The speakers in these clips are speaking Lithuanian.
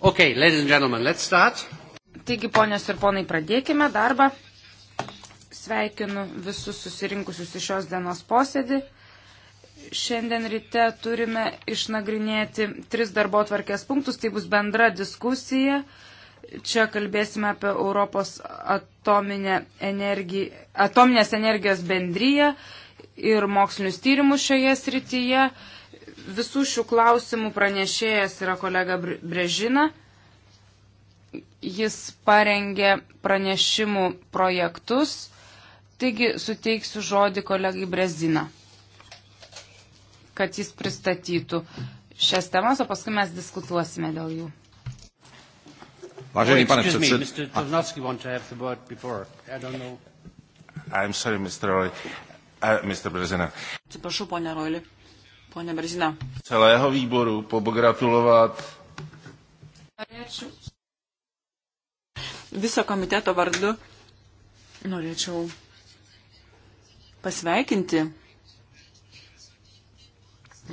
Okay, ladies and gentlemen, let's start. Taigi, ponios ir ponai, pradėkime darbą. Sveikinu visus susirinkusius iš šios dienos posėdį. Šiandien ryte turime išnagrinėti tris darbo tvarkės punktus. Tai bus bendra diskusija. Čia kalbėsime apie Europos atominę energiją, atominės energijos bendryją ir mokslinius tyrimus šioje srityje. Uh, Visų šių klausimų pranešėjas yra kolega Brežina. Jis parengė pranešimų projektus. Taigi suteiksiu žodį kolegai Brezina, kad jis pristatytų šias temas, o paskui mes diskutuosime dėl jų. Vážený oh, pane předsedo. I'm sorry, Mr. Roy. Uh, Mr. Brezina. Atsiprašau, ponė Roili ponia Berzina. Celého výboru pogratulovat. Norėčiau. Viso komiteto vardu norėčiau pasveikinti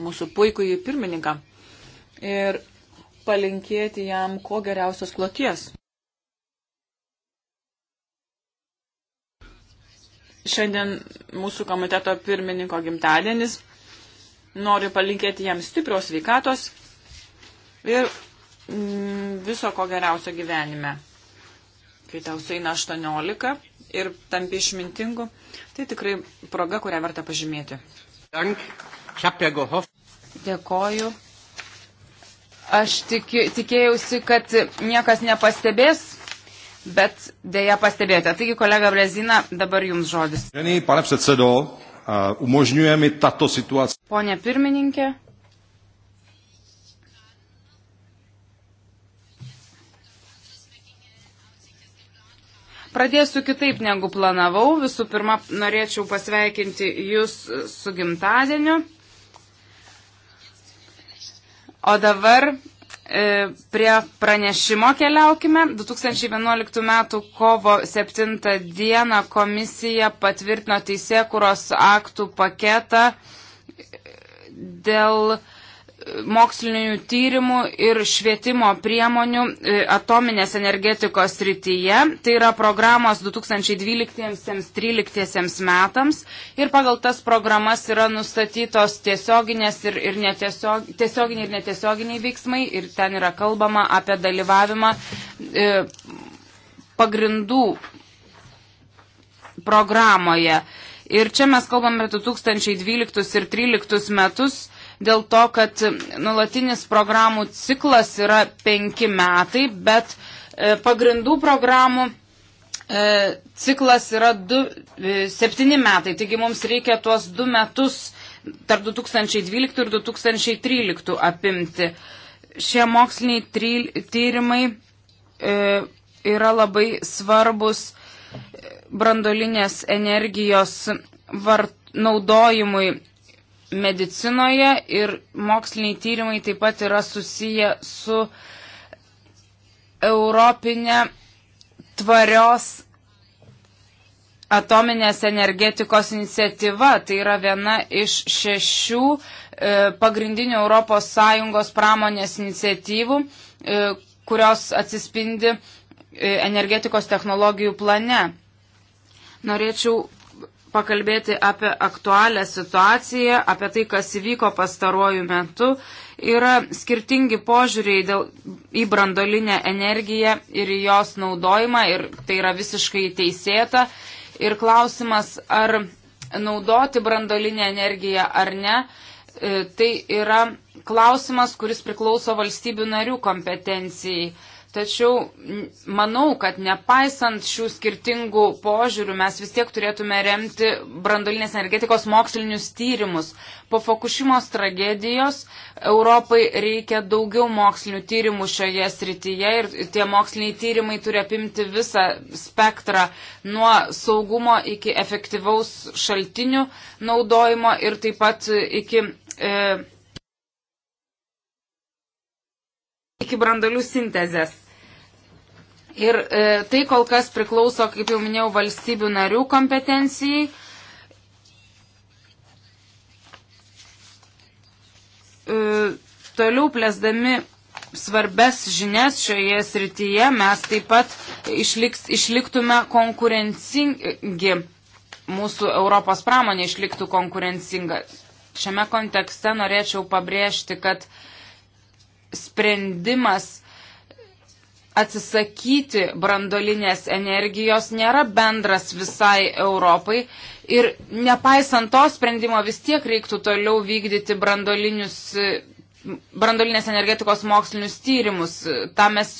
mūsų puikųjį pirmininką ir palinkėti jam kuo geriausios kloties. Šiandien mūsų komiteto pirmininko gimtadienis Noriu palinkėti jam stiprios veikatos ir mm, viso ko geriausio gyvenime. Kai tau sueina 18 ir tampi išmintingu, tai tikrai proga, kurią verta pažymėti. Dėkoju. Aš tiki, tikėjausi, kad niekas nepastebės, bet dėja pastebėjote. Taigi, kolega Brezina, dabar jums žodis. Pane předsedo, umožňuje mi tato situace. Pone pirmininkė. Pradėsiu kitaip negu planavau. Visų pirma, norėčiau pasveikinti Jūs su gimtadieniu. O dabar E, prie pranešimo keliaukime. 2011 m. kovo 7 d. komisija patvirtino teisėkuros aktų paketą dėl mokslinių tyrimų ir švietimo priemonių e, atominės energetikos srityje. Tai yra programos 2012-2013 metams ir pagal tas programas yra nustatytos tiesioginės ir, ir netiesiog, tiesioginiai ir netiesioginiai veiksmai ir ten yra kalbama apie dalyvavimą e, pagrindų programoje. Ir čia mes kalbame 2012 ir 2013 metus dėl to, kad nulatinis programų ciklas yra penki metai, bet e, pagrindų programų e, ciklas yra du, e, septyni metai. Taigi mums reikia tuos du metus tarp 2012 ir 2013 apimti. Šie moksliniai tyrimai yra labai svarbus brandolinės energijos vart, naudojimui medicinoje ir moksliniai tyrimai taip pat yra susiję su Europinė tvarios atominės energetikos iniciatyva. Tai yra viena iš šešių e, pagrindinių ES pramonės iniciatyvų, e, kurios atsispindi e, energetikos technologijų plane. Norėčiau pakalbėti apie aktualią situaciją, apie tai, kas įvyko pastaruoju metu. Yra skirtingi požiūriai dėl, į brandolinę energiją ir jos naudojimą ir tai yra visiškai teisėta. Ir klausimas, ar naudoti brandolinę energiją ar ne, e, tai yra klausimas, kuris priklauso valstybių narių kompetencijai. Tačiau manau, kad nepaisant šių skirtingų požiūrių, mes vis tiek turėtume remti brandolinės energetikos mokslinius tyrimus. Po Fukushimos tragedijos Europai reikia daugiau mokslinių tyrimų šioje srityje ir tie moksliniai tyrimai turi apimti visą spektrą nuo saugumo iki efektyvaus šaltinių naudojimo ir taip pat iki. E, Iki brandolių sintezės. Ir e, tai kol kas priklauso, kaip jau minėjau, valstybių narių kompetencijai. E, toliau plėsdami svarbes žinias šioje srityje mes taip pat išliks, išliktume konkurencingi, mūsų Europos pramonė išliktų konkurencinga. Šiame kontekste norėčiau pabrėžti, kad sprendimas atsisakyti brandolinės energijos nėra bendras visai Europai ir nepaisant to sprendimo vis tiek reiktų toliau vykdyti brandolinius brandolinės energetikos mokslinius tyrimus. Tam mes,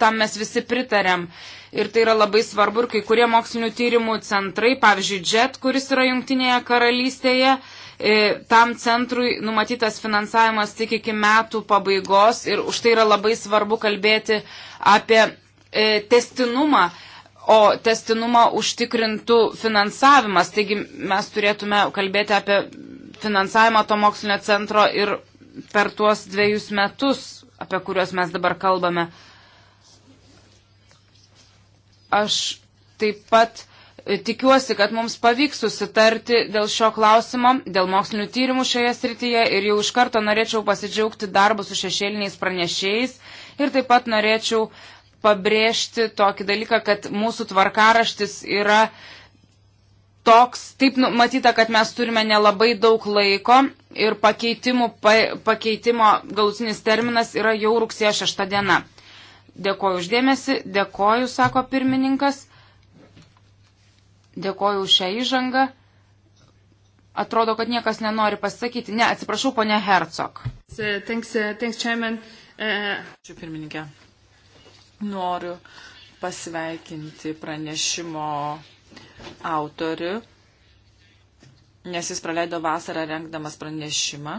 tam mes visi pritarėm. Ir tai yra labai svarbu. Ir kai kurie mokslinių tyrimų centrai, pavyzdžiui, JET, kuris yra Junktinėje karalystėje, uh, E, tam centrui numatytas finansavimas tik iki metų pabaigos ir už tai yra labai svarbu kalbėti apie e, testinumą, o testinumą užtikrintų finansavimas. Taigi mes turėtume kalbėti apie finansavimą to mokslinio centro ir per tuos dviejus metus, apie kuriuos mes dabar kalbame. Aš taip pat Tikiuosi, kad mums pavyks susitarti dėl šio klausimo, dėl mokslinių tyrimų šioje srityje ir jau iš karto norėčiau pasidžiaugti darbu su šešėliniais pranešėjais ir taip pat norėčiau pabrėžti tokį dalyką, kad mūsų tvarkaraštis yra toks, taip nu, matyta, kad mes turime nelabai daug laiko ir pakeitimų, pa, pakeitimo galutinis terminas yra jau rugsėjo šešta diena. Dėkoju uždėmesi, dėkoju, sako pirmininkas. Dėkoju už šią įžangą. Atrodo, kad niekas nenori pasakyti. Ne, atsiprašau, ponia Hercog. Thanks, thanks, Chairman. E, Ačiū, pirmininkė. Noriu pasveikinti pranešimo autorių, nes jis praleido vasarą renkdamas pranešimą.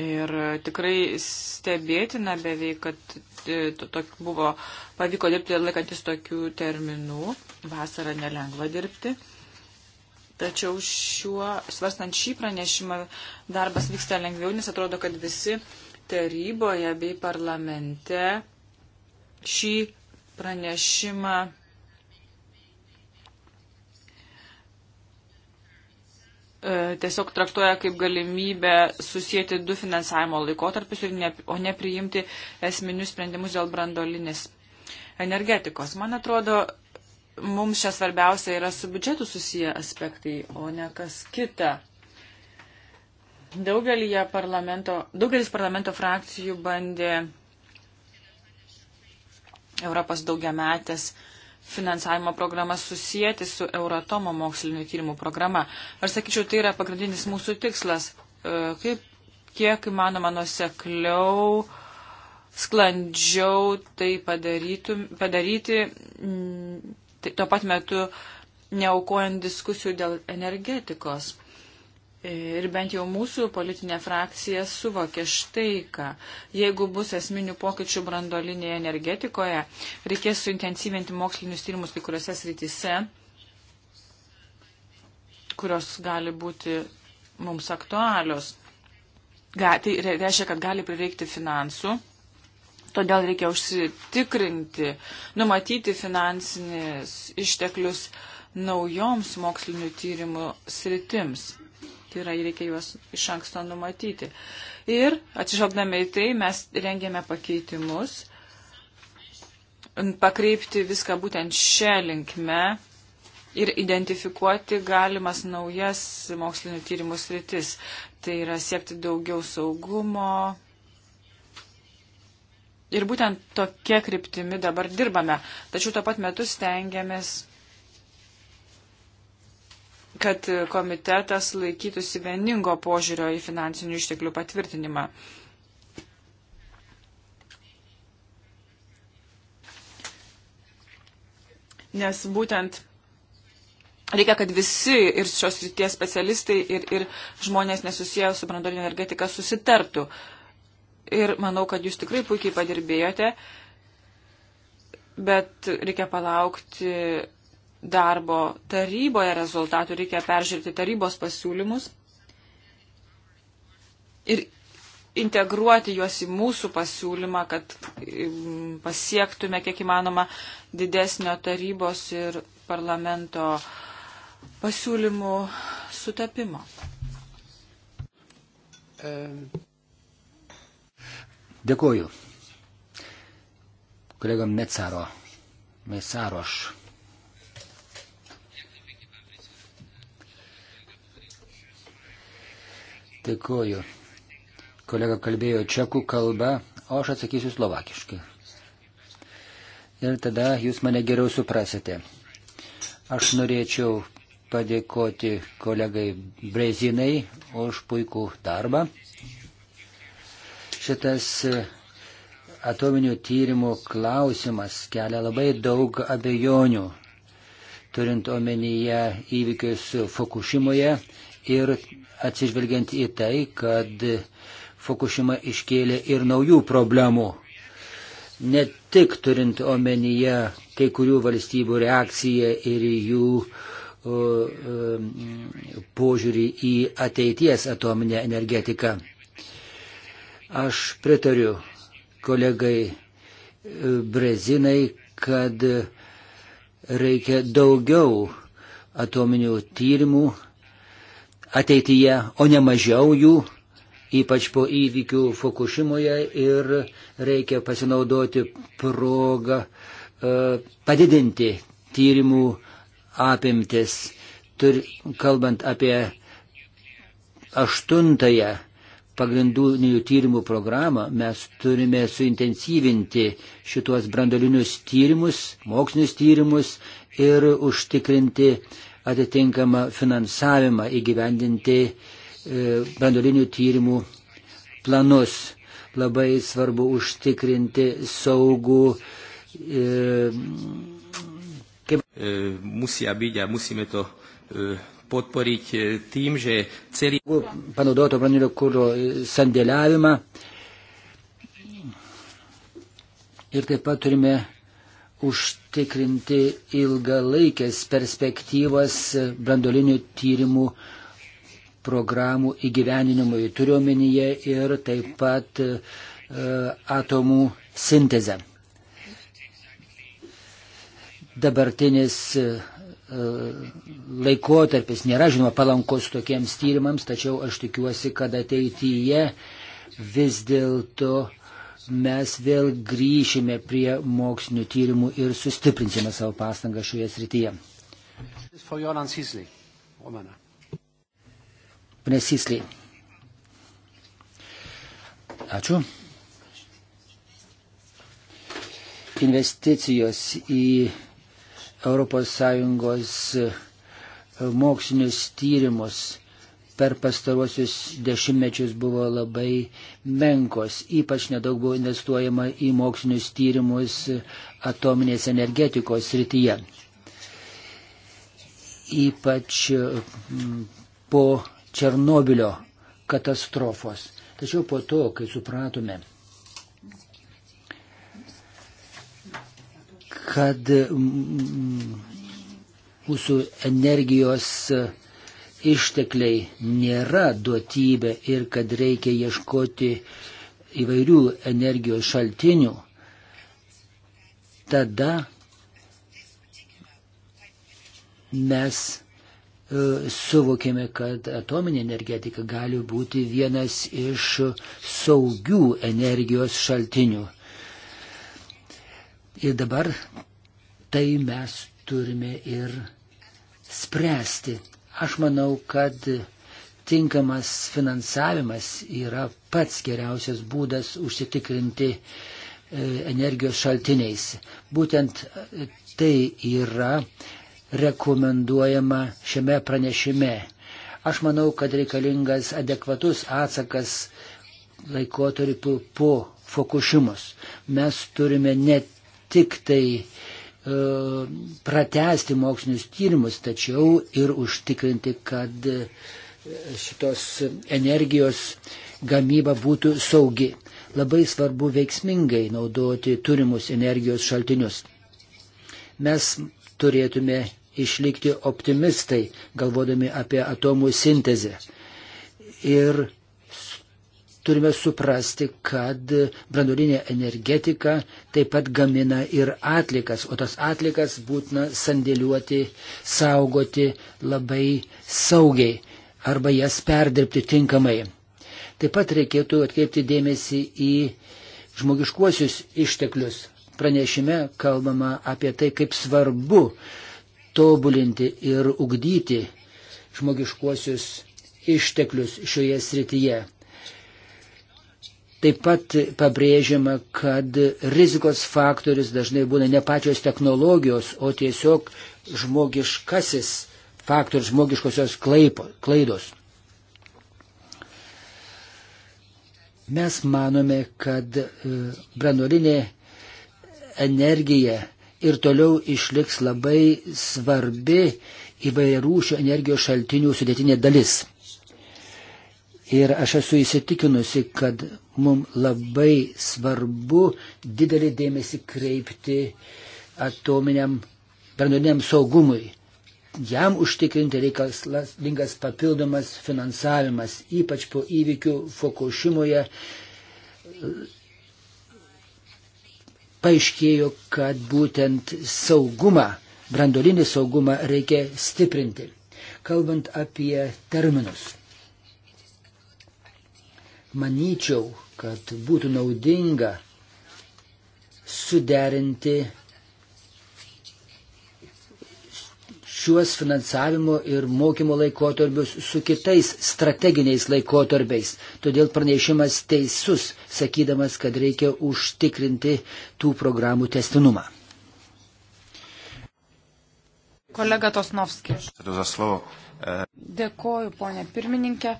Ir tikrai stebėtina beveik, kad E, buvo, pavyko dirbti laikantis tokių terminų, vasarą nelengva dirbti. Tačiau šiuo, svarstant šį pranešimą, darbas vyksta lengviau, nes atrodo, kad visi taryboje bei parlamente šį pranešimą E, tiesiog traktuoja kaip galimybę susijęti du finansavimo laikotarpius, ne, o ne priimti esminius sprendimus dėl brandolinės energetikos. Man atrodo, mums čia svarbiausia yra su biudžetu susiję aspektai, o ne kas kita. Daugelį parlamento, daugelis parlamento frakcijų bandė Europos daugiametės finansavimo programą susijęti su Euratomo mokslinio tyrimų programa. Aš sakyčiau, tai yra pagrindinis mūsų tikslas, e, kaip kiek įmanoma nusekliau, sklandžiau tai padarytų, padaryti, mm, tai tuo pat metu neaukojant diskusijų dėl energetikos. Ir bent jau mūsų politinė frakcija suvokė štai ką. Jeigu bus esminių pokyčių brandolinėje energetikoje, reikės suintensyvinti mokslinius tyrimus kai kuriuose srityse, kurios gali būti mums aktualios. Ga, tai reiškia, kad gali prireikti finansų. Todėl reikia užsitikrinti, numatyti finansinis išteklius naujoms mokslinių tyrimų sritims Tai yra, reikia juos iš anksto numatyti. Ir atsižvelgdami į tai, mes rengėme pakeitimus, pakreipti viską būtent šią linkmę ir identifikuoti galimas naujas mokslinių tyrimų sritis. Tai yra siekti daugiau saugumo. Ir būtent tokia kryptimi dabar dirbame. Tačiau tuo pat metu stengiamės kad komitetas laikytųsi vieningo požiūrio į finansinių išteklių patvirtinimą. Nes būtent reikia, kad visi ir šios ryties specialistai ir, ir žmonės nesusiję su brandolinė energetika susitartų. Ir manau, kad jūs tikrai puikiai padirbėjote, bet reikia palaukti darbo taryboje rezultatų, reikia peržiūrėti tarybos pasiūlymus ir integruoti juos į mūsų pasiūlymą, kad mm, pasiektume kiek įmanoma didesnio tarybos ir parlamento pasiūlymų sutapimo. Dėkuoju. Kolegam Mecaro. Mesaroš. Dėkuoju. Kolega kalbėjo čekų kalba, o aš atsakysiu slovakiškai. Ir tada jūs mane geriau suprasite. Aš norėčiau padėkoti kolegai Brezinai už puikų darbą. Šitas e, atominių tyrimų klausimas kelia labai daug abejonių, turint omenyje įvykius Fukushimoje ir atsižvelgiant į tai, kad Fukushima iškėlė ir naujų problemų. Ne tik turint omenyje kai kurių valstybių reakciją ir jų požiūrį į ateities atominę energetiką. Aš pritariu kolegai e, Brezinai, kad reikia daugiau atominių tyrimų ateityje, o ne mažiau jų, ypač po įvykių Fukushimoje ir reikia pasinaudoti progą e, padidinti tyrimų apimtis. Tur, kalbant apie aštuntąją pagrindinių tyrimų programą, mes turime suintensyvinti šituos brandolinius tyrimus, mokslinius tyrimus ir užtikrinti uh, atitinkamą finansavimą įgyvendinti e, brandolinių tyrimų planus. Labai svarbu užtikrinti saugų. E, kaip... E, musia byť a musíme to podporiť tým, že celý... Panaudoto brandolio kūro sandėliavimą. Ir taip pat turime užtikrinti ilgalaikės perspektyvas brandolinių tyrimų programų įgyveninimui, turiuomenyje ir taip pat e, atomų sintezę. Dabartinis e, laikotarpis nėra, žinoma, palankus tokiems tyrimams, tačiau aš tikiuosi, kad ateityje vis dėlto e, mes vėl grįšime prie mokslinių tyrimų ir sustiprinsime savo pastangą šioje srityje. Pane Sysliai. Ačiū. Investicijos į ES mokslinius tyrimus per pastaruosius dešimtmečius buvo labai menkos. Ypač nedaug buvo investuojama į mokslinius tyrimus atominės energetikos srityje. Ypač mm, po Černobilio katastrofos. Tačiau po to, kai supratome, kad mm, mm, mūsų energijos ištekliai nėra duotybė ir kad reikia ieškoti įvairių energijos šaltinių, tada mes e, suvokėme, kad atominė energetika gali būti vienas iš saugių energijos šaltinių. Ir dabar tai mes turime ir spręsti. Aš manau, kad tinkamas finansavimas yra pats geriausias būdas užsitikrinti e, energijos šaltiniais. Būtent e, tai yra rekomenduojama šiame pranešime. Aš manau, kad reikalingas adekvatus atsakas laikotarpiu po Fukushimus. Mes turime ne tik tai uh, E, pratesti mokslinius tyrimus, tačiau ir užtikrinti, kad e, šitos energijos gamyba būtų saugi. Labai svarbu veiksmingai naudoti turimus energijos šaltinius. Mes turėtume išlikti optimistai, galvodami apie atomų sintezę. Ir turime suprasti, kad branduolinė energetika taip pat gamina ir atlikas, o tas atlikas būtina sandėliuoti, saugoti labai saugiai arba jas perdirbti tinkamai. Taip pat reikėtų atkreipti dėmesį į žmogiškuosius išteklius. Pranešime kalbama apie tai, kaip svarbu tobulinti ir ugdyti žmogiškuosius išteklius šioje srityje. Taip pat pabrėžiama, kad rizikos faktorius dažnai būna ne pačios technologijos, o tiesiog žmogiškasis faktorius, žmogiškosios klaipo, klaidos. Mes manome, kad e, branuolinė energija ir toliau išliks labai svarbi įvairių šio energijos šaltinių sudėtinė dalis. Ir aš esu įsitikinusi, kad mums labai svarbu didelį dėmesį kreipti atominiam branduoliniam saugumui. Jam užtikrinti reikalingas papildomas finansavimas, ypač po įvykių Fukushimoje. Paaiškėjo, kad būtent saugumą, branduolinį saugumą reikia stiprinti. Kalbant apie terminus Manyčiau, kad būtų naudinga suderinti šiuos finansavimo ir mokymo laikotarpius su kitais strateginiais laikotarpiais. Todėl pranešimas teisus, sakydamas, kad reikia užtikrinti tų programų testinumą. Kolega Tosnovskis. Dėkoju, ponė pirmininkė.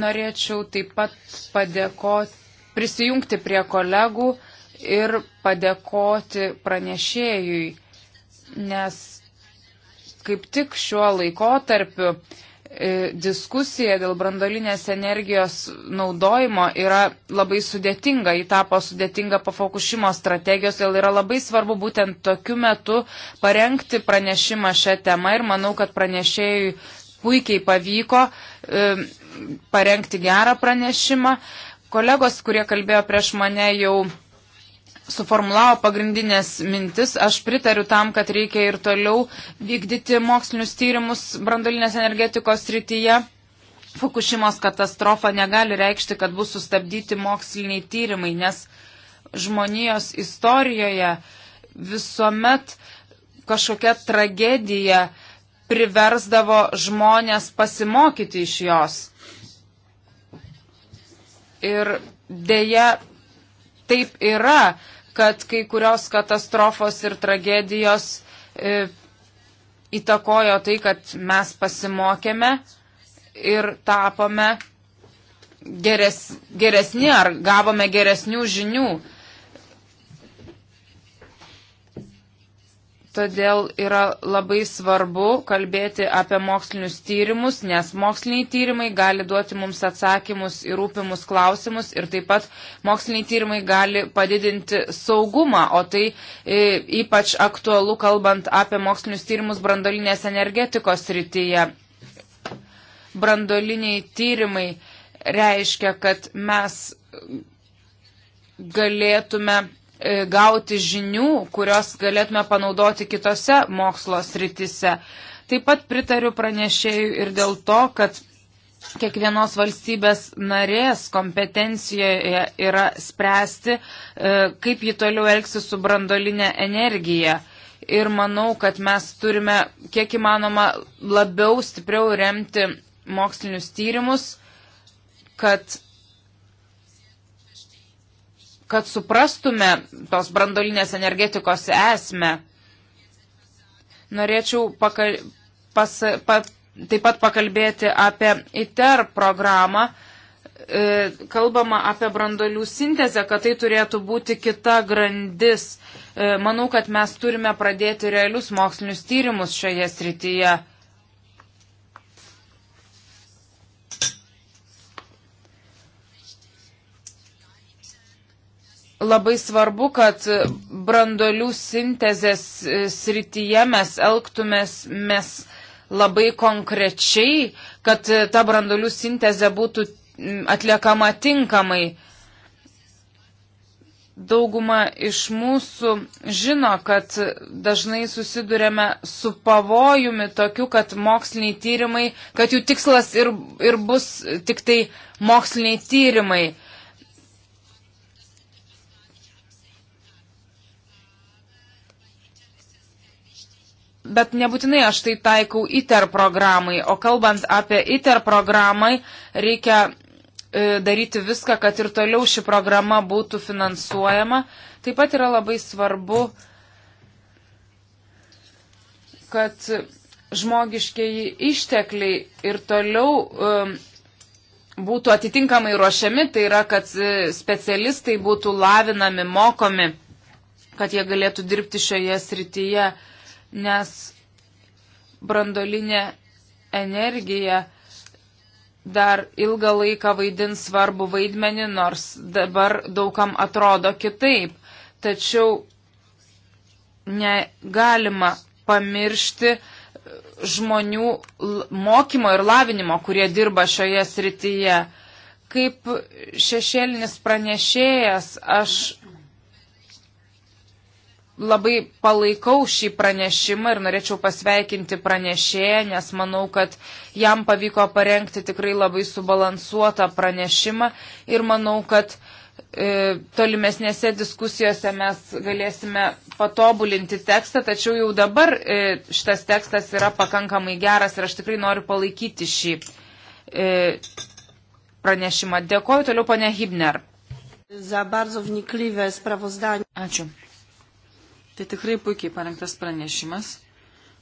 Norėčiau taip pat padėkoti, prisijungti prie kolegų ir padėkoti pranešėjui, nes kaip tik šiuo laikotarpiu e, diskusija dėl brandolinės energijos naudojimo yra labai sudėtinga, ji tapo sudėtinga po Fukushimo strategijos, dėl yra labai svarbu būtent tokiu metu parengti pranešimą šią temą ir manau, kad pranešėjui puikiai pavyko e, parengti gerą pranešimą. Kolegos, kurie kalbėjo prieš mane, jau suformulavo pagrindinės mintis. Aš pritariu tam, kad reikia ir toliau vykdyti mokslinius tyrimus brandolinės energetikos srityje. Fukushimos katastrofa negali reikšti, kad bus sustabdyti moksliniai tyrimai, nes žmonijos istorijoje visuomet kažkokia tragedija priversdavo žmonės pasimokyti iš jos ir dėja taip yra, kad kai kurios katastrofos ir tragedijos e, įtakojo tai, kad mes pasimokėme ir tapome geres, geresni ar gavome geresnių žinių. Todėl yra labai svarbu kalbėti apie mokslinius tyrimus, nes moksliniai tyrimai gali duoti mums atsakymus į rūpimus klausimus ir taip pat moksliniai tyrimai gali padidinti saugumą, o tai e, ypač aktualu kalbant apie mokslinius tyrimus brandolinės energetikos rytyje. Brandoliniai tyrimai reiškia, kad mes galėtume E, gauti žinių, kurios galėtume panaudoti kitose mokslo sritise. Taip pat pritariu pranešėjui ir dėl to, kad kiekvienos valstybės narės kompetencijoje yra spręsti, e, kaip ji toliau elgsi su brandolinė energija. Ir manau, kad mes turime kiek įmanoma labiau stipriau remti mokslinius tyrimus, kad kad suprastume tos brandolinės energetikos esmę, norėčiau pakal, pas, pa, taip pat pakalbėti apie ITER programą. E, kalbama apie brandolių sintezę, kad tai turėtų būti kita grandis. E, manau, kad mes turime pradėti realius mokslinius tyrimus šioje srityje. labai svarbu, kad brandolių sintezės e, srityje mes elgtumės mes labai konkrečiai, kad e, ta brandolių sintezė būtų atliekama tinkamai. Dauguma iš mūsų žino, kad dažnai susidurėme su pavojumi tokiu, kad moksliniai tyrimai, kad jų tikslas ir, ir bus tik tai moksliniai tyrimai bet nebūtinai aš tai taikau ITER programai. O kalbant apie ITER programai, reikia e, daryti viską, kad ir toliau ši programa būtų finansuojama. Taip pat yra labai svarbu, kad žmogiškiai ištekliai ir toliau um, būtų atitinkamai ruošiami, tai yra, kad e, specialistai būtų lavinami, mokomi, kad jie galėtų dirbti šioje srityje. Uh, nes brandolinė energija dar ilgą laiką vaidins svarbu vaidmenį, nors dabar daugam atrodo kitaip. Tačiau negalima pamiršti žmonių mokymo ir lavinimo, kurie dirba šioje srityje. Kaip šešėlinis pranešėjas aš labai palaikau šį pranešimą ir norėčiau pasveikinti pranešėją, nes manau, kad jam pavyko parengti tikrai labai subalansuotą pranešimą ir manau, kad e, tolimesnėse diskusijose mes galėsime patobulinti tekstą, tačiau jau dabar e, šitas tekstas yra pakankamai geras ir aš tikrai noriu palaikyti šį e, pranešimą. Dėkoju toliau, ponia Hibner. Za bardzo wnikliwe sprawozdanie. Ačiū. Tai tikrai puikiai parengtas pranešimas.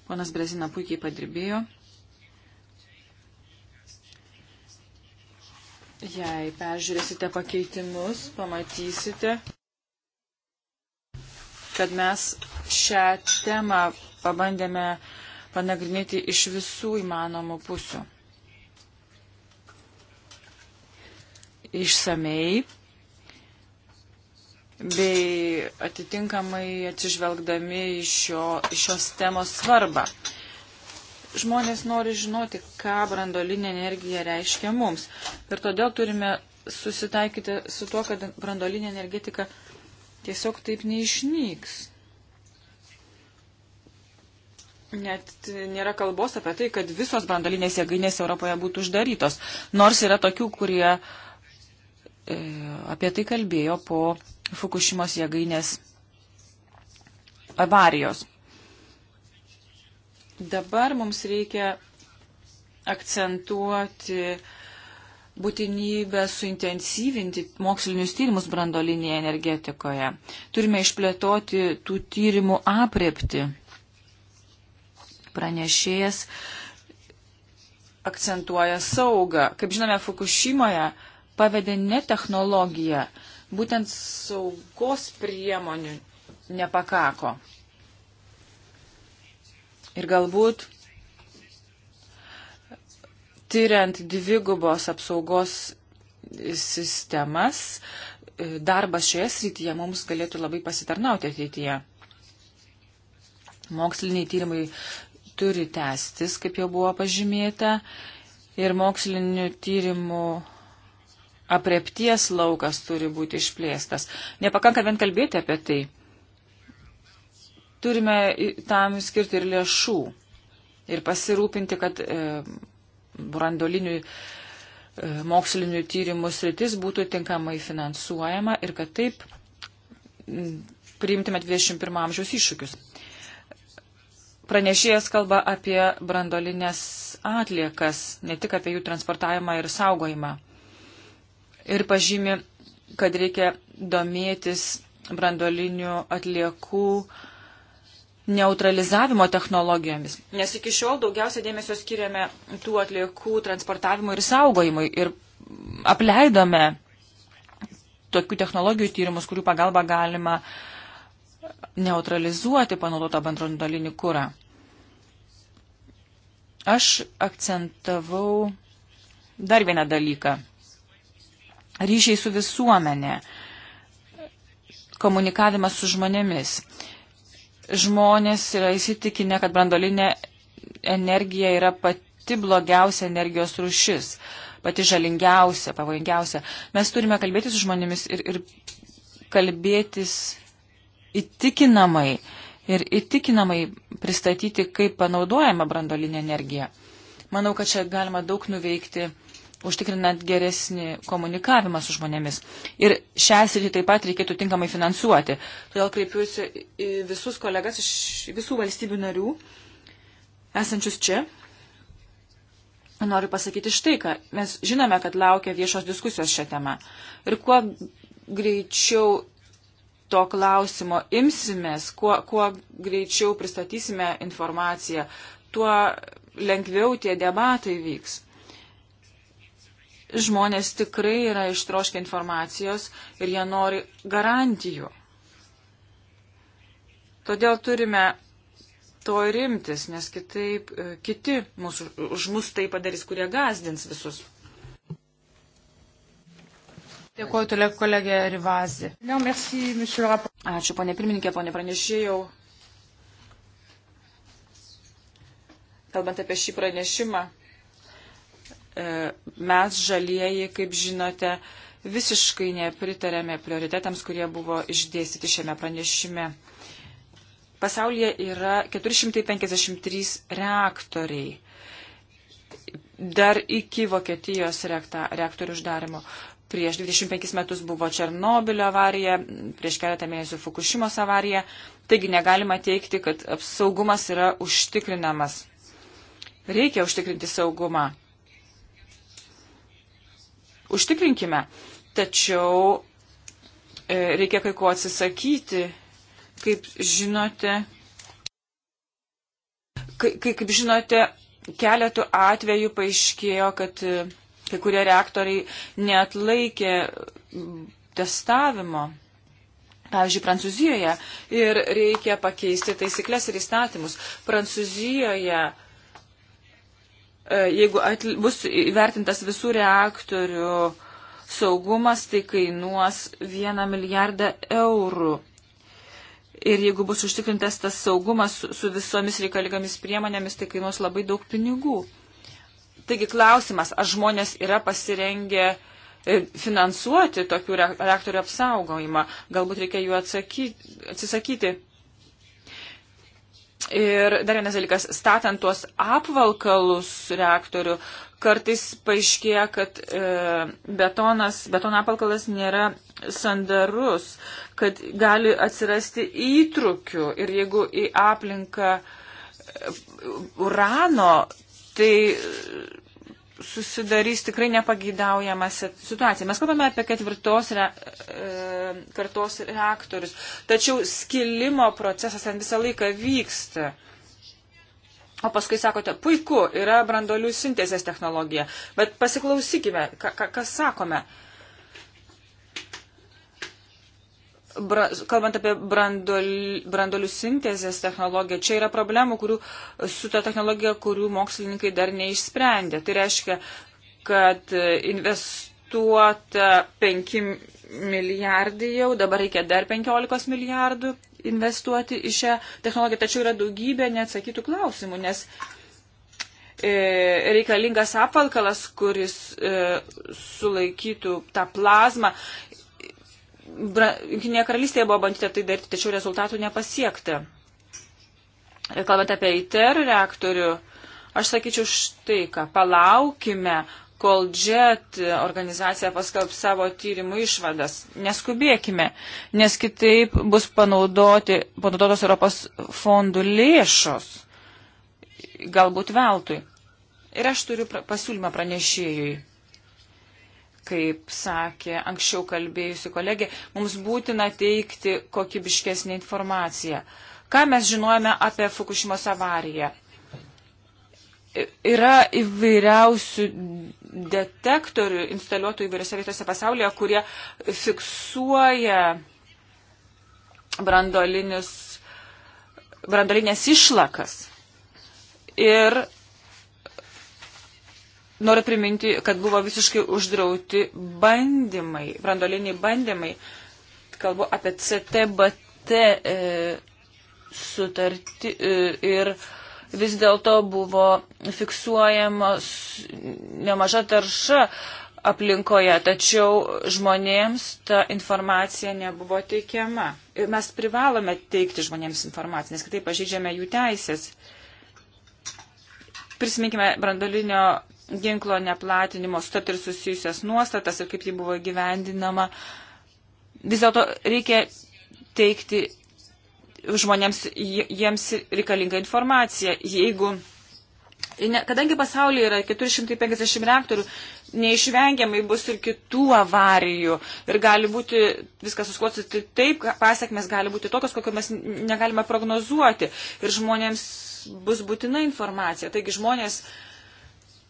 Ponas Brezina puikiai padirbėjo. Jei peržiūrėsite pakeitimus, pamatysite, kad mes šią temą pabandėme panagrinėti iš visų įmanomų pusių. Išsamei bei atitinkamai atsižvelgdami į šio, šios temos svarbą. Žmonės nori žinoti, ką brandolinė energija reiškia mums. Ir todėl turime susitaikyti su tuo, kad brandolinė energetika tiesiog taip neišnyks. Net nėra kalbos apie tai, kad visos brandolinės jėgainės Europoje būtų uždarytos. Nors yra tokių, kurie uh, E, apie tai kalbėjo po Fukushimos jėgainės avarijos. Dabar mums reikia akcentuoti būtinybę suintensyvinti mokslinius tyrimus brandolinėje energetikoje. Turime išplėtoti tų tyrimų apriepti. Pranešėjas akcentuoja saugą. Kaip žinome, Fukushimoje pavedė ne technologiją, būtent saugos priemonių nepakako. Ir galbūt tyriant dvigubos apsaugos sistemas, darbas šioje srityje mums galėtų labai pasitarnauti ateityje. Moksliniai tyrimai turi tęstis, kaip jau buvo pažymėta, ir mokslinių tyrimų apriepties laukas turi būti išplėstas. Nepakanka vien kalbėti apie tai. Turime tam skirti ir lėšų ir pasirūpinti, kad e, brandolinių e, mokslinių tyrimų sritis būtų tinkamai finansuojama ir kad taip priimtume 21 amžiaus iššūkius. Pranešėjas kalba apie brandolinės atliekas, ne tik apie jų transportavimą ir saugojimą ir pažymi, kad reikia domėtis brandolinių atliekų neutralizavimo technologijomis. Nes iki šiol daugiausia dėmesio skiriame tų atliekų transportavimui ir saugojimui ir apleidome tokių technologijų tyrimus, kurių pagalba galima neutralizuoti panaudotą bandrondolinį kūrą. Aš akcentavau dar vieną dalyką ryšiai su visuomenė, komunikavimas su žmonėmis. Žmonės yra įsitikinę, kad brandolinė energija yra pati blogiausia energijos rušis, pati žalingiausia, pavojingiausia. Mes turime kalbėti su žmonėmis ir, ir kalbėtis įtikinamai ir įtikinamai pristatyti, kaip panaudojama brandolinė energija. Manau, kad čia galima daug nuveikti užtikrinant geresnį komunikavimą su žmonėmis. Ir šią sritį taip pat reikėtų tinkamai finansuoti. Todėl kreipiuosi į visus kolegas iš visų valstybių narių, esančius čia. Noriu pasakyti štai, kad mes žinome, kad laukia viešos diskusijos šią temą. Ir kuo greičiau to klausimo imsimės, kuo, kuo greičiau pristatysime informaciją, tuo lengviau tie debatai vyks žmonės tikrai yra ištroškę informacijos ir jie nori garantijų. Todėl turime to rimtis, nes kitaip e, kiti mūsų, už mus tai padarys, kurie gazdins visus. Dėkuoju toliau kolegė Rivazi. Ačiū, ponė pirmininkė, ponė pranešėjau. Kalbant apie šį pranešimą, E, mes žalieji, kaip žinote, visiškai nepritarėme prioritetams, kurie buvo išdėstyti šiame pranešime. Pasaulyje yra 453 reaktoriai. Dar iki Vokietijos reaktorių uždarimo. Prieš 25 metus buvo Černobilio avarija, prieš keletą mėnesių Fukushimos avarija. Taigi negalima teikti, kad saugumas yra užtikrinamas. Reikia užtikrinti saugumą užtikrinkime. Tačiau e, reikia kai ko atsisakyti. Kaip žinote, kaip, kaip žinote, keletų atvejų paaiškėjo, kad e, kai kurie reaktoriai net laikė testavimo. Pavyzdžiui, Prancūzijoje ir reikia pakeisti taisyklės ir įstatymus. Prancūzijoje E, jeigu atl, bus įvertintas visų reaktorių saugumas, tai kainuos 1 milijardą eurų. Ir jeigu bus užtikrintas tas saugumas su, su visomis reikalingomis priemonėmis, tai kainuos labai daug pinigų. Taigi klausimas, ar žmonės yra pasirengę e, finansuoti tokių reaktorių apsaugojimą? Galbūt reikia jų atsakyti, atsisakyti. Ir dar vienas dalykas, statant tuos apvalkalus reaktorių, kartais paaiškėja, kad e, betonas, betono apvalkalas nėra sandarus, kad gali atsirasti įtrukių ir jeigu į aplinką e, urano, tai susidarys tikrai nepageidaujama situacija. Mes kalbame apie ketvirtos re, e, kartos reaktorius, tačiau skilimo procesas ten visą laiką vyksta. O paskui sakote, puiku, yra brandolių sintezės technologija, bet pasiklausykime, ka, ka, kas sakome. E, bra, kalbant apie brandol, brandolių sintezės technologiją, čia yra problemų kurių, su ta technologija, kurių mokslininkai dar neišsprendė. Tai reiškia, kad e, investuota 5 milijardai jau, dabar reikia dar 15 milijardų investuoti į šią technologiją, tačiau yra daugybė neatsakytų klausimų, nes e, reikalingas apalkalas, kuris e, sulaikytų tą plazmą Junktinėje karalystėje buvo bandyta tai daryti, tačiau rezultatų nepasiekta. Kalbant apie ITER reaktorių, aš sakyčiau štai ką, palaukime, kol JET organizacija paskelb savo tyrimų išvadas. Neskubėkime, nes kitaip bus panaudoti, panaudotos Europos fondų lėšos, galbūt veltui. Ir aš turiu pasiūlymą pranešėjui kaip sakė anksčiau kalbėjusi kolegė, mums būtina teikti kokybiškesnį informaciją. Ką mes žinojame apie Fukushimos avariją? Yra įvairiausių detektorių instaliuotų įvairiose vietose pasaulyje, kurie fiksuoja brandolinės išlakas. Ir Noriu priminti, kad buvo visiškai uždrauti bandymai, brandoliniai bandymai. Kalbu apie CTBT e, sutartį e, ir vis dėlto buvo fiksuojama nemaža tarša aplinkoje, tačiau žmonėms ta informacija nebuvo teikiama. Ir mes privalome teikti žmonėms informaciją, nes kitaip pažydžiame jų teisės. Prisiminkime brandolinio ginklo neplatinimo sutartį ir susijusias nuostatas ir kaip ji buvo gyvendinama. Vis dėlto reikia teikti žmonėms, jiems reikalinga informacija. Jeigu, kadangi pasaulyje yra 450 reaktorių, neišvengiamai bus ir kitų avarijų ir gali būti viskas suskostyti taip, pasiekmes gali būti tokios, kokio mes negalime prognozuoti ir žmonėms bus būtina informacija. Taigi žmonės uh,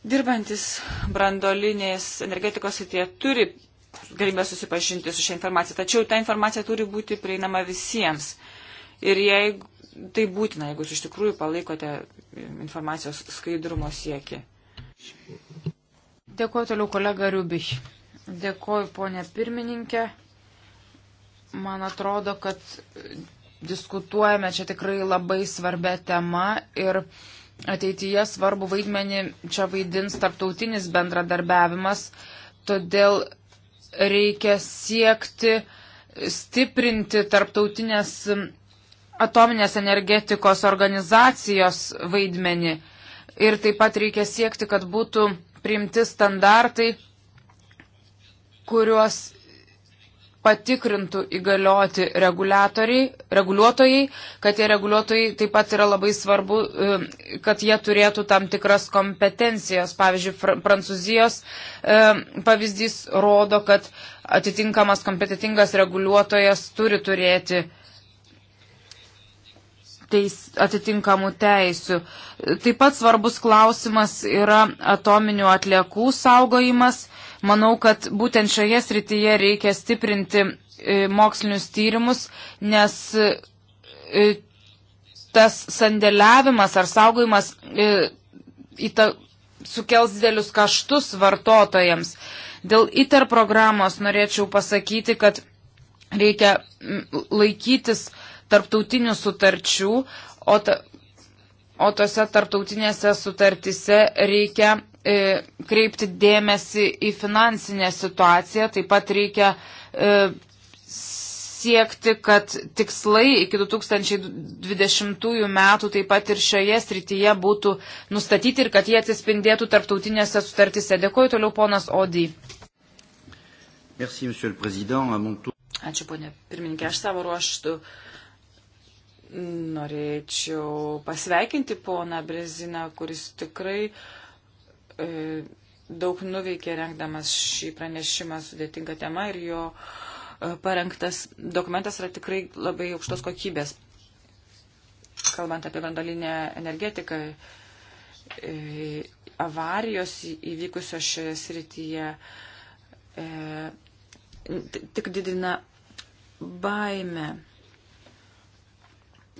dirbantis brandolinės energetikos srityje turi galimybę susipažinti su šią informaciją, tačiau ta informacija turi būti prieinama visiems. Ir jeigu tai būtina, jeigu jūs iš tikrųjų palaikote informacijos skaidrumo siekį. Dėkuoju toliau kolega Riubich. Dėkuoju ponė pirmininkė. Man atrodo, kad diskutuojame čia tikrai labai svarbia tema ir ateityje svarbu vaidmenį čia vaidins tarptautinis bendradarbiavimas, todėl reikia siekti stiprinti tarptautinės atominės energetikos organizacijos vaidmenį. Ir taip pat reikia siekti, kad būtų priimti standartai, kuriuos patikrintų įgalioti reguliuotojai, kad tie reguliuotojai taip pat yra labai svarbu, e, kad jie turėtų tam tikras kompetencijas. Pavyzdžiui, Prancūzijos e, pavyzdys rodo, kad atitinkamas kompetitingas reguliuotojas turi turėti teis, atitinkamų teisių. Taip pat svarbus klausimas yra atominių atliekų saugojimas. Manau, kad būtent šioje srityje reikia stiprinti e, mokslinius tyrimus, nes e, tas sandėliavimas ar saugojimas e, ta, sukels didelius kaštus vartotojams. Dėl ITER programos norėčiau pasakyti, kad reikia laikytis tarptautinių sutarčių, o ta, o tose tarptautinėse sutartise reikia e, kreipti dėmesį į finansinę situaciją, taip pat reikia e, siekti, kad tikslai iki 2020 metų taip pat ir šioje srityje būtų nustatyti ir kad jie atsispindėtų tarptautinėse sutartise. Dėkuoju toliau ponas Odį. Merci, Ačiū, ponė pirmininkė. Aš savo ruoštų uh, Norėčiau pasveikinti poną Breziną, kuris tikrai e, daug nuveikė rengdamas šį pranešimą sudėtingą temą ir jo e, parengtas dokumentas yra tikrai labai aukštos kokybės. Kalbant apie vandalinę energetiką, e, avarijos įvykusios šioje srityje e, tik didina baimę.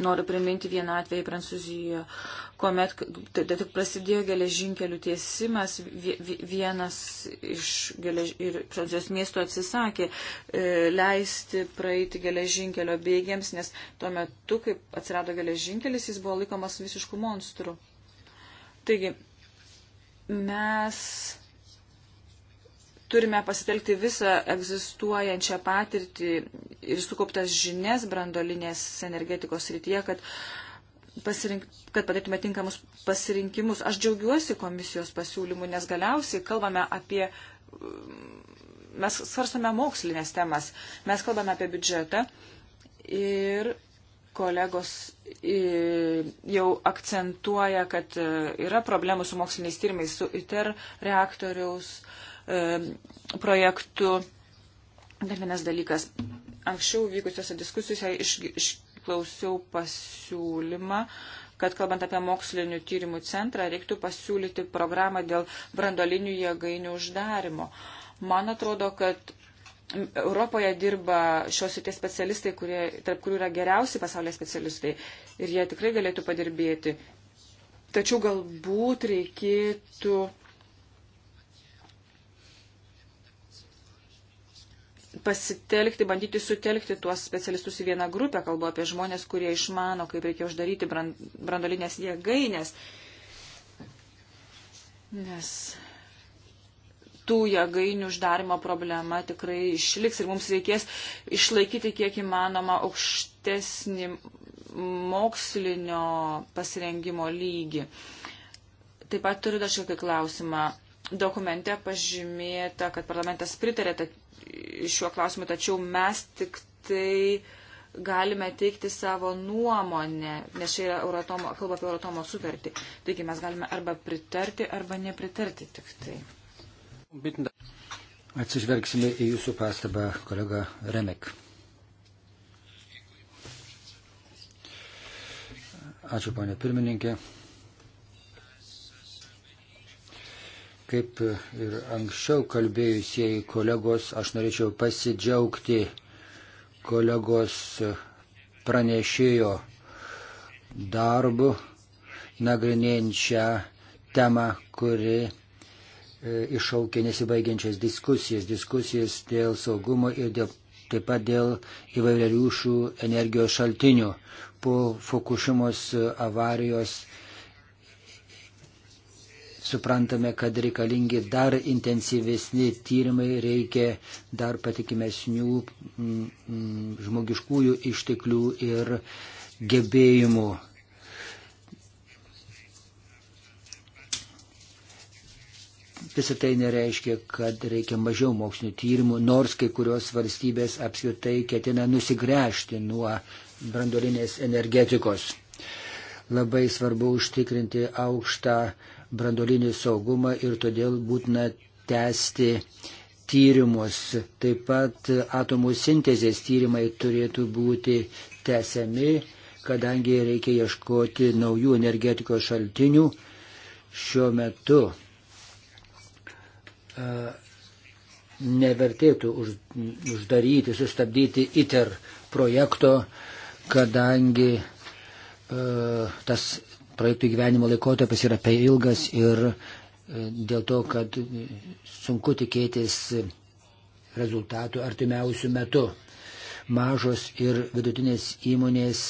Noriu priminti vieną atvejį Prancūzijoje, kuomet tai, tai tik prasidėjo geležinkelių tiesimas, vienas iš gelež... Prancūzijos miestų atsisakė e, leisti praeiti geležinkelio bėgiams, nes tuo metu, kaip atsirado geležinkelis, jis buvo laikomas visiškų monstrų. Taigi, mes turime pasitelkti visą egzistuojančią patirtį ir sukauptas žinias brandolinės energetikos rytyje, kad, pasirink, kad padarytume tinkamus pasirinkimus. Aš džiaugiuosi komisijos pasiūlymų, nes galiausiai kalbame apie. Mes svarstame mokslinės temas, mes kalbame apie biudžetą ir kolegos jau akcentuoja, kad e, yra problemų su moksliniais tyrimais, su ITER reaktoriaus uh, E, projektų. Dar vienas dalykas. Anksčiau vykusiuose diskusijose išklausiau pasiūlymą, kad kalbant apie mokslinių tyrimų centrą, reiktų pasiūlyti programą dėl brandolinių jėgainių uždarimo. Man atrodo, kad Europoje dirba šios srities specialistai, kurie, tarp kurių yra geriausi pasaulio specialistai ir jie tikrai galėtų padirbėti. Tačiau galbūt reikėtų pasitelkti, bandyti sutelkti tuos specialistus į vieną grupę, kalbu apie žmonės, kurie išmano, kaip reikia uždaryti brandolinės jėgainės. Nes tų jėgainių uždarimo problema tikrai išliks ir mums reikės išlaikyti kiek įmanoma aukštesnį mokslinio pasirengimo lygį. Taip pat turiu dar šiek tiek klausimą. Dokumente pažymėta, kad parlamentas pritarė šiuo klausimu, tačiau mes tik tai galime teikti savo nuomonę, nes čia yra Euratomo, kalba apie Euratomo sutartį. Taigi mes galime arba pritarti, arba nepritarti tik tai. Atsižvelgsime į jūsų pastabą, kolega Remek. Ačiū, ponė pirmininkė. Kaip ir anksčiau kalbėjusieji kolegos, aš norėčiau pasidžiaugti kolegos pranešėjo darbu, nagrinėjant šią temą, kuri e, iššaukė nesibaigiančias diskusijas, diskusijas dėl saugumo ir dėl, taip pat dėl įvairių šių energijos šaltinių. Po Fukushimos avarijos suprantame, kad reikalingi dar intensyvesni tyrimai, reikia dar patikimesnių mm, mm, žmogiškųjų išteklių ir gebėjimų. Visą tai nereiškia, kad reikia mažiau mokslinių tyrimų, nors kai kurios valstybės apskritai ketina nusigręžti nuo brandolinės energetikos. Labai svarbu užtikrinti aukštą brandolinį saugumą ir todėl būtina tęsti tyrimus. Taip pat atomų sintezės tyrimai turėtų būti tęsiami, kadangi reikia ieškoti naujų energetikos šaltinių šiuo metu. E, nevertėtų uždaryti, sustabdyti ITER projekto, kadangi e, tas projektų gyvenimo laikotarpis yra per ilgas ir e, dėl to, kad sunku tikėtis rezultatų artimiausių metų. Mažos ir vidutinės įmonės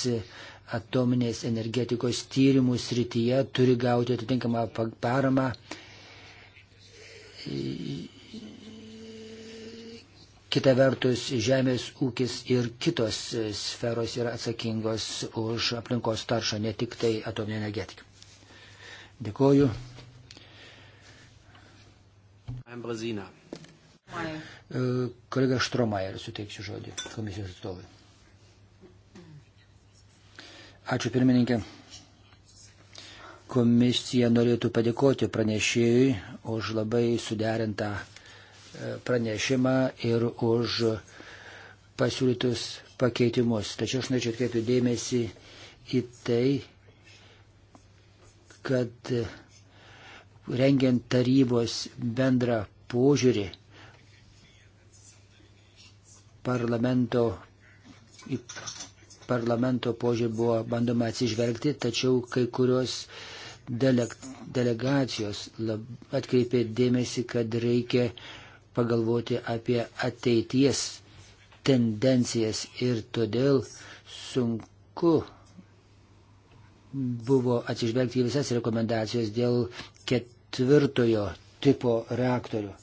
atominės energetikos tyrimų srityje turi gauti atitinkamą paramą Kita vertus, žemės ūkis ir kitos sferos yra atsakingos už aplinkos taršą, ne tik tai atominė energetika. Dėkoju. Brezina. E, kolega Štromajer suteiksiu žodį komisijos atstovui. Ačiū pirmininkė. Komisija norėtų padėkoti pranešėjui už labai suderintą pranešimą ir už pasiūlytus pakeitimus. Tačiau aš norėčiau atkreipti dėmesį į tai, kad rengiant tarybos bendrą požiūrį parlamento, į parlamento požiūrį buvo bandoma atsižvelgti, tačiau kai kurios dele, delegacijos lab, atkreipė dėmesį, kad reikia uh, pagalvoti apie ateities tendencijas ir todėl sunku buvo atsižvelgti į visas rekomendacijas dėl ketvirtojo tipo reaktorių.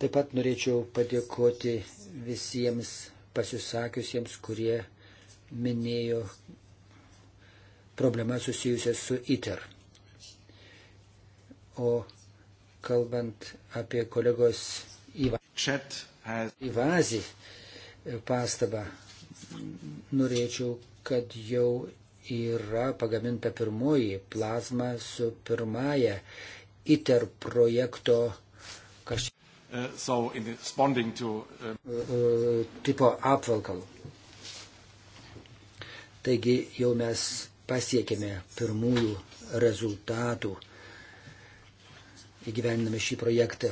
Taip pat norėčiau padėkoti visiems pasisakiusiems, kurie minėjo problemą susijusią su ITER. O kalbant apie kolegos įvazį pastabą, norėčiau, kad jau yra pagaminta pirmoji plazma su pirmąja ITER projekto kažkaip. Uh, so in responding to uh, uh, uh tipo apvalkalu. Taigi jau mes pasiekėme pirmųjų rezultatų įgyvendiname šį projektą.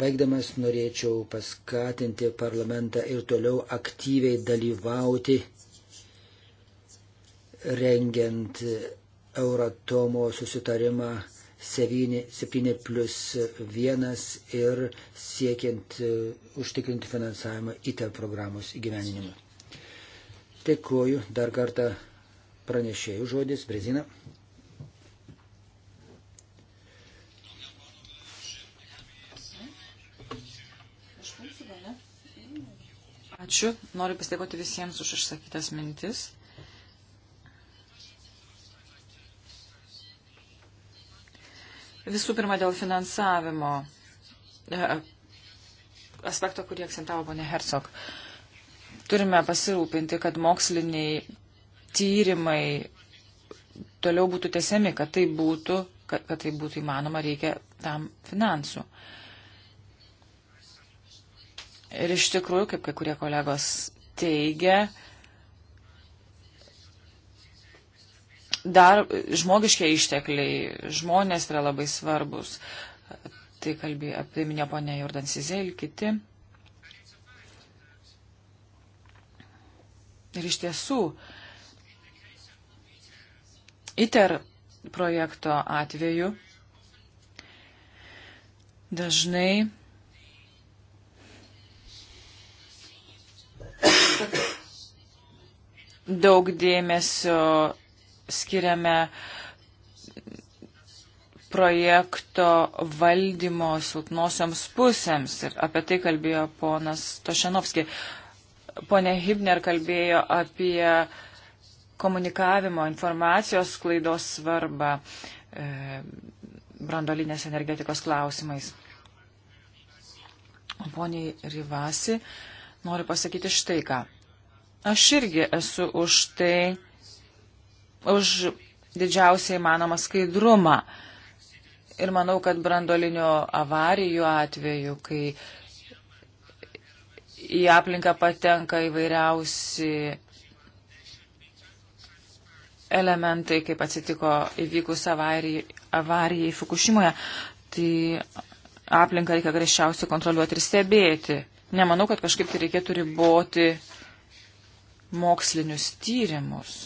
Baigdamas norėčiau paskatinti parlamentą ir toliau aktyviai dalyvauti rengiant Euratomo susitarimą 7 plus 1 ir siekiant e, užtikrinti finansavimą ITER programos įgyveninimui. Dėkuoju dar kartą pranešėjų žodis, Brezina. Ačiū. Noriu pasiteikoti visiems už išsakytas mintis. Visų pirma, dėl finansavimo e, aspekto, kurį akcentavo ponė Hersok. Turime pasirūpinti, kad moksliniai tyrimai toliau būtų tesiami, kad tai būtų, kad, kad tai būtų įmanoma, reikia tam finansų. Uh, Ir iš tikrųjų, kaip kai kurie kolegos teigia, dar žmogiškie ištekliai, žmonės yra labai svarbus. Tai kalbė apie minę ponę Jordan Sizė ir kiti. Ir iš tiesų, ITER projekto atveju dažnai daug dėmesio skiriame projekto valdymo silpnosioms pusėms ir apie tai kalbėjo ponas Tošenovski. Pone Hibner kalbėjo apie komunikavimo informacijos klaidos svarbą e, brandolinės energetikos klausimais. Poniai Rivasi, noriu pasakyti štai ką. Aš irgi esu už tai, už didžiausiai manomą skaidrumą. Ir manau, kad brandolinio avarijų atveju, kai į aplinką patenka įvairiausi elementai, kaip atsitiko įvykus avarijai, avarijai Fukushimoje, tai aplinką reikia greščiausiai kontroliuoti ir stebėti. Nemanau, kad kažkaip tai reikėtų riboti mokslinius tyrimus.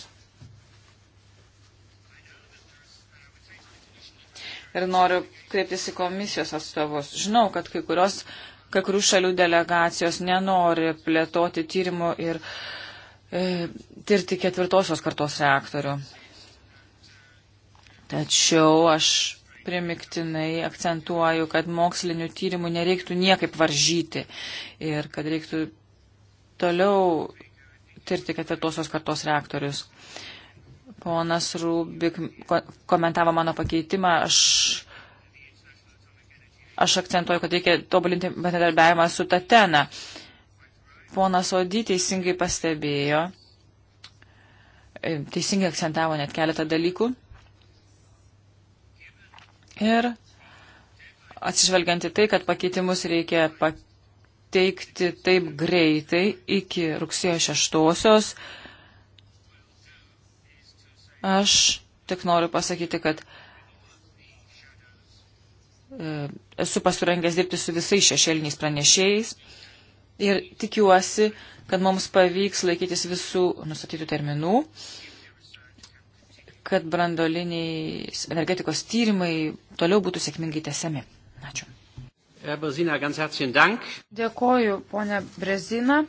Ir noriu kreiptis į komisijos atstovus. Žinau, kad kai kurios, kai kurių šalių delegacijos nenori plėtoti tyrimų ir e, tirti ketvirtosios kartos reaktorių. Tačiau aš primiktinai akcentuoju, kad mokslinių tyrimų nereiktų niekaip varžyti ir kad reiktų toliau tirti ketvirtosios kartos reaktorius. Ponas Rubik komentavo mano pakeitimą. Aš, aš akcentuoju, kad reikia tobulinti bendradarbiavimą su Tatena. Ponas Odi teisingai pastebėjo, teisingai akcentavo net keletą dalykų. Ir atsižvelgianti tai, kad pakeitimus reikia pakeisti teikti taip greitai iki rugsėjo šeštosios. Aš tik noriu pasakyti, kad e, esu pasirengęs dirbti su visais šešėliniais pranešėjais ir tikiuosi, kad mums pavyks laikytis visų nustatytų terminų, kad brandoliniai energetikos tyrimai toliau būtų sėkmingai tesiami. Ačiū. Brezina, ganz herzlichen Dank. Dėkoju, ponia Brezina.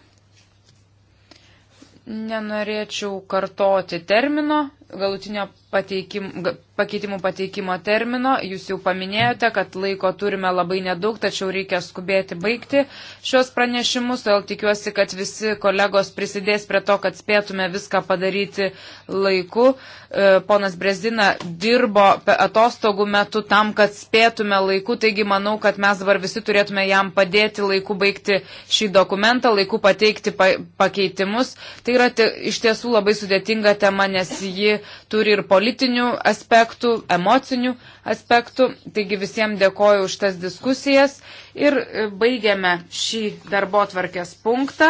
Nenorėčiau kartoti termino, galutinio pateikim, pakeitimų pateikimo termino. Jūs jau paminėjote, kad laiko turime labai nedaug, tačiau reikia skubėti baigti šios pranešimus. Todėl tikiuosi, kad visi kolegos prisidės prie to, kad spėtume viską padaryti laiku. E, ponas Brezina dirbo atostogų metu tam, kad spėtume laiku. Taigi manau, kad mes dabar visi turėtume jam padėti laiku baigti šį dokumentą, laiku pateikti pakeitimus. Tai yra iš tiesų labai sudėtinga tema, nes ji turi ir politinių aspektų, emocinių aspektų. Taigi visiems dėkoju už tas diskusijas ir e, baigiame šį darbo tvarkės punktą.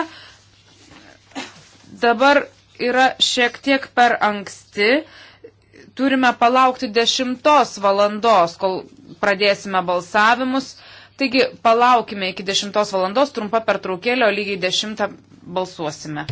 Dabar yra šiek tiek per anksti. Turime palaukti dešimtos valandos, kol pradėsime balsavimus. Taigi palaukime iki 10 valandos, trumpa pertraukėlė, o lygiai 10 balsuosime.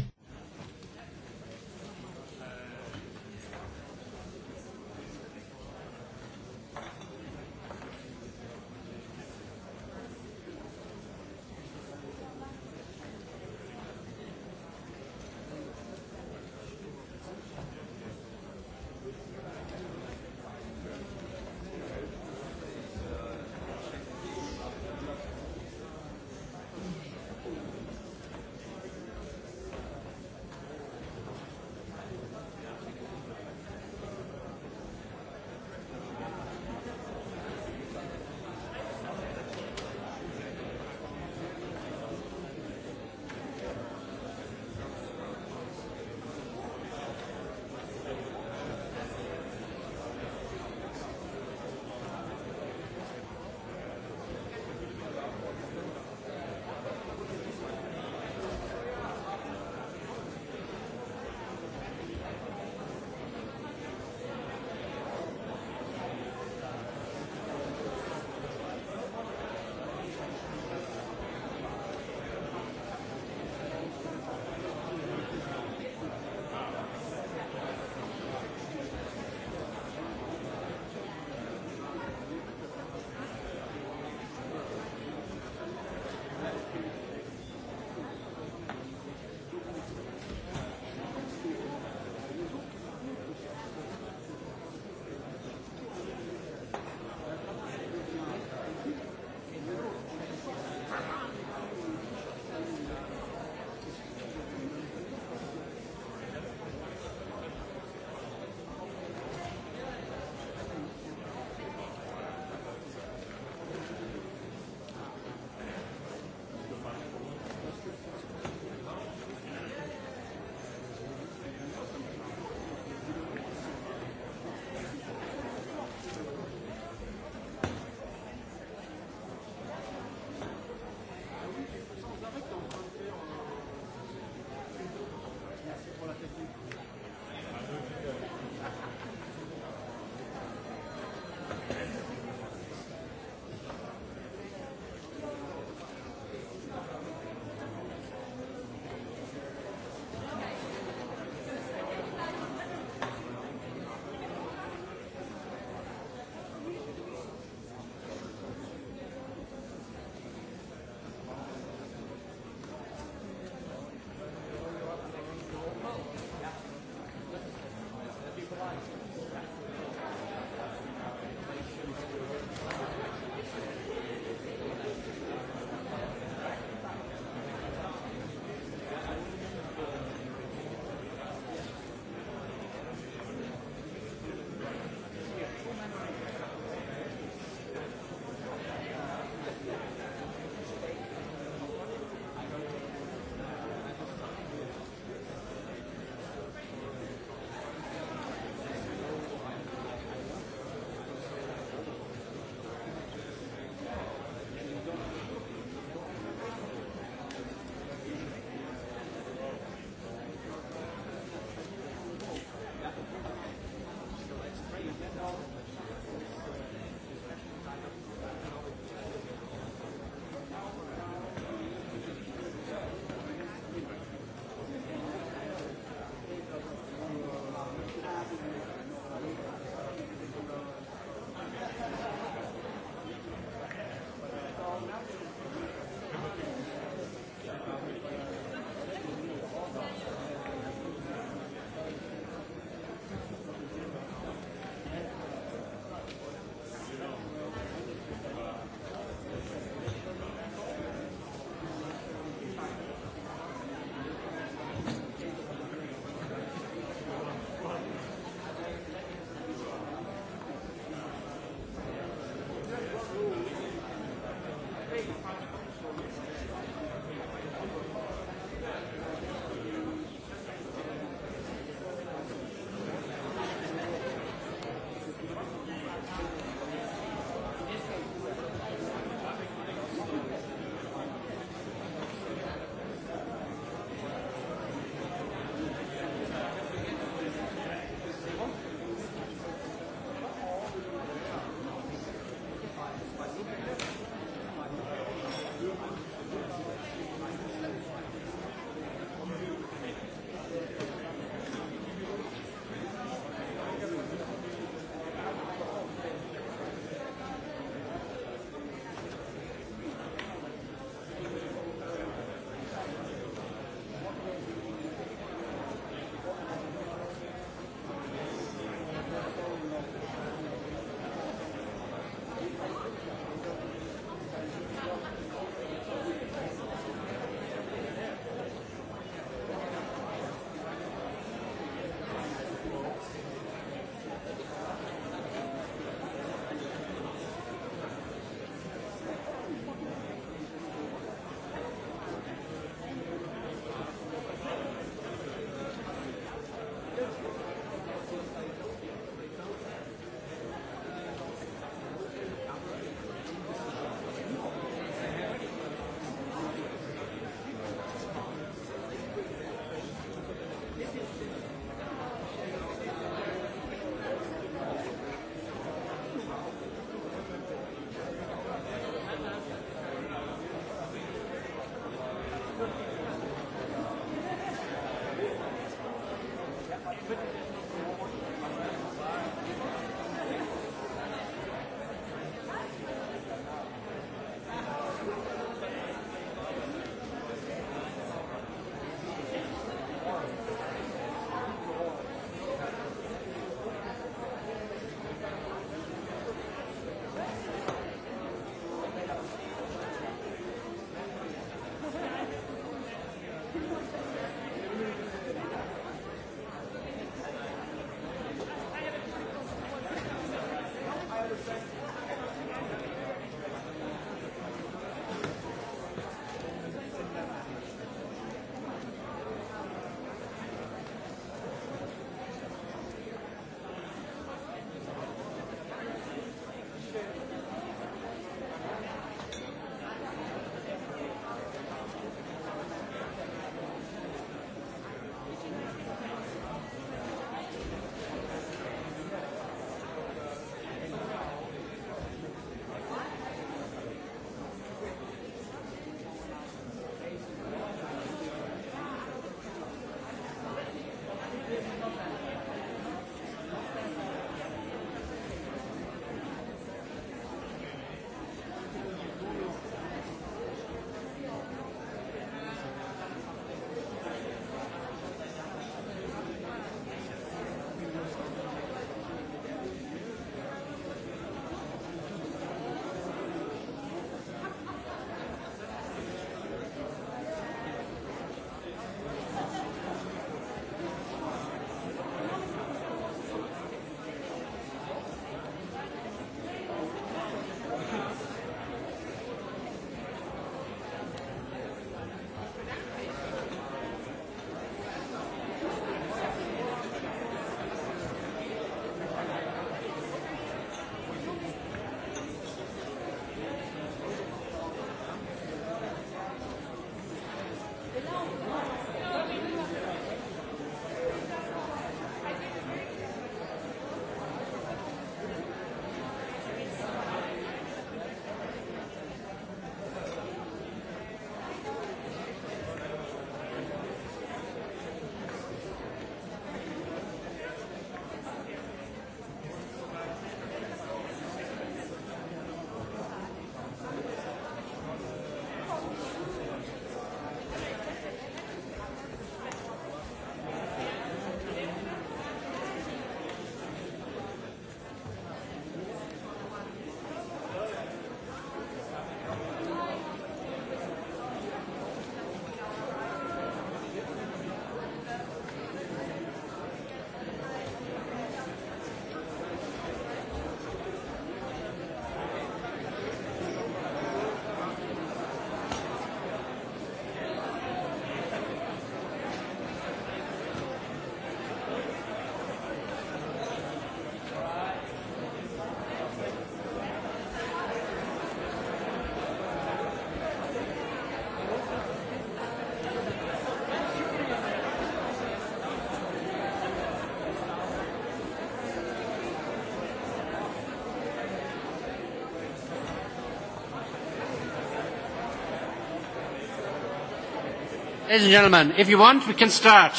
Ladies and gentlemen, if you want, we can start.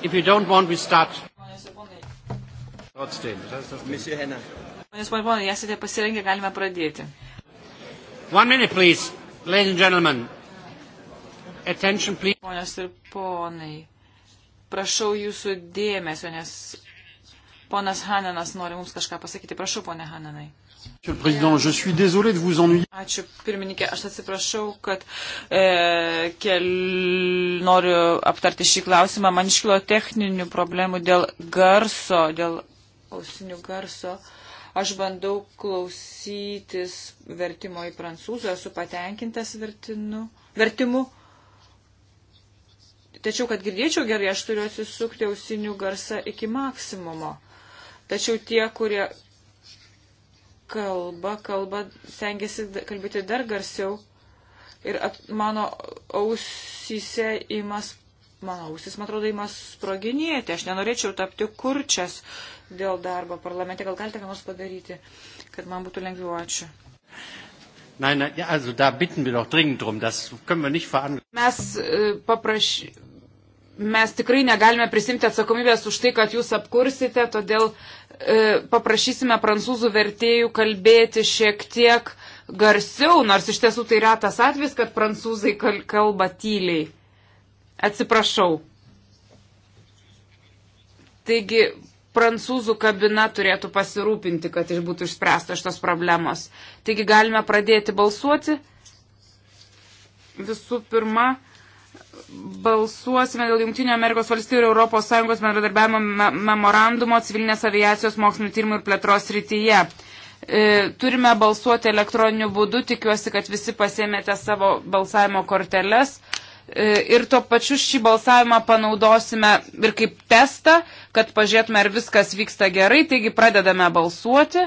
If you don't want, we start. Trotzdem, das ist das Monsieur Henna. Ponas Balbonai, esate pasirengę, galime pradėti. One minute, please, ladies and gentlemen. Attention, please. Ponas ir ponai, prašau jūsų dėmesio, nes ponas Hananas nori mums kažką pasakyti. Prašau, ponė Hananai. Ačiū pirmininkė, aš atsiprašau, kad e, kel, noriu aptarti šį klausimą. Man iškilo techninių problemų dėl garso, dėl ausinių garso. Aš bandau klausytis vertimo į prancūzų, esu patenkintas vertinu, vertimu. Tačiau, kad girdėčiau gerai, aš turiu atsisukti ausinių garsą iki maksimumo. Tačiau tie, kurie kalba, kalba stengiasi kalbėti dar garsiau ir at, mano ausyse įmas, mano ausis, man atrodo, įmas sproginėti. Aš nenorėčiau tapti kurčias dėl darbo parlamente. Gal galite ką nors padaryti, kad man būtų lengviau. Ačiū. Nein, nein, also da bitten wir doch dringend drum, das können wir nicht veranlassen. Mes e, papraš, mes tikrai negalime prisimti atsakomybės už tai, kad jūs apkursite, todėl e, paprašysime prancūzų vertėjų kalbėti šiek tiek garsiau, nors iš tiesų tai retas atvejis, kad prancūzai kalba tyliai. Atsiprašau. Taigi, prancūzų kabina turėtų pasirūpinti, kad būtų išspręstos šitos problemos. Taigi, galime pradėti balsuoti. Visų pirma, balsuosime dėl Junktinio Amerikos valstybių ir Europos Sąjungos bendradarbiavimo me memorandumo civilinės aviacijos mokslinio tyrimų ir plėtros rytyje. E, turime balsuoti elektroniniu būdu, tikiuosi, kad visi pasėmėte savo balsavimo korteles. E, ir tuo pačiu šį balsavimą panaudosime ir kaip testą, kad pažiūrėtume, ar viskas vyksta gerai. Taigi pradedame balsuoti.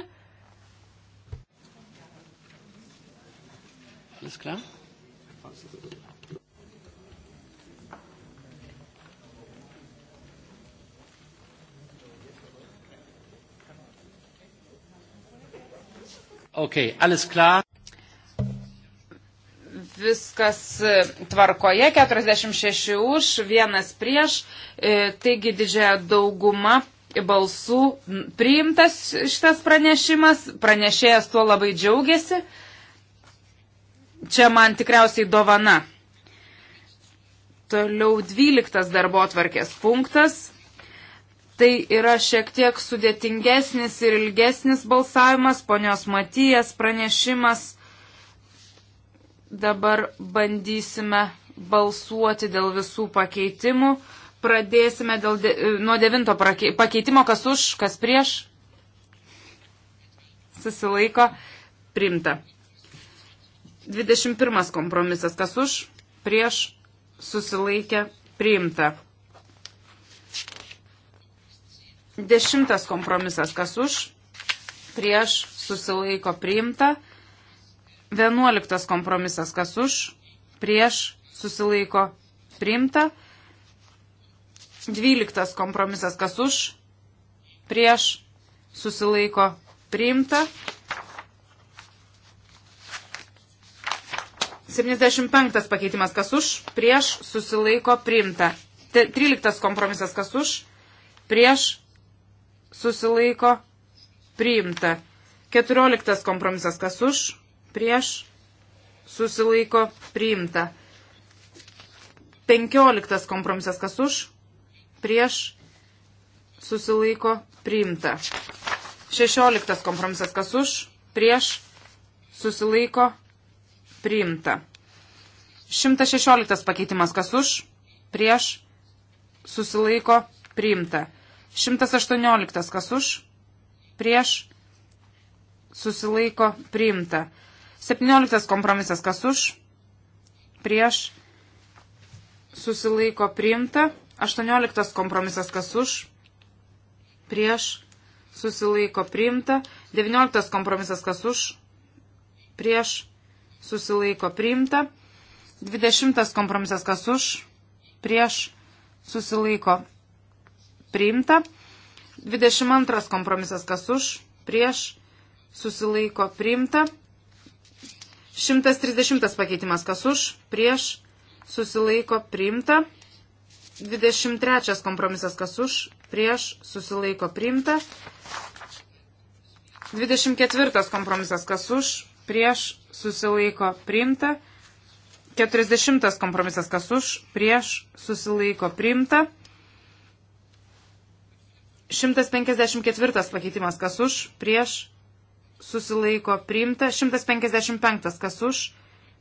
Viskas. Okay, alles klar. Viskas e, tvarkoje, 46 už, vienas prieš, e, taigi didžiąją daugumą balsų priimtas šitas pranešimas, pranešėjas tuo labai džiaugiasi. Čia man tikriausiai dovana. Toliau 12 darbo atvarkės punktas. Tai yra šiek tiek sudėtingesnis ir ilgesnis balsavimas, ponios Matijas pranešimas. Dabar bandysime balsuoti dėl visų pakeitimų. Pradėsime dėl de, e, nuo devinto pakeitimo, kas už, kas prieš. Susilaiko, primta. 21 kompromisas, kas už, prieš, susilaikė, primta. Dešimtas kompromisas, kas už, prieš, susilaiko priimta. Vienuoliktas kompromisas, kas už, prieš, susilaiko priimta. Dvyliktas kompromisas, kas už, prieš, susilaiko priimta. 75 pakeitimas kas už, prieš susilaiko priimta. 13 kompromisas kas už, prieš susilaiko, priimta. 14 kompromisas, kas už, prieš, susilaiko, priimta. 15 kompromisas, kas už, prieš, susilaiko, priimta. 16 kompromisas, kas už, prieš, susilaiko, priimta. 116 pakeitimas, kas už, prieš, susilaiko, priimta. 118 kas už, prieš, susilaiko, priimta. 17 kompromisas kas už, prieš, susilaiko, priimta. 18 kompromisas kas už, prieš, susilaiko, priimta. 19 kompromisas kas už, prieš, susilaiko, priimta. 20 kompromisas kas už, prieš, susilaiko, priimta priimta. 22 kompromisas kas už, prieš, susilaiko priimta. 130 pakeitimas kas už, prieš, susilaiko priimta. 23 kompromisas kas už, prieš, susilaiko priimta. 24 kompromisas kas už, prieš, susilaiko priimta. 40 kompromisas kas už, prieš, susilaiko priimta. 154 pakeitimas kas už, prieš, susilaiko priimta. 155 kas už,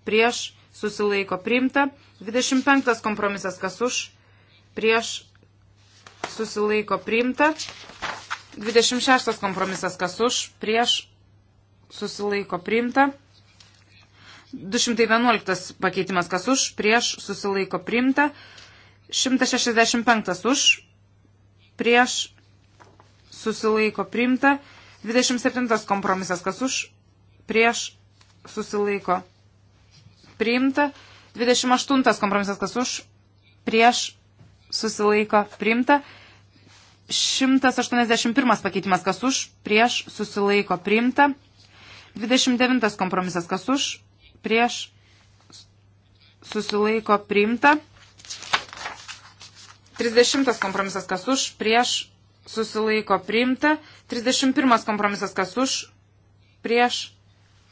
prieš, susilaiko priimta. 25 kompromisas kas už, prieš, susilaiko priimta. 26 kompromisas kas už, prieš, susilaiko priimta. 211 pakeitimas kas už, prieš, susilaiko priimta. 165 už, prieš, susilaiko primta. 27 kompromisas, kas už, prieš, susilaiko primta. 28 kompromisas, kas už, prieš, susilaiko primta. 181 pakeitimas, kas už, prieš, susilaiko primta. 29 kompromisas, kas už, prieš, susilaiko primta. 30 kompromisas, kas už, prieš, susilaiko priimta. 31 kompromisas kas už, prieš,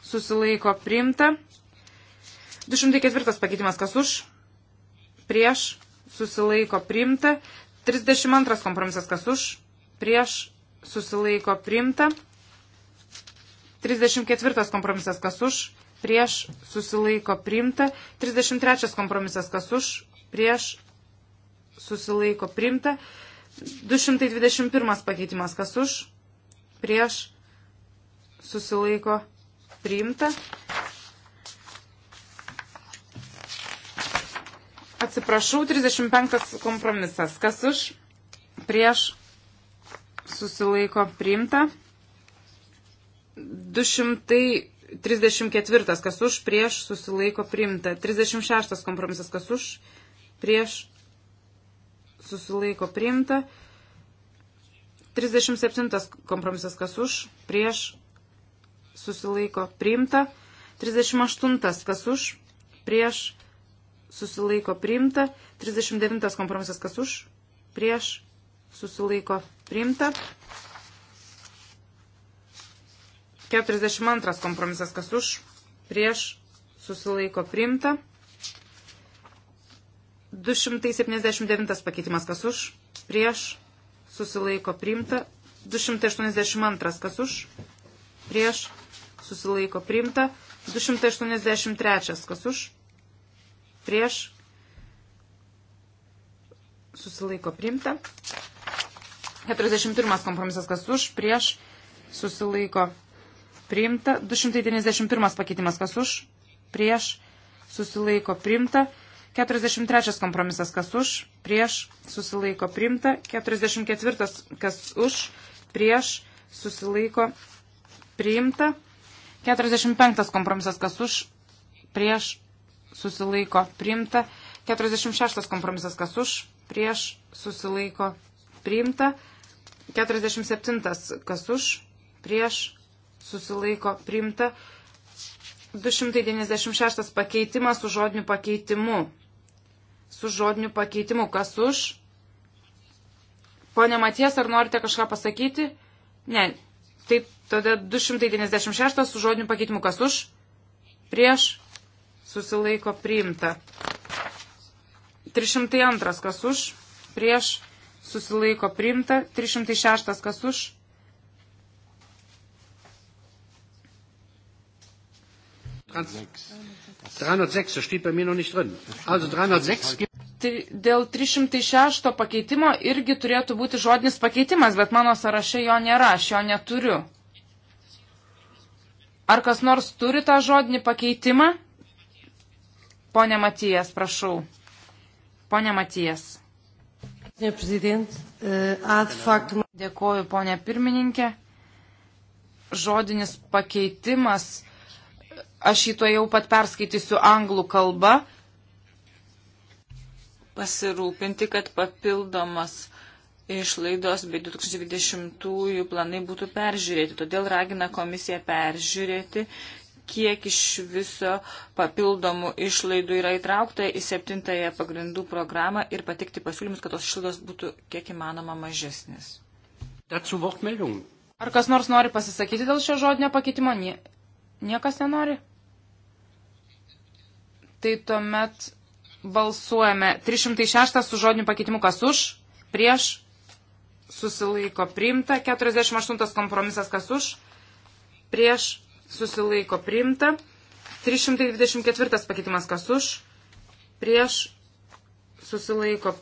susilaiko priimta. 204 pakeitimas kas už, prieš, susilaiko priimta. 32 kompromisas kas už, prieš, susilaiko priimta. 34 kompromisas kas už, prieš, susilaiko priimta. 33 kompromisas kas už, prieš, susilaiko priimta. 221 pakeitimas, kas už, prieš, susilaiko, priimta. Atsiprašau, 35 kompromisas, kas už, prieš, susilaiko, priimta. 200. 34, kas už, prieš, susilaiko, priimta. 36 kompromisas, kas už, prieš, susilaiko priimta. 37 kompromisas kas už, prieš susilaiko priimta. 38 kas už, prieš susilaiko priimta. 39 kompromisas kas už, prieš susilaiko priimta. 42 kompromisas kas už, prieš susilaiko priimta. 279 pakeitimas kas už, prieš, susilaiko priimta. 282 kas už, prieš, susilaiko priimta. 283 kas už, prieš, susilaiko priimta. 41 kompromisas kas už, prieš, susilaiko priimta. 291 pakeitimas kas už, prieš, susilaiko priimta. 43 kompromisas kas už, prieš susilaiko priimta. 44 kas už, prieš susilaiko priimta. 45 kompromisas kas už, prieš susilaiko priimta. 46 kompromisas kas už, prieš susilaiko priimta. 47 kas už, prieš susilaiko priimta. 296 pakeitimas su žodiniu pakeitimu su žodiniu pakeitimu. Kas už? Pone Maties, ar norite kažką pasakyti? Ne. Tai tada 296 su žodiniu pakeitimu. Kas už? Prieš? Susilaiko priimta. 302 kas už? Prieš? Susilaiko priimta. 306 kas už? Trans. 306 steht bei mir noch nicht drin. Also 306 gibt. Dėl 306 pakeitimo irgi turėtų būti žodinis pakeitimas, bet mano sąraše jo nėra, aš jo neturiu. Ar kas nors turi tą žodinį pakeitimą? Pone Matijas, prašau. Pone Matijas. Eh, Dėkoju, ponė pirmininkė. Žodinis pakeitimas Aš šito jau pat perskaitysiu anglų kalbą. Pasirūpinti, kad papildomas išlaidos bei 2020 planai būtų peržiūrėti. Todėl ragina komisija peržiūrėti, kiek iš viso papildomų išlaidų yra įtraukta į septintąją pagrindų programą ir patikti pasiūlymus, kad tos išlaidos būtų kiek įmanoma mažesnis. Ar kas nors nori pasisakyti dėl šio žodinio pakeitimo? Nie, niekas nenori? tai tuomet balsuojame 306 su žodiniu pakeitimu kas už, prieš, susilaiko priimta, 48 kompromisas kas už, prieš, susilaiko priimta, 324 pakeitimas kas už, prieš, susilaiko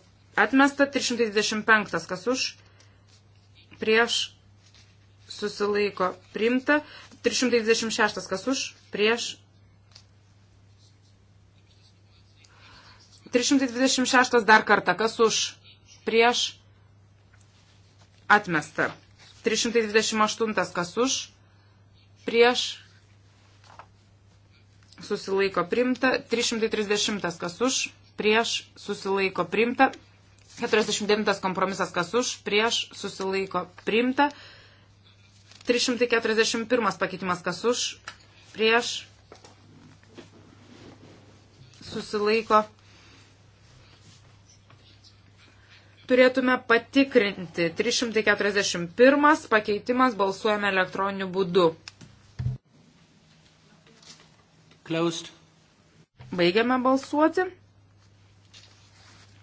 atmesta, 325 kas už, prieš, susilaiko priimta, 326 kas už, prieš, 326 dar kartą. Kas už? Prieš? Atmesta. 328 kas už? Prieš? Susilaiko primta. 330 kas už? Prieš? Susilaiko primta. 49 kompromisas kas už? Prieš? Susilaiko primta. 341 pakeitimas kas už? Prieš? Susilaiko primta turėtume patikrinti. 341 pakeitimas balsuojame elektroniniu būdu. Closed. Baigiame balsuoti.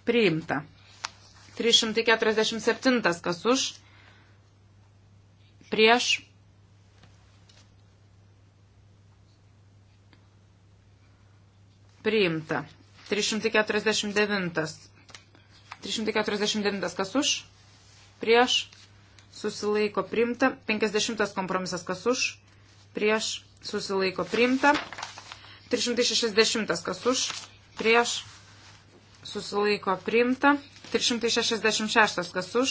Priimta. 347 kas už. Prieš. Priimta. 349 349 kas už, prieš, susilaiko primta. 50 kompromisas kas už, prieš, susilaiko primta. 360 kas už, prieš, susilaiko primta. 366 kas už,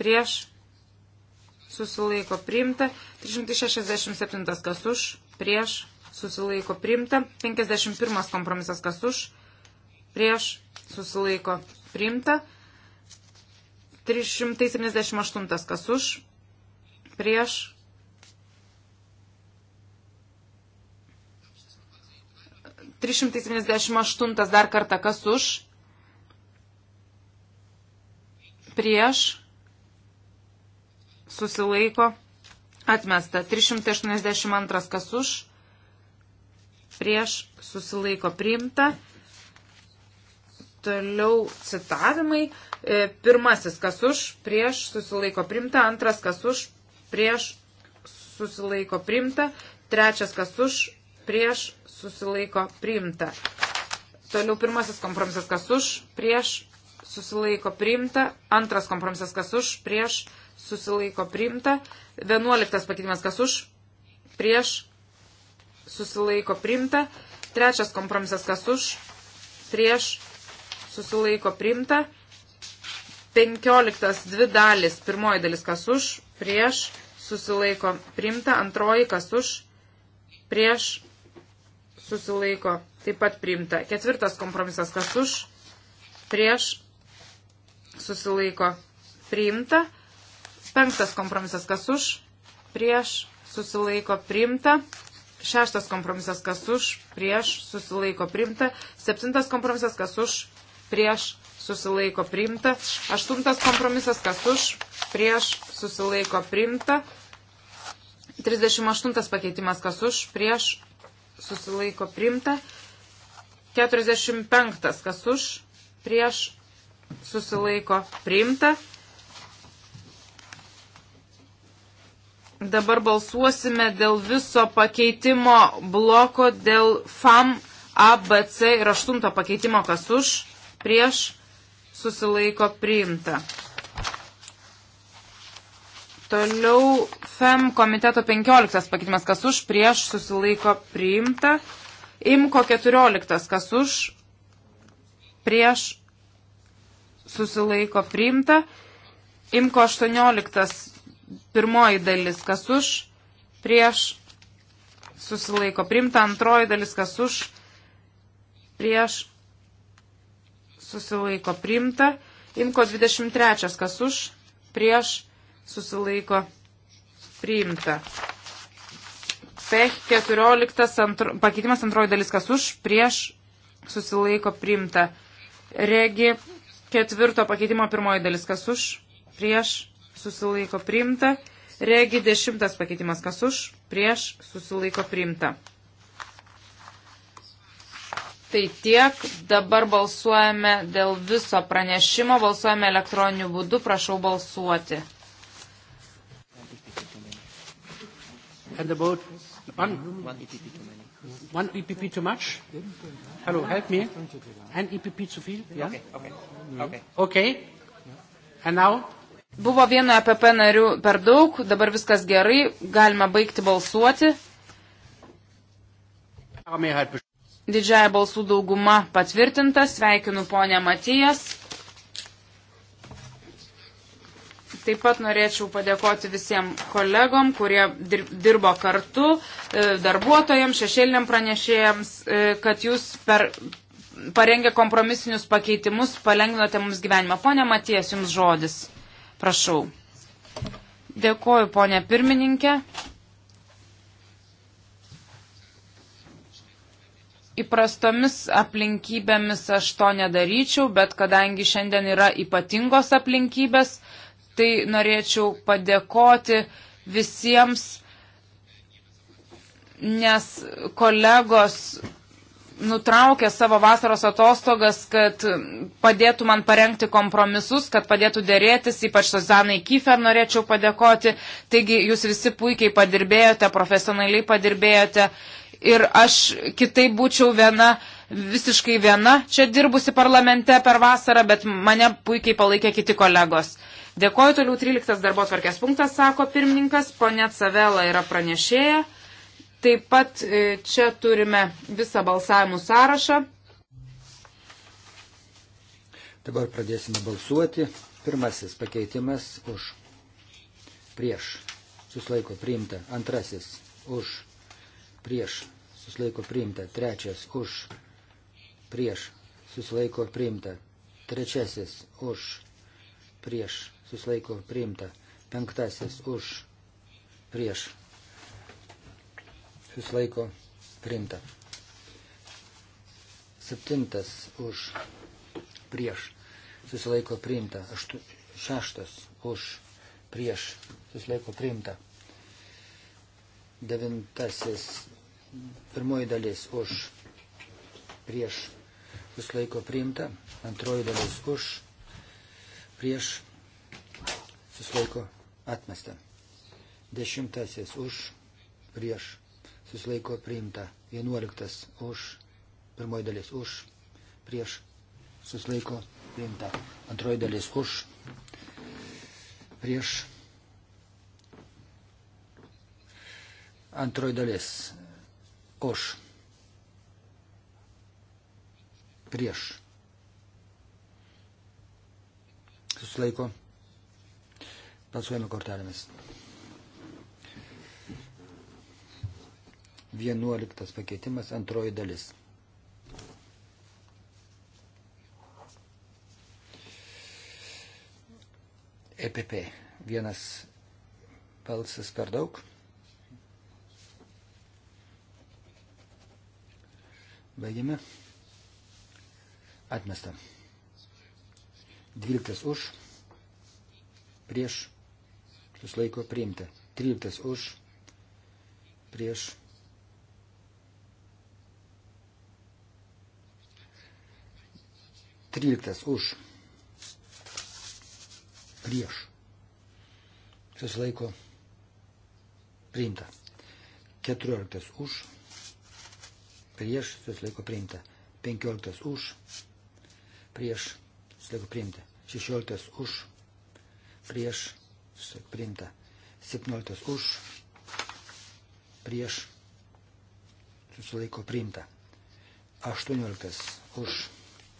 prieš, susilaiko primta. 367 kas už, prieš, susilaiko primta. 51 kompromisas kas už, prieš, susilaiko priimta. 378 kas už, prieš. Trišimtai septyniasdešimt aštuntas dar kartą kas už, prieš, susilaiko, atmesta. 382 kas už, prieš, susilaiko, priimta. Toliau citavimai. E, pirmasis, kas už, prieš, susilaiko primta. Antras, kas už, prieš, susilaiko primta. Trečias, kas už, prieš, susilaiko primta. Toliau pirmasis kompromisas, kas už, prieš, susilaiko primta. Antras kompromisas, kas už, prieš, susilaiko primta. Vienuoliktas pakeitimas, kas už, prieš, susilaiko primta. Trečias kompromisas, kas už, prieš, susilaiko primta. 15 dvi dalis, pirmoji dalis kas už, prieš, susilaiko primta, antroji kas už, prieš, susilaiko taip pat primta. Ketvirtas kompromisas kas už, prieš, susilaiko priimta. Penktas kompromisas kas už, prieš, susilaiko priimta. Šeštas kompromisas kas už, prieš, susilaiko priimta. Septintas kompromisas kas už, prieš susilaiko priimta. Aštuntas kompromisas, kas už, prieš susilaiko priimta. 38 pakeitimas, kas už, prieš susilaiko priimta. 45, kas už, prieš susilaiko priimta. Dabar balsuosime dėl viso pakeitimo bloko, dėl FAM, ABC ir 8 pakeitimo, kas už, prieš susilaiko priimta. Toliau FEM komiteto 15 pakeitimas, kas už, prieš susilaiko priimta. IMKO 14, kas už, prieš susilaiko priimta. Imko 18, pirmoji dalis, kas už, prieš, susilaiko priimta, antroji dalis, kas už, prieš, susilaiko priimta. Imko 23, kas už, prieš, susilaiko priimta. Pech 14, antro, pakeitimas antroji dalis, kas už, prieš, susilaiko priimta. Regi ketvirto pakeitimo pirmoji dalis, kas už, prieš, susilaiko priimta. Regi dešimtas pakeitimas, kas už, prieš, susilaiko priimta tai tiek. Dabar balsuojame dėl viso pranešimo, balsuojame elektroniniu būdu, prašau balsuoti. One, one EPP too many. One EPP too much? Hello, help me. An EPP too viel? Yeah? Okay, okay. Mm. Okay. okay. And now? Buvo vieno EPP narių per daug, dabar viskas gerai, galima baigti balsuoti. Didžiaja balsų dauguma patvirtintas. Sveikinu ponę Matijas. Taip pat norėčiau padėkoti visiems kolegom, kurie dirbo kartu, e, darbuotojams, šešėliniam pranešėjams, e, kad jūs per, parengė kompromisinius pakeitimus, palengvinote mums gyvenimą. Pone Matijas, jums žodis. Prašau. Dėkoju, ponė pirmininkė. Įprastomis aplinkybėmis aš to nedaryčiau, bet kadangi šiandien yra ypatingos aplinkybės, tai norėčiau padėkoti visiems, nes kolegos nutraukė savo vasaros atostogas, kad padėtų man parengti kompromisus, kad padėtų dėrėtis, ypač Sozanai Kifer norėčiau padėkoti. Taigi jūs visi puikiai padirbėjote, profesionaliai padirbėjote ir aš kitai būčiau viena, visiškai viena čia dirbusi parlamente per vasarą, bet mane puikiai palaikė kiti kolegos. Dėkoju toliau 13 darbo tvarkės punktas, sako pirmininkas, ponė Cavela yra pranešėja. Taip pat e, čia turime visą balsavimų sąrašą. Dabar pradėsime balsuoti. Pirmasis pakeitimas už. Prieš. Suslaiko priimta. Antrasis už. Prieš susilaiko priimta. Trečias už, prieš, susilaiko priimta. Trečiasis už, prieš, susilaiko priimta. Penktasis už, prieš, susilaiko priimta. Septintas už, prieš, susilaiko priimta. Aštu, šeštas už, prieš, susilaiko priimta. Devintasis Pirmoji dalis už prieš vis laiko priimta. Antroji dalis už prieš vis laiko atmesta. Dešimtasis už prieš susilaiko priimta. Vienuoliktas už pirmoji dalis už prieš susilaiko priimta. Antroji dalis už prieš antroji dalis už. Prieš. Susilaiko. Balsuojame kortelėmis. Vienuoliktas pakeitimas, antroji dalis. EPP. Vienas balsas per daug. Baigiame. Atmesta. 12 už. Prieš. Suslaiko priimta. 13 už. Prieš. Tryliktas už. Prieš. Susilaiko priimta. Keturioliktas už prieš susilaiko priimta. 15 už, prieš susilaiko priimta. 16 už, prieš susilaiko priimta. 17 už, prieš susilaiko priimta. 18 už,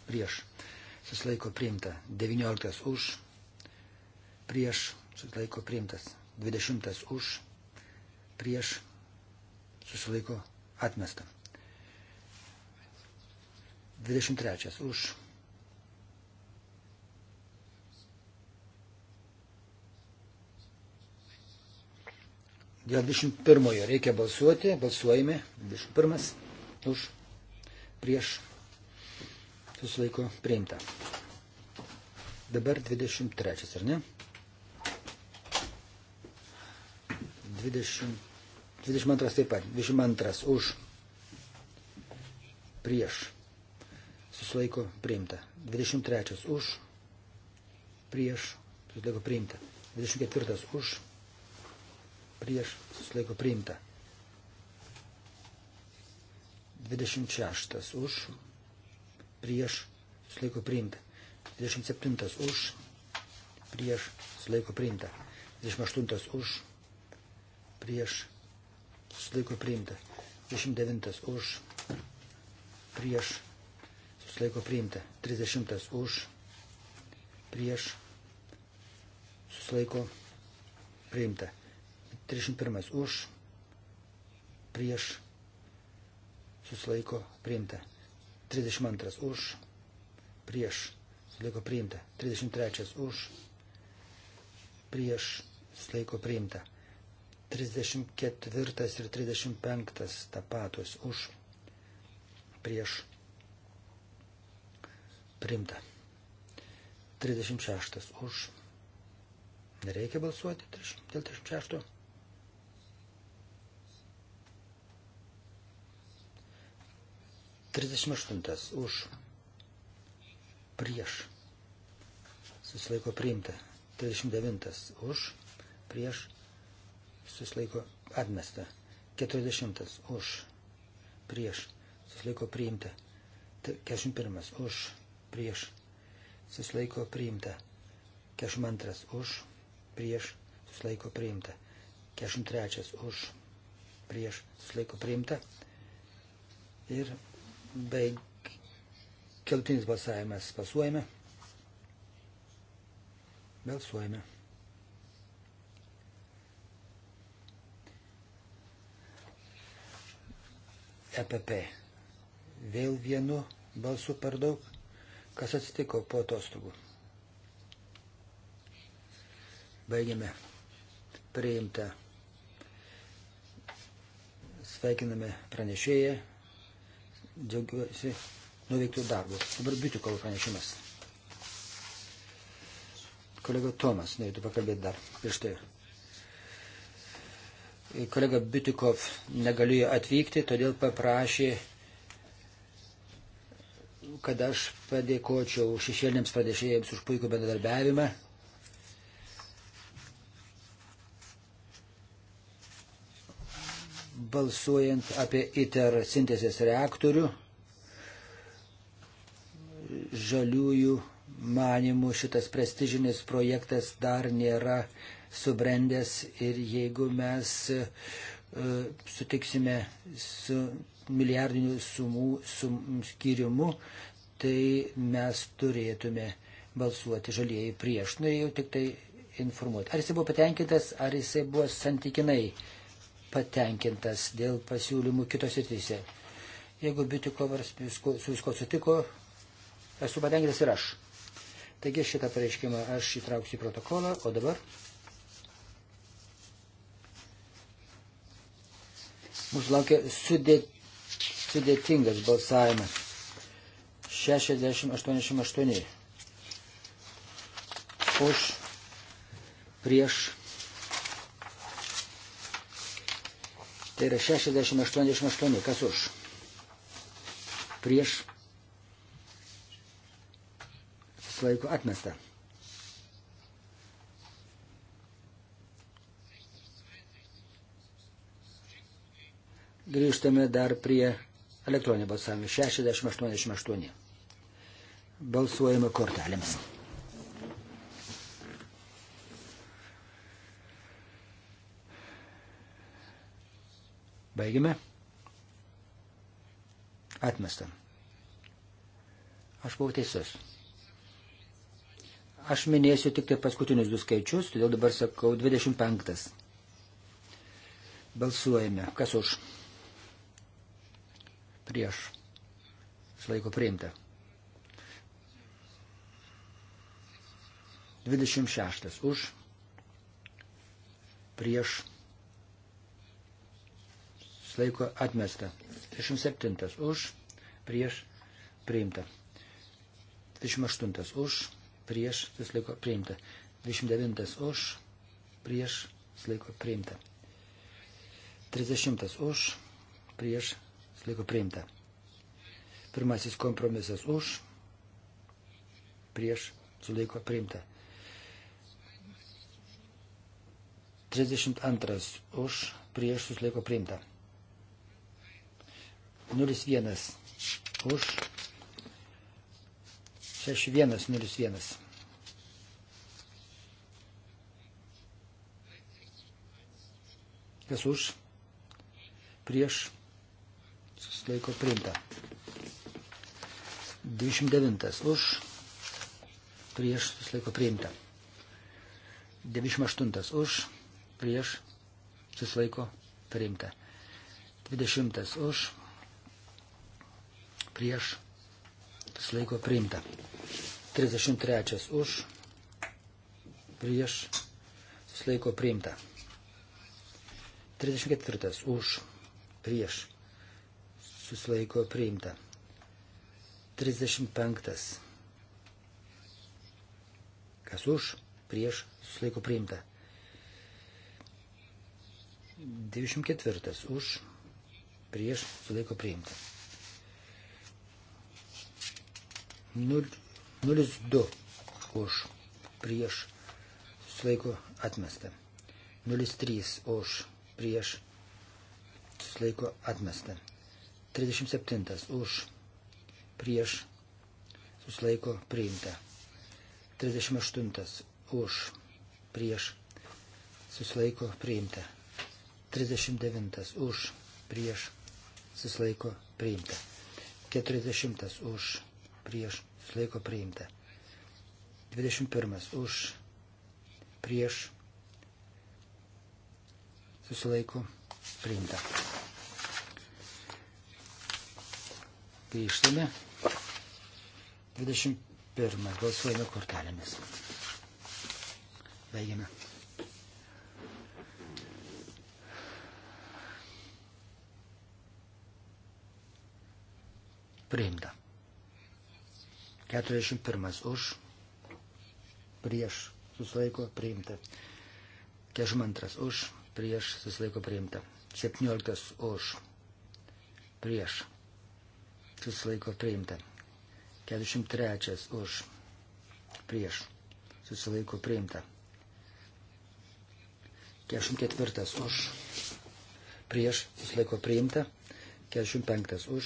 prieš susilaiko priimta. 19 už, prieš susilaiko priimtas. 20 už, prieš susilaiko atmestam. 23 už. Dėl 21 reikia balsuoti, balsuojame, 21 už, prieš, susilaiko priimta. Dabar 23, ar ne? 20, 22 taip pat, 22 už, prieš, susilaiko priimta. 23 už, prieš, susilaiko priimta. 24 už, prieš, susilaiko priimta. 26 už, prieš, susilaiko priimta. 27 už, prieš, susilaiko priimta. 28 už, prieš, susilaiko priimta. 29 už, prieš, susilaiko priimta. 30 už, prieš, susilaiko priimta. 31 už, prieš, susilaiko priimta. 32 už, prieš, susilaiko priimta. 33 už, prieš, susilaiko priimta. 34 ir 35 tapatus už, prieš, Priimta. 36 už. Nereikia balsuoti dėl 36. Trisdešimt aštuntas už prieš susilaiko priimta. Trisdešimt devintas už prieš susilaiko atmesta. Keturiasdešimtas už prieš susilaiko priimta. Keturiasdešimt pirmas už prieš prieš susilaiko priimta. 42 už, prieš susilaiko priimta. 43 už, prieš susilaiko priimta. Ir baig keltinis balsavimas pasuojame. Balsuojame. EPP. E Vėl vienu balsu per daug. Kas atsitiko po atostogų? Baigiame. Priimta. Sveikiname pranešėją. Džiaugiuosi nuveiktų darbų. Dabar Biutikovo pranešimas. Kolega Tomas norėtų pakalbėti dar prieš tai. Kolega Biutikov negalėjo atvykti, todėl paprašė kad aš padėkočiau šešėlėms pradėšėjams už puikų bendradarbiavimą. Balsuojant apie ITER sintezės reaktorių, žaliųjų manimų šitas prestižinis projektas dar nėra subrendęs ir jeigu mes e, sutiksime su milijardinių sumų sum, skirimu, tai mes turėtume balsuoti žalieji prieš. Norėjau tik tai informuoti. Ar jisai buvo patenkintas, ar jisai buvo santykinai patenkintas dėl pasiūlymų kitose trise. Jeigu Bitikovas visko, su visko sutiko, esu patenkintas ir aš. Taigi šitą pareiškimą aš įtrauksiu į protokolą, o dabar. Mūsų laukia sudėtingas balsavimas. 60-88 už prieš. Tai yra 60-88. Kas už? Prieš. Slaiko atmesta. 60-62. Grįžtame dar prie elektroninio balsavimo. 60-88. Balsuojame kortelėms. Baigime. Atmestam. Aš buvau teisus. Aš minėsiu tik tai paskutinius du skaičius, todėl dabar sakau 25. Balsuojame. Kas už? Prieš. Slaiko priimta. 26 už, prieš, laiko atmesta. 27 už, prieš, priimta. 28 už, prieš, vis laiko priimta. 29 už, prieš, vis laiko priimta. 30 už, prieš, vis laiko priimta. Pirmasis kompromisas už, prieš, sulaiko priimta. 32 už prieš susilaiko priimta. 01 už 6101. Kas už prieš susilaiko priimta. 29 už prieš susilaiko priimta. 98 už prieš susilaiko priimta. 20 už prieš susilaiko priimta. 33 už prieš susilaiko priimta. 34 už prieš susilaiko priimta. 35 kas už prieš susilaiko priimta. 94 už prieš sulaiko priimta. 02 už prieš sulaiko atmesta. 03 už prieš sulaiko atmesta. 37 už prieš susilaiko priimta. 38 už prieš susilaiko priimta. 39 už prieš susilaiko priimta. 40 už prieš susilaiko priimta. 21 už prieš susilaiko priimta. Grįžtame. 21 balsuojame kortelėmis. Baigiame. Priimta. 41 už. Prieš susilaiko priimta. 42 už. Prieš susilaiko priimta. 17 už. Prieš susilaiko priimta. 43 už. Prieš susilaiko priimta. 44 už. Prieš susilaiko priimta. 45 už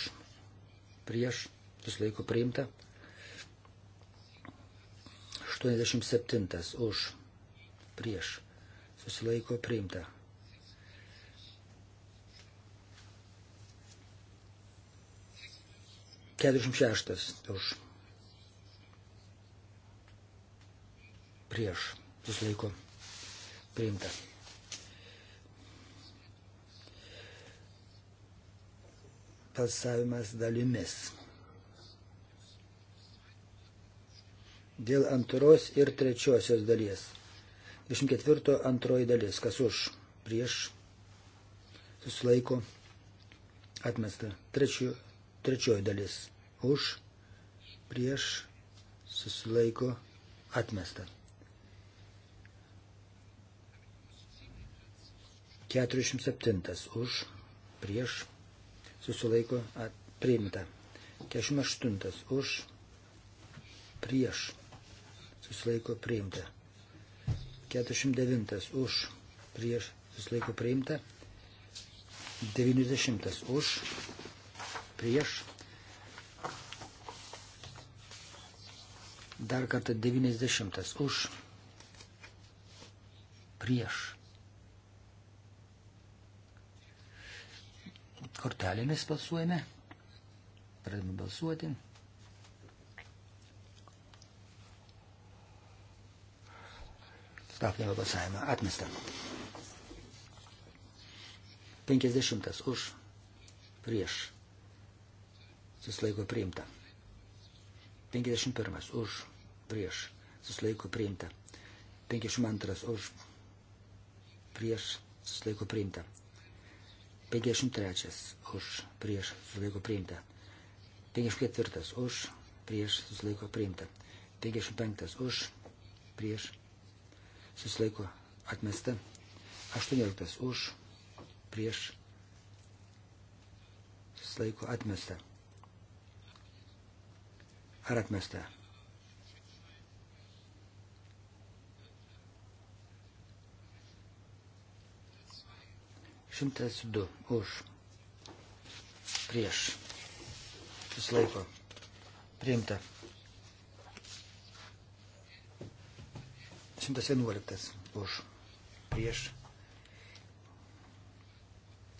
prieš, susilaiko priimta. 87 už, prieš, susilaiko priimta. Keturiasdešimt šeštas už. Prieš. Susilaiko. Priimta. balsavimas dalimis. Dėl antros ir trečiosios dalies. 24 antroji dalis. Kas už? Prieš. Susilaiko. Atmesta. Trečio, trečioji dalis. Už. Prieš. Susilaiko. Atmesta. 47 už, prieš, susilaiko priimta. 48 už prieš susilaiko priimta. 49 už prieš susilaiko priimta. 90 už prieš. Dar kartą 90 už prieš Kortelėmis balsuojame. Pradedame balsuoti. Stabdėme balsavimą. Atmesta. 50 už prieš. Suslaiko priimta. 51 už prieš. Suslaiko priimta. 52 už prieš. Suslaiko priimta. 53 už prieš susilaiko priimta. 54 už prieš susilaiko priimta. 55 už prieš susilaiko atmesta. 18 už prieš susilaiko atmesta. Ar atmesta? 102 už prieš susilaiko priimta. 111 už prieš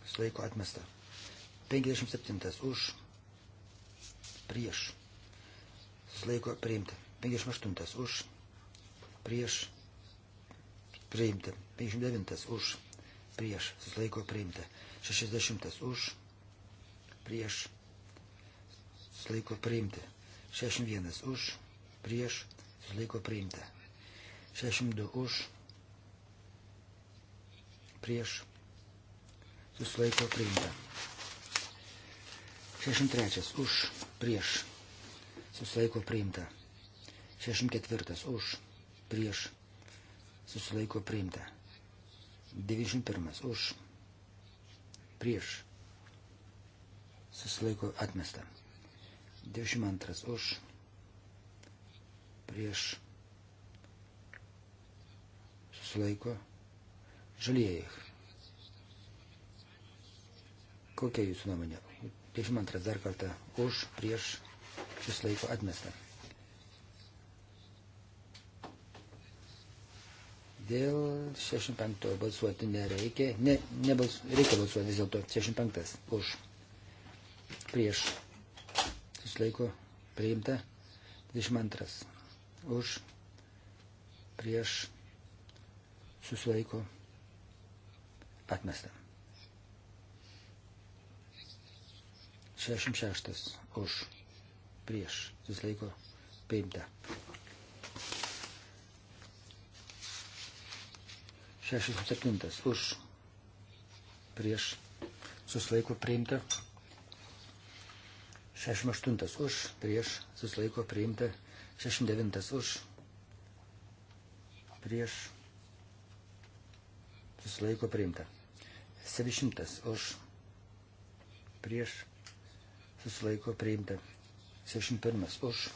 susilaiko atmesta. 57 už prieš susilaiko priimta. 58 už prieš priimta. 59 už prieš prieš susilaiko priimta. 60 už prieš susilaiko priimta. 61 už prieš susilaiko priimta. 62 už prieš susilaiko priimta. 63 už prieš susilaiko priimta. 64 už prieš susilaiko priimta. 91 už prieš susilaiko atmesta. 92 už prieš susilaiko žalieji. Kokia jūsų nuomonė? 92 dar kartą už prieš susilaiko atmesta. Dėl 65 balsuoti nereikia. Ne, nebals, reikia balsuoti vis dėlto. 65 už. Prieš. Susilaiko. Priimta. 22 už. Prieš. Susilaiko. Atmesta. 66 už. Prieš. Susilaiko. Priimta. 67 už prieš susilaiko priimta. 68 už prieš susilaiko priimta. 69 už prieš susilaiko priimta. 700 už prieš susilaiko priimta. 71 už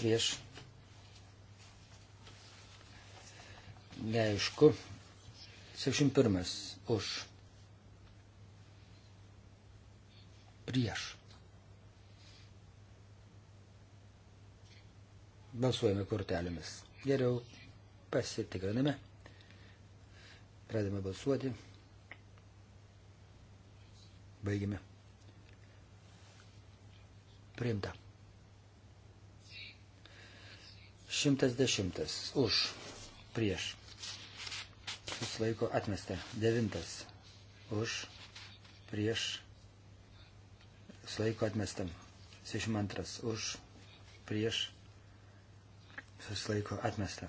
prieš neaišku. 61 už. Prieš. Balsuojame kortelėmis. Geriau pasitikriname. Pradėme balsuoti. Baigime. Priimta. 110 už prieš susilaiko atmesta. Devintas už prieš susilaiko atmesta. 62 už prieš susilaiko atmesta.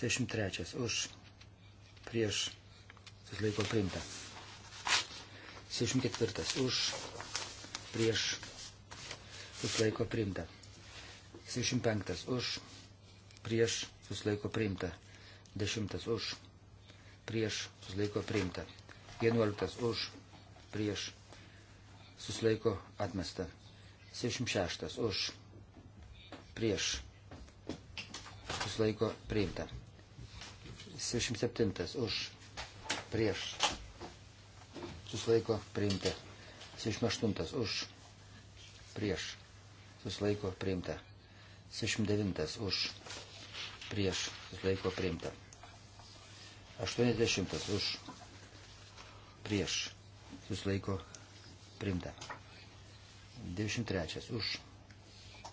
63 už prieš susilaiko priimta. 64 už prieš susilaiko priimta. 65 už prieš susilaiko priimta. 10 už prieš prieš susilaiko priimta. 11 už prieš susilaiko atmesta. 76 už prieš susilaiko priimta. 77 už prieš susilaiko priimta. 78 už prieš susilaiko priimta. 79 už prieš susilaiko priimta. 80 už prieš susilaiko priimta. 93 už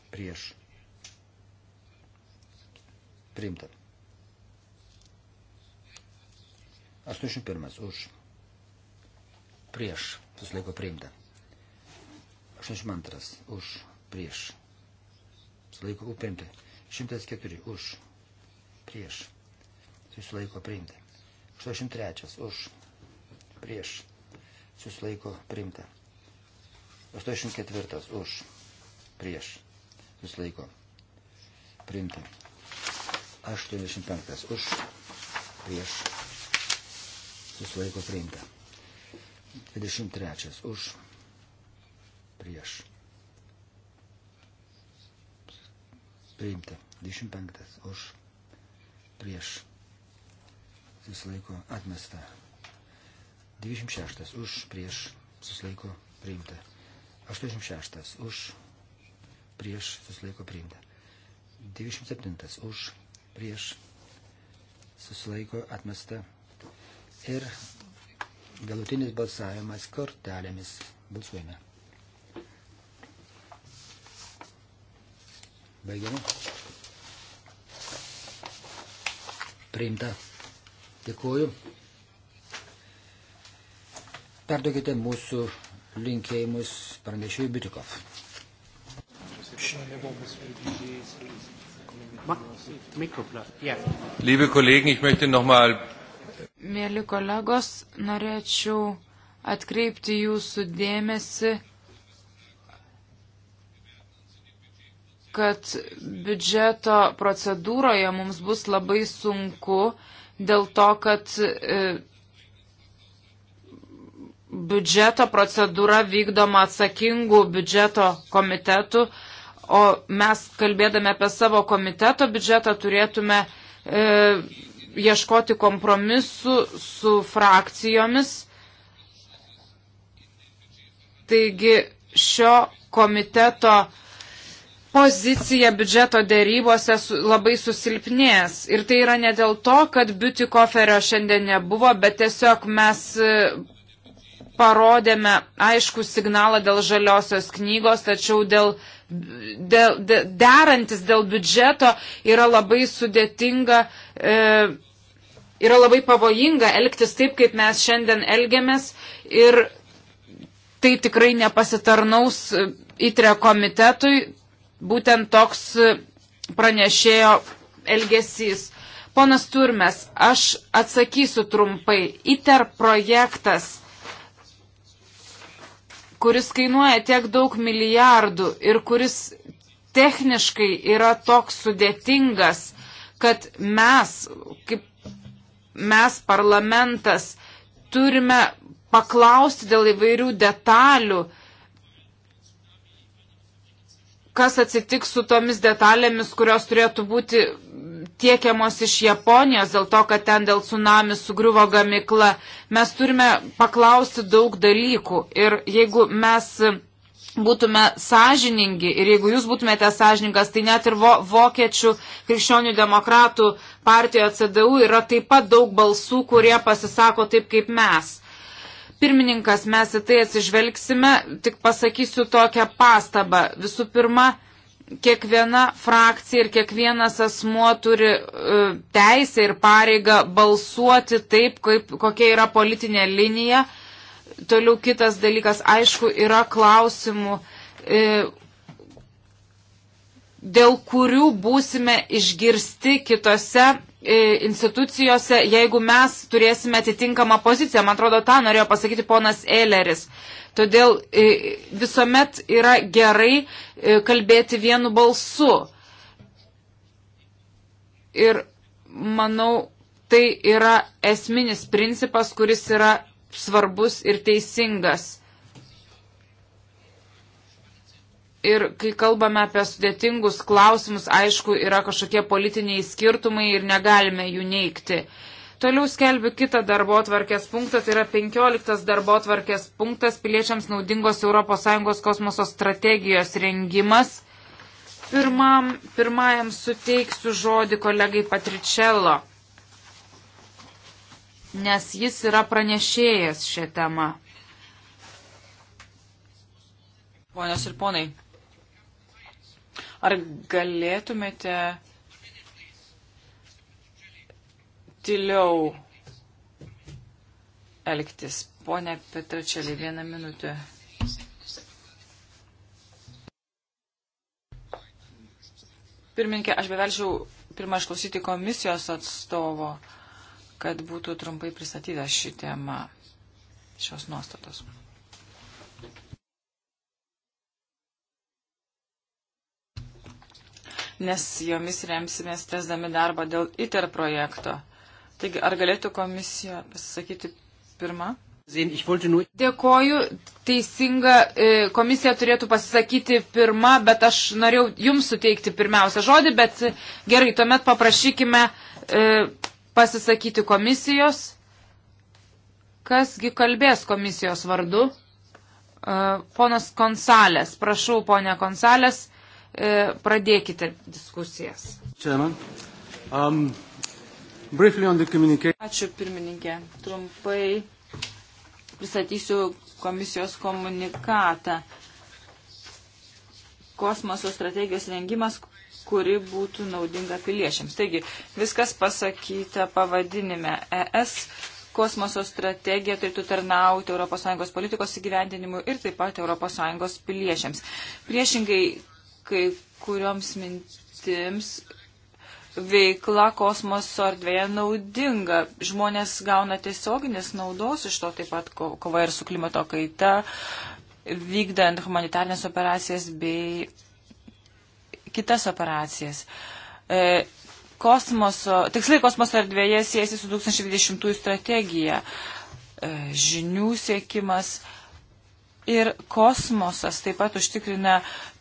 prieš priimta. 81 už prieš susilaiko priimta. 82 už prieš susilaiko priimta. 104 už prieš susilaiko priimta. 83 už prieš susilaiko primta. 84 už prieš susilaiko primta. 85 už prieš susilaiko primta. 23 už prieš priimta. 25 už prieš susilaiko atmesta. 26 už prieš susilaiko priimta. 86 už prieš susilaiko priimta. 27 už prieš susilaiko atmesta. Ir galutinis balsavimas kortelėmis balsuojame. Baigiame. Priimta. Dėkuoju. Perduokite mūsų linkėjimus pranešėjui Bitikov. Mėly kolegos, norėčiau atkreipti jūsų dėmesį, kad biudžeto procedūroje mums bus labai sunku dėl to, kad e, biudžeto procedūra vykdoma atsakingų biudžeto komitetų, o mes kalbėdami apie savo komiteto biudžetą turėtume e, ieškoti kompromisų su frakcijomis. Taigi šio komiteto e, pozicija biudžeto dėrybose labai susilpnės. Ir tai yra ne dėl to, kad Biutikoferio šiandien nebuvo, bet tiesiog mes e, parodėme aišku signalą dėl žaliosios knygos, tačiau dėl, dėl, dėl, derantis dėl biudžeto yra labai sudėtinga. E, Yra labai pavojinga elgtis taip, kaip mes šiandien elgiamės ir tai tikrai nepasitarnaus e, įtre komitetui, būtent toks e, pranešėjo elgesys. Ponas Turmes, aš atsakysiu trumpai. ITER projektas, kuris kainuoja tiek daug milijardų ir kuris techniškai yra toks sudėtingas, kad mes, kaip mes parlamentas, turime paklausti dėl įvairių detalių, kas atsitiks su tomis detalėmis, kurios turėtų būti tiekiamos iš Japonijos dėl to, kad ten dėl tsunami sugriuvo gamikla. Mes turime paklausti daug dalykų ir jeigu mes būtume sąžiningi ir jeigu jūs būtumėte sąžiningas, tai net ir vo, vokiečių krikščionių demokratų partijoje CDU yra taip pat daug balsų, kurie pasisako taip kaip mes pirmininkas, mes į tai atsižvelgsime, tik pasakysiu tokią pastabą. Visų pirma, kiekviena frakcija ir kiekvienas asmuo turi uh, teisę ir pareigą balsuoti taip, kaip, kokia yra politinė linija. Toliau kitas dalykas, aišku, yra klausimų, uh, dėl kurių būsime išgirsti kitose E, institucijose, jeigu mes turėsime atitinkamą poziciją. Man atrodo, tą norėjo pasakyti ponas Eileris. Todėl e, visuomet yra gerai e, kalbėti vienu balsu. Ir manau, tai yra esminis principas, kuris yra svarbus ir teisingas. Ir kai kalbame apie sudėtingus klausimus, aišku, yra kažkokie politiniai skirtumai ir negalime jų neikti. Toliau skelbiu kitą darbo atvarkės punktą, tai yra 15 darbo atvarkės punktas piliečiams naudingos ES kosmoso strategijos rengimas. Pirmam, pirmajam suteiksiu žodį kolegai Patričello, nes jis yra pranešėjas šią temą. Ponios ir ponai, Ar galėtumėte tyliau elgtis? Pone Petračelį, vieną minutę. Pirminkė, aš bevelčiau pirmą išklausyti komisijos atstovo, kad būtų trumpai pristatyta ši tema, šios nuostatos. nes jomis remsimės tesdami darbą dėl ITER projekto. Taigi, ar galėtų komisija pasisakyti pirmą? Dėkoju, teisinga, e, komisija turėtų pasisakyti pirmą, bet aš norėjau jums suteikti pirmiausią žodį, bet e, gerai, tuomet paprašykime e, pasisakyti komisijos. Kasgi kalbės komisijos vardu? Ponas Konsalės, prašau, ponė Konsalės, E, pradėkite diskusijas. Chairman, um, Ačiū pirmininkė. Trumpai pristatysiu komisijos komunikatą. Kosmoso strategijos rengimas, kuri būtų naudinga piliečiams. Taigi, viskas pasakyta pavadinime ES kosmoso strategija turėtų tarnauti ES politikos įgyvendinimui ir taip pat ES piliečiams. Priešingai kai kurioms mintims veikla kosmoso erdvėje naudinga. Žmonės gauna tiesioginės naudos iš to taip pat kova ir su klimato kaita, vykdant humanitarnės operacijas bei kitas operacijas. E, kosmoso, tikslai kosmoso erdvėje siejasi su 2020 strategija. E, žinių siekimas. E, Ir kosmosas taip pat užtikrina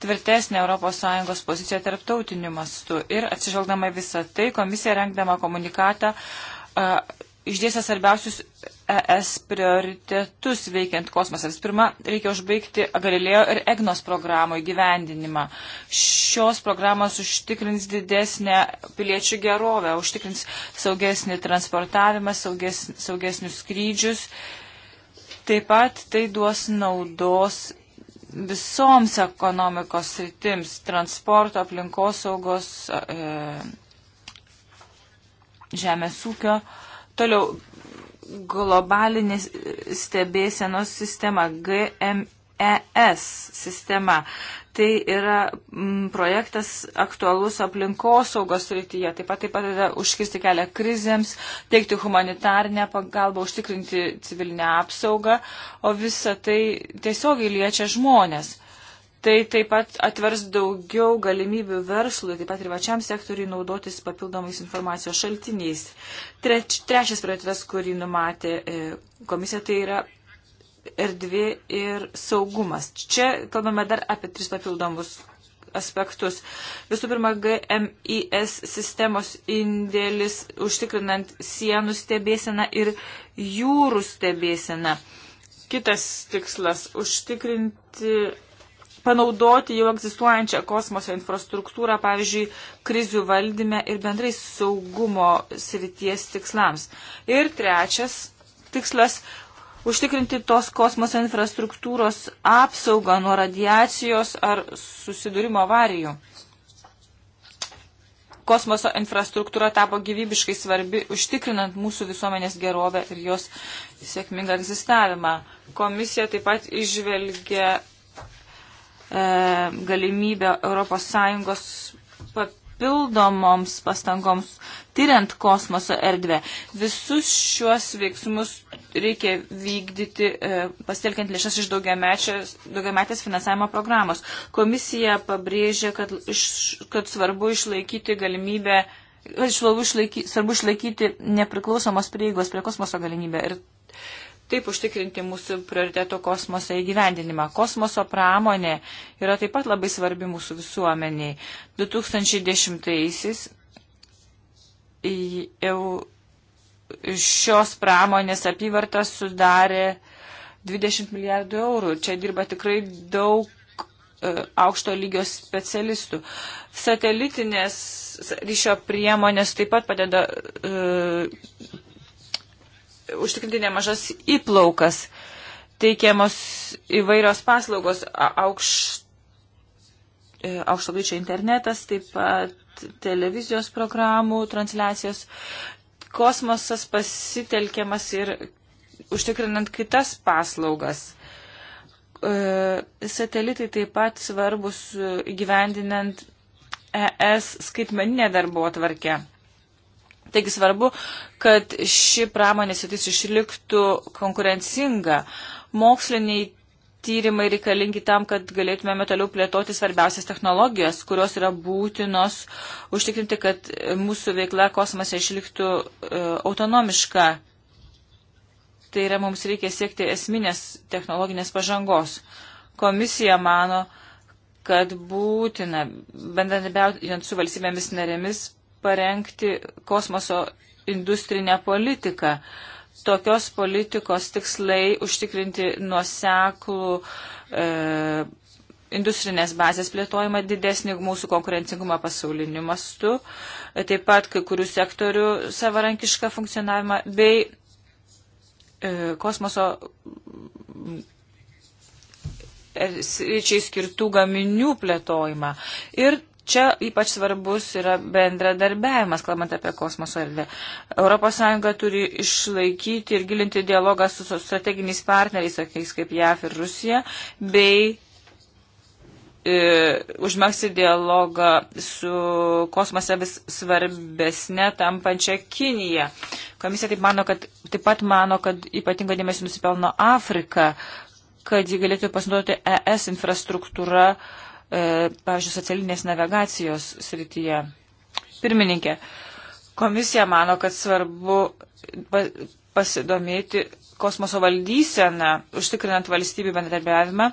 tvirtesnę ES poziciją tarptautiniu mastu. Ir atsižvelgdama visą tai, komisija rengdama komunikatą išdėsia svarbiausius ES prioritetus veikiant kosmosams. Pirma, reikia užbaigti Galilėjo ir EGNOS programų įgyvendinimą. Šios programos užtikrins didesnę piliečių gerovę, užtikrins saugesnį transportavimą, sauges, saugesnius skrydžius Taip pat tai duos naudos visoms ekonomikos sritims - transporto, aplinkosaugos, e, žemės ūkio. Toliau globalinė e, stebėsenos sistema GMES sistema tai yra m, mm, projektas aktualus aplinkosaugos rytyje. Taip pat taip pat yra užkirsti kelią krizėms, teikti humanitarnę pagalbą, užtikrinti civilinę apsaugą, o visa tai tiesiogiai liečia žmonės. Tai taip pat atvers daugiau galimybių verslui, taip pat ir vačiam sektoriui naudotis papildomais informacijos šaltiniais. Treč, trečias prioritetas, kurį numatė e, komisija, tai yra erdvė ir saugumas. Čia kalbame dar apie tris papildomus aspektus. Visų pirma, GMIS sistemos indėlis užtikrinant sienų stebėseną ir jūrų stebėseną. Kitas tikslas - užtikrinti, panaudoti jau egzistuojančią kosmoso infrastruktūrą, pavyzdžiui, krizių valdyme ir bendrai saugumo srities tikslams. Ir trečias tikslas užtikrinti tos kosmoso infrastruktūros apsaugą nuo radiacijos ar susidūrimo avarijų. Kosmoso infrastruktūra tapo gyvybiškai svarbi, užtikrinant mūsų visuomenės gerovę ir jos sėkmingą egzistavimą. Komisija taip pat išvelgia e, galimybę ES papildomoms pastangoms tyriant kosmoso erdvę. Visus šiuos veiksmus reikia vykdyti e, pasitelkiant lėšas iš daugiametės finansavimo programos. Komisija pabrėžia, kad, iš, kad svarbu išlaikyti galimybę. Svarbu išlaikyti, svarbu išlaikyti nepriklausomos prieigos prie kosmoso galimybę ir taip užtikrinti mūsų prioriteto kosmoso įgyvendinimą. Kosmoso pramonė yra taip pat labai svarbi mūsų visuomeniai. 2010-aisiais jau šios pramonės apyvartas sudarė 20 milijardų eurų. Čia dirba tikrai daug e, aukšto lygio specialistų. Satelitinės ryšio priemonės taip pat padeda e, užtikrinti nemažas įplaukas. Teikiamos įvairios paslaugos, aukš, e, aukšto greičio internetas, taip pat televizijos programų, transliacijos. Kosmosas pasitelkiamas ir užtikrinant kitas paslaugas. E, satelitai taip pat svarbus e, gyvendinant ES skaitmeninę darbo atvarkę. Taigi svarbu, kad ši pramonės sritis išliktų konkurencinga. Moksliniai tyrimai reikalingi tam, kad galėtumėme toliau plėtoti svarbiausias technologijos, kurios yra būtinos užtikrinti, kad mūsų veikla kosmose išliktų e, autonomiška. Tai yra, mums reikia siekti esminės technologinės pažangos. Komisija mano, kad būtina, bendradarbiaujant su valstybėmis narėmis, parengti kosmoso industrinę politiką. Tokios politikos tikslai užtikrinti nuoseklų e, industrinės bazės plėtojimą, didesnį mūsų konkurencingumą pasauliniu mastu, e, taip pat kai kurių sektorių savarankišką funkcionavimą bei e, kosmoso e, sričiai skirtų gaminių plėtojimą. Ir Čia ypač svarbus yra bendradarbiavimas, kalbant apie kosmoso erdvę. ES turi išlaikyti ir gilinti dialogą su strateginiais partneriais, tokiais kaip JAF ir Rusija, bei e, užmėgsti dialogą su kosmose vis svarbesnė tampančia Kinija. Komisija taip, mano, kad, taip pat mano, kad ypatingo dėmesio nusipelno Afrika, kad ji galėtų pasinaudoti ES infrastruktūrą uh, E, pavyzdžiui, socialinės navigacijos srityje. Pirmininkė, komisija mano, kad svarbu pasidomėti kosmoso valdyseną, užtikrinant valstybių bendradarbiavimą,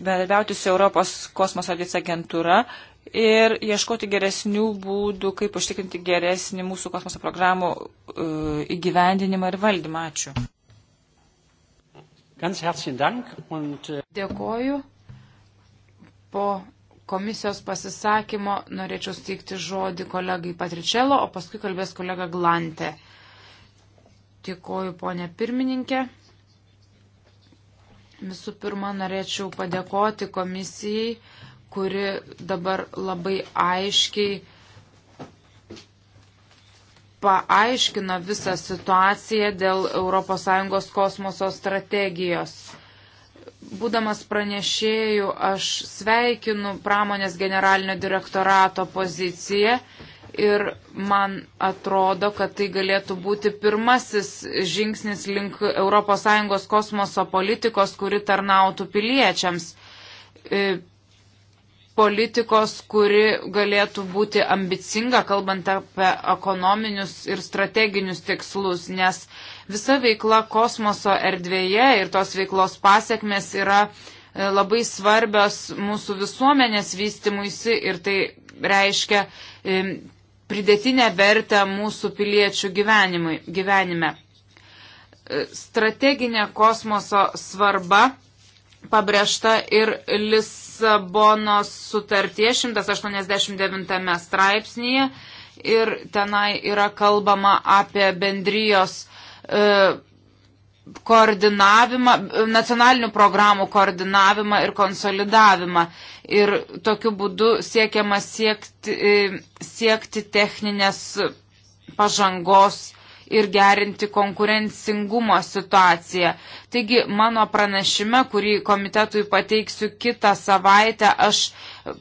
bendradarbiauti su Europos kosmoso ateities agentūra ir ieškoti geresnių būdų, kaip užtikrinti geresnį mūsų kosmoso programų e, įgyvendinimą ir valdymą. Ačiū. E, Dėkoju. Po komisijos pasisakymo norėčiau steigti žodį kolegai Patričelo, o paskui kalbės kolega Glantė. Tikoju, ponė pirmininkė. Visų pirma, norėčiau padėkoti komisijai, kuri dabar labai aiškiai paaiškina visą situaciją dėl ES kosmoso strategijos būdamas pranešėjų, aš sveikinu pramonės generalinio direktorato poziciją ir man atrodo, kad tai galėtų būti pirmasis žingsnis link ES kosmoso politikos, kuri tarnautų piliečiams. E, politikos, kuri galėtų būti ambicinga, kalbant apie ekonominius ir strateginius tikslus, nes Visa veikla kosmoso erdvėje ir tos veiklos pasiekmes yra e, labai svarbios mūsų visuomenės vystimuisi ir tai reiškia e, pridėtinę vertę mūsų piliečių gyvenime. E, strateginė kosmoso svarba pabrėžta ir Lisabonos sutartie 189 straipsnėje ir tenai yra kalbama apie bendrijos E, koordinavimą, nacionalinių programų koordinavimą ir konsolidavimą. Ir tokiu būdu siekiama siekti, e, siekti techninės pažangos ir gerinti konkurencingumo situaciją. Taigi mano pranešime, kurį komitetui pateiksiu kitą savaitę, aš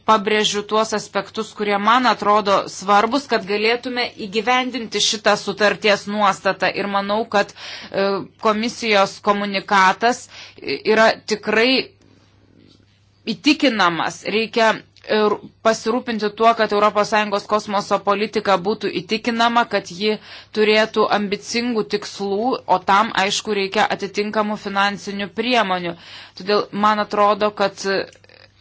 pabrėžiu tuos aspektus, kurie man atrodo svarbus, kad galėtume įgyvendinti šitą sutarties nuostatą. Ir manau, kad e, komisijos komunikatas yra tikrai įtikinamas. Reikia pasirūpinti tuo, kad ES kosmoso politika būtų įtikinama, kad ji turėtų ambicingų tikslų, o tam, aišku, reikia atitinkamų finansinių priemonių. Todėl man atrodo, kad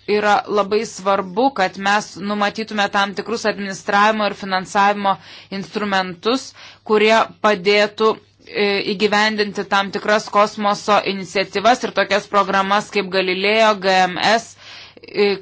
yra labai svarbu, kad mes numatytume tam tikrus administravimo ir finansavimo instrumentus, kurie padėtų e, įgyvendinti tam tikras kosmoso iniciatyvas ir tokias programas kaip Galilėjo, GMS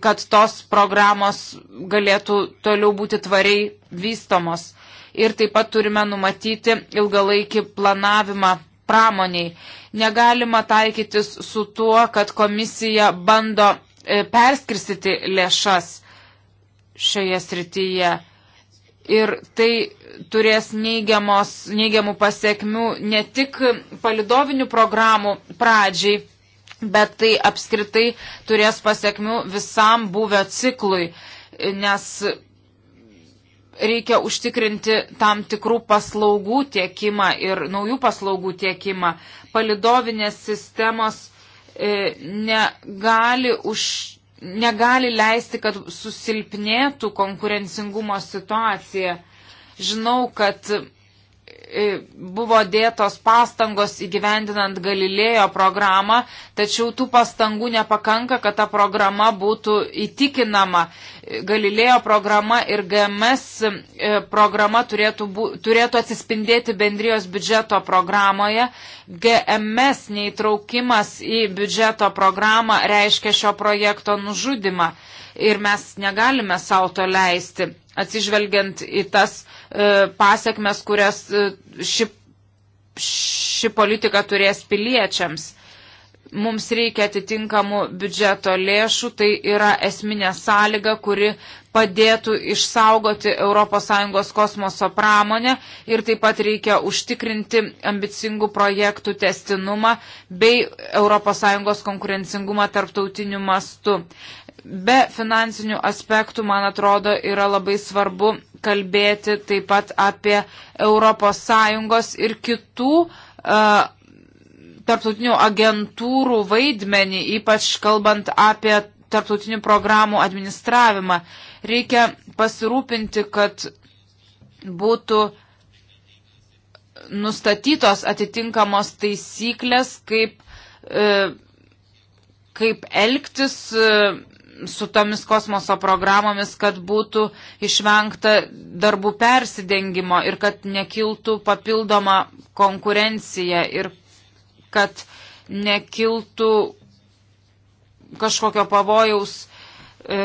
kad tos programos galėtų toliau būti tvariai vystomos. Ir taip pat turime numatyti ilgalaikį planavimą pramoniai. Negalima taikytis su tuo, kad komisija bando e, perskirstyti lėšas šioje srityje. Ir tai turės neigiamos, neigiamų pasiekmių ne tik palidovinių programų pradžiai, bet tai apskritai turės pasiekmių visam buvę ciklui, nes reikia užtikrinti tam tikrų paslaugų tiekimą ir naujų paslaugų tiekimą. Palidovinės sistemos e, negali, už, negali leisti, kad susilpnėtų konkurencingumo situacija. Žinau, kad E, buvo dėtos pastangos įgyvendinant Galilėjo programą, tačiau tų pastangų nepakanka, kad ta programa būtų įtikinama. Galilėjo programa ir GMS e, programa turėtų, bū, turėtų atsispindėti bendrijos biudžeto programoje. GMS neįtraukimas į biudžeto programą reiškia šio projekto nužudimą ir mes negalime savo to leisti, atsižvelgiant į tas E, pasiekmes, kurias e, ši, ši politika turės piliečiams. Mums reikia atitinkamų biudžeto lėšų, tai yra esminė sąlyga, kuri padėtų išsaugoti ES kosmoso pramonę ir taip pat reikia užtikrinti ambicingų projektų testinumą bei ES konkurencingumą tarptautiniu mastu. Be finansinių aspektų, man atrodo, yra labai svarbu kalbėti taip pat apie ES ir kitų uh, tarptautinių agentūrų vaidmenį, ypač kalbant apie tarptautinių programų administravimą. Reikia pasirūpinti, kad būtų nustatytos atitinkamos taisyklės, kaip, e, kaip elgtis e, su tomis kosmoso programomis, kad būtų išvengta darbų persidengimo ir kad nekiltų papildoma konkurencija ir kad nekiltų kažkokio pavojaus e,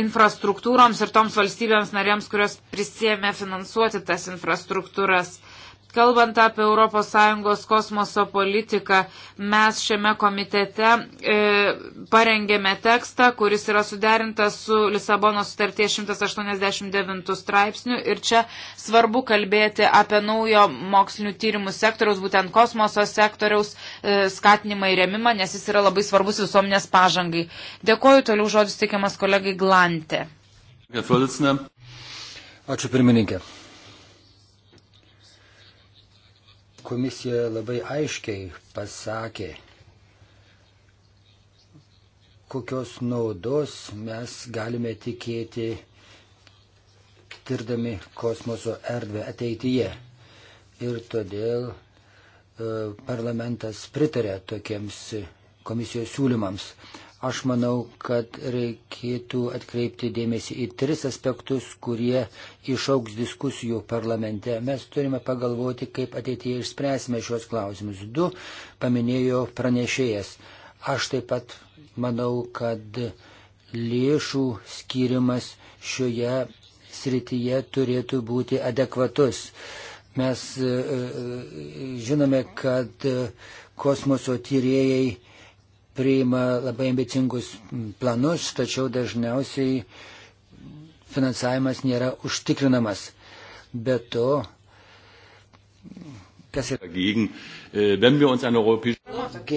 infrastruktūroms ir toms valstybėms narėms, kurios prisėmė finansuoti tas infrastruktūras. Kalbant apie ES kosmoso politiką, mes šiame komitete e, parengėme tekstą, kuris yra suderintas su Lisabono sutarties 189 straipsniu ir čia svarbu kalbėti apie naujo mokslinių tyrimų sektoriaus, būtent kosmoso sektoriaus e, skatinimą ir remimą, nes jis yra labai svarbus visuomenės pažangai. Dėkoju, toliau žodis teikiamas kolegai Glantė. Ačiū pirmininkė. komisija labai aiškiai pasakė, kokios naudos mes galime tikėti tirdami kosmoso erdvę ateityje. Ir todėl e, parlamentas pritarė tokiems komisijos siūlymams. Aš manau, kad reikėtų atkreipti dėmesį į tris aspektus, kurie išauks diskusijų parlamente. Mes turime pagalvoti, kaip ateityje išspręsime šios klausimus. Du paminėjo pranešėjas. Aš taip pat manau, kad lėšų skirimas šioje srityje turėtų būti adekvatus. Mes e, e, e, žinome, kad kosmoso tyrėjai priima labai ambicingus planus, tačiau dažniausiai finansavimas nėra užtikrinamas. Be to, kas yra GMS,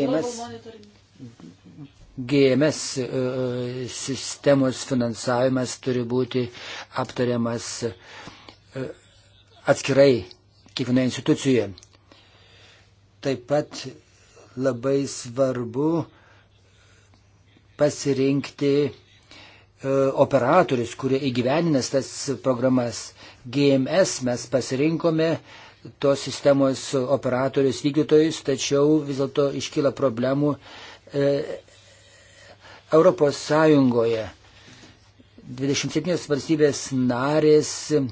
äh, GMS äh, sistemos finansavimas turi būti aptariamas äh, atskirai kiekvienoje institucijoje. Taip pat labai svarbu pasirinkti e, operatorius, kurie įgyveninas tas programas. GMS mes pasirinkome tos sistemos operatorius vykdytojus, tačiau vis dėlto iškyla problemų e, Europos Sąjungoje 27 valstybės narės e,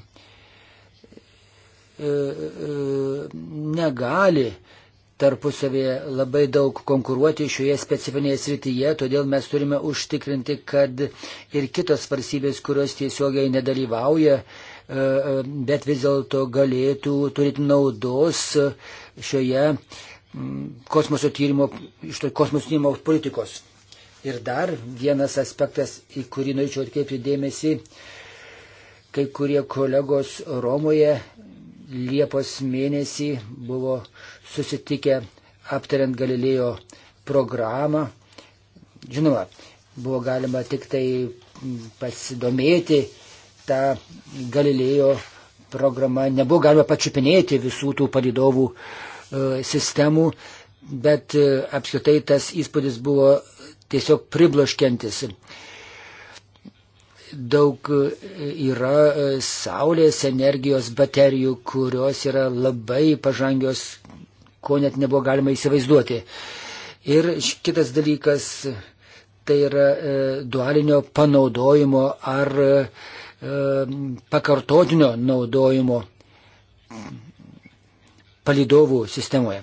negali tarpusavėje labai daug konkuruoti šioje specifinėje srityje, todėl mes turime užtikrinti, kad ir kitos valstybės, kurios tiesiogiai nedalyvauja, e, e, bet vis dėlto galėtų turėti naudos šioje kosmoso tyrimo, iš to kosmoso tyrimo politikos. Ir dar vienas aspektas, į kurį norėčiau atkreipti dėmesį, kai kurie kolegos Romoje Liepos mėnesį buvo susitikę aptariant Galilėjo programą. Žinoma, buvo galima tik tai pasidomėti tą Galilėjo programą, nebuvo galima pačiupinėti visų tų palidovų e, sistemų, bet e, apskritai tas įspūdis buvo tiesiog pribloškiantis. E, daug e, yra e, saulės energijos baterijų, kurios yra labai pažangios, ko net nebuvo galima įsivaizduoti. Ir kitas dalykas tai yra e, dualinio panaudojimo ar e, e, pakartotinio naudojimo palidovų sistemoje.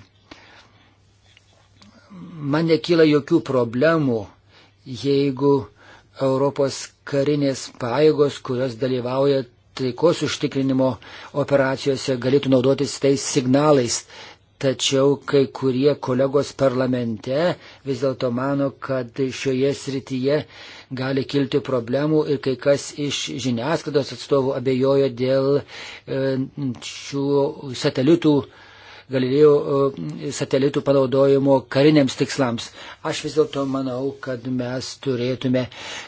Man nekyla jokių problemų, jeigu Europos karinės pajėgos, kurios dalyvauja taikos užtikrinimo operacijose, galėtų naudotis tais signalais. Tačiau kai kurie kolegos parlamente vis dėlto mano, kad šioje srityje gali kilti problemų ir kai kas iš žiniasklaidos atstovų abejoja dėl e, šių satelitų uh, Galilėjo e, satelitų panaudojimo kariniams tikslams. Aš vis dėlto manau, kad mes turėtume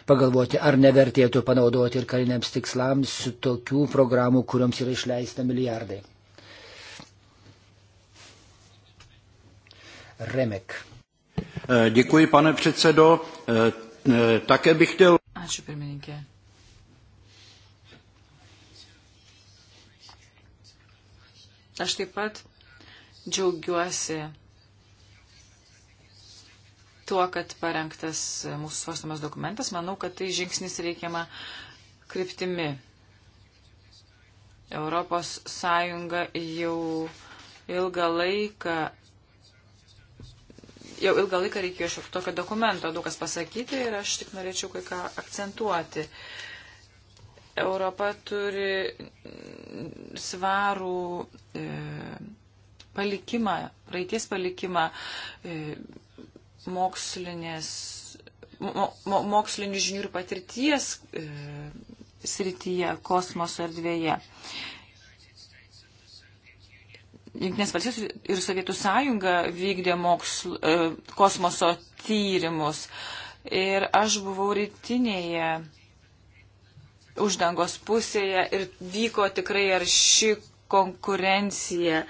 pagalvoti, ar nevertėtų panaudoti ir kariniams tikslams tokių programų, kuriuoms yra išleista milijardai. Remek. E, děkuji, pane předsedo. E, také bych chtěl. Ačiū, pirmininkė. Aš taip pat Džiaugiuosi tuo, kad parengtas mūsų svarstamas dokumentas. Manau, kad tai žingsnis reikiama kryptimi. Europos Sąjunga jau ilgą laiką, jau ilgą laiką reikėjo šiokio tokio dokumento daug kas pasakyti ir aš tik norėčiau kai ką akcentuoti. Europa turi svarų e, palikimą, praeities palikimą, e, mokslinės, mo, mokslinių žinių ir patirties e, srityje, kosmoso erdvėje. Junktinės valstijos ir Sovietų sąjunga vykdė moksl, e, kosmoso tyrimus. Ir aš buvau rytinėje uždangos pusėje ir vyko tikrai arši konkurencija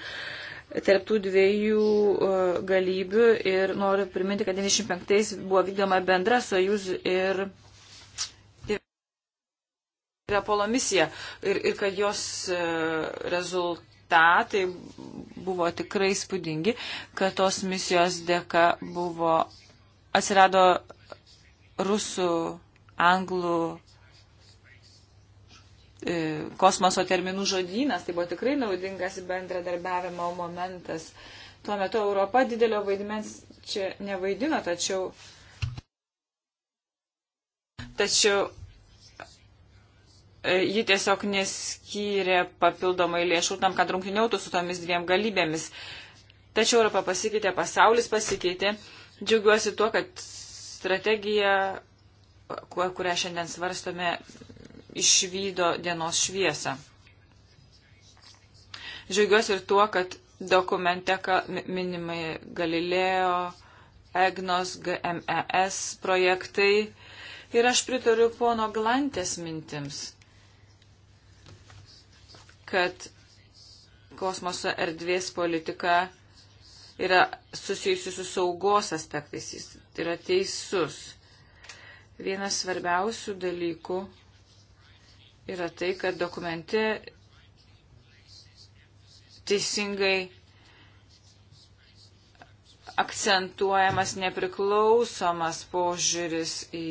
tarptų dviejų e, galybių ir noriu priminti, kad 95-ais buvo vykdoma bendra Sojuz ir, ir Apollo misija ir, ir kad jos e, rezultatai buvo tikrai spūdingi, kad tos misijos dėka buvo atsirado rusų, anglų, E, kosmoso terminų žodynas, tai buvo tikrai naudingas bendradarbiavimo momentas. Tuo metu Europa didelio vaidmens čia nevaidino, tačiau, tačiau e, ji tiesiog neskyrė papildomai lėšų tam, kad rungtyniautų su tomis dviem galybėmis. Tačiau Europa pasikeitė, pasaulis pasikeitė. Džiaugiuosi tuo, kad strategija, kurią šiandien svarstome, išvydo dienos šviesą. Žiūrėjusi ir tuo, kad dokumente minimai Galilėjo, EGNOS, GMES projektai ir aš pritariu pono Glantės mintims, kad kosmoso erdvės politika yra susijusi su saugos aspektais, jis yra teisus. Vienas svarbiausių dalykų yra tai, kad dokumente teisingai akcentuojamas nepriklausomas požiūris į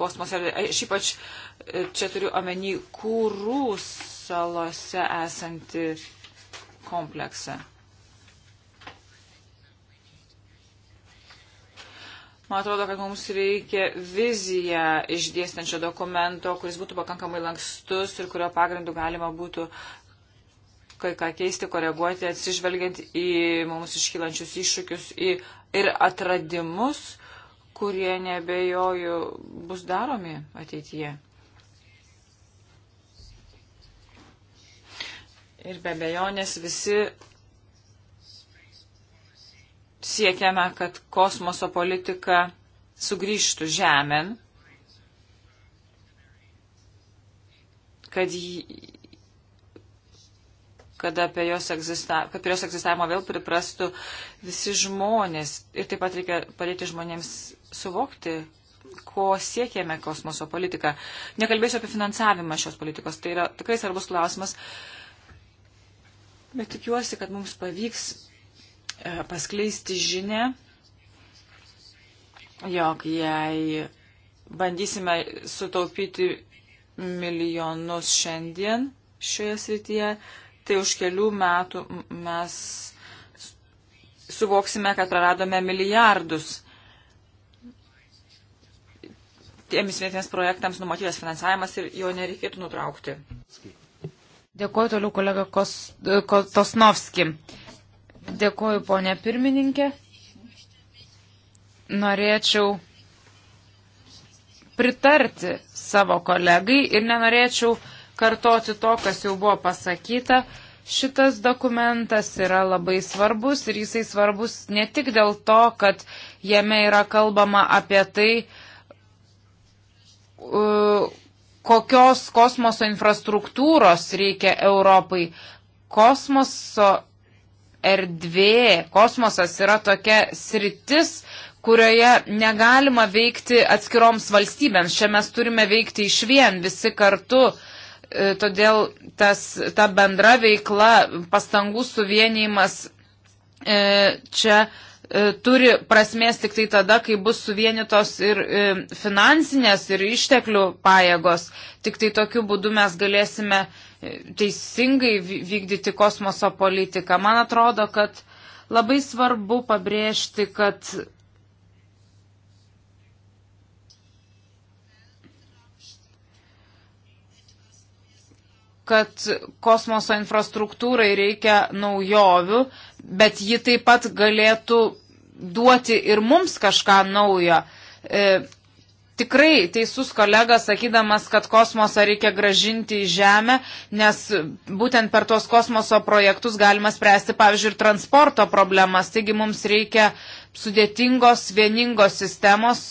kosmosą. Aš ypač e, čia turiu omeny kūrų salose esantį kompleksą. Man atrodo, kad mums reikia viziją išdėstančio dokumento, kuris būtų pakankamai lankstus ir kurio pagrindu galima būtų kai ką keisti, koreguoti, atsižvelgiant į mums iškylančius iššūkius ir atradimus, kurie nebejoju bus daromi ateityje. Ir be bejonės visi siekiame, kad kosmoso politika sugrįžtų žemėn, kad, jį, kad apie jos, egzista, kad prie jos egzistavimo vėl priprastų visi žmonės. Ir taip pat reikia padėti žmonėms suvokti, ko siekėme kosmoso politiką. Nekalbėsiu apie finansavimą šios politikos, tai yra tikrai svarbus klausimas. Bet tikiuosi, kad mums pavyks E, paskleisti žinę, jog jei bandysime sutaupyti milijonus šiandien šioje srityje, tai už kelių metų mes suvoksime, kad praradome milijardus. Tiems vietiniams projektams numatytas finansavimas ir jo nereikėtų nutraukti. Dėkuoju toliau kolega Kos, e, Kosnovski. Kos, Dėkuoju, ponė pirmininkė. Norėčiau pritarti savo kolegai ir nenorėčiau kartoti to, kas jau buvo pasakyta. Šitas dokumentas yra labai svarbus ir jisai svarbus ne tik dėl to, kad jame yra kalbama apie tai, kokios kosmoso infrastruktūros reikia Europai. Kosmoso erdvė, kosmosas yra tokia sritis, kurioje negalima veikti atskiroms valstybėms. Čia mes turime veikti iš vien visi kartu. E, todėl tas, ta bendra veikla, pastangų suvienimas e, čia e, turi prasmės tik tai tada, kai bus suvienytos ir finansinės, ir išteklių pajėgos. Tik tai tokiu būdu mes galėsime uh, teisingai vykdyti kosmoso politiką. Man atrodo, kad labai svarbu pabrėžti, kad kad kosmoso infrastruktūrai reikia naujovių, bet ji taip pat galėtų duoti ir mums kažką naujo. E, tikrai teisus kolega sakydamas, kad kosmosą reikia gražinti į Žemę, nes būtent per tuos kosmoso projektus galima spręsti, pavyzdžiui, ir transporto problemas. Taigi mums reikia sudėtingos, vieningos sistemos,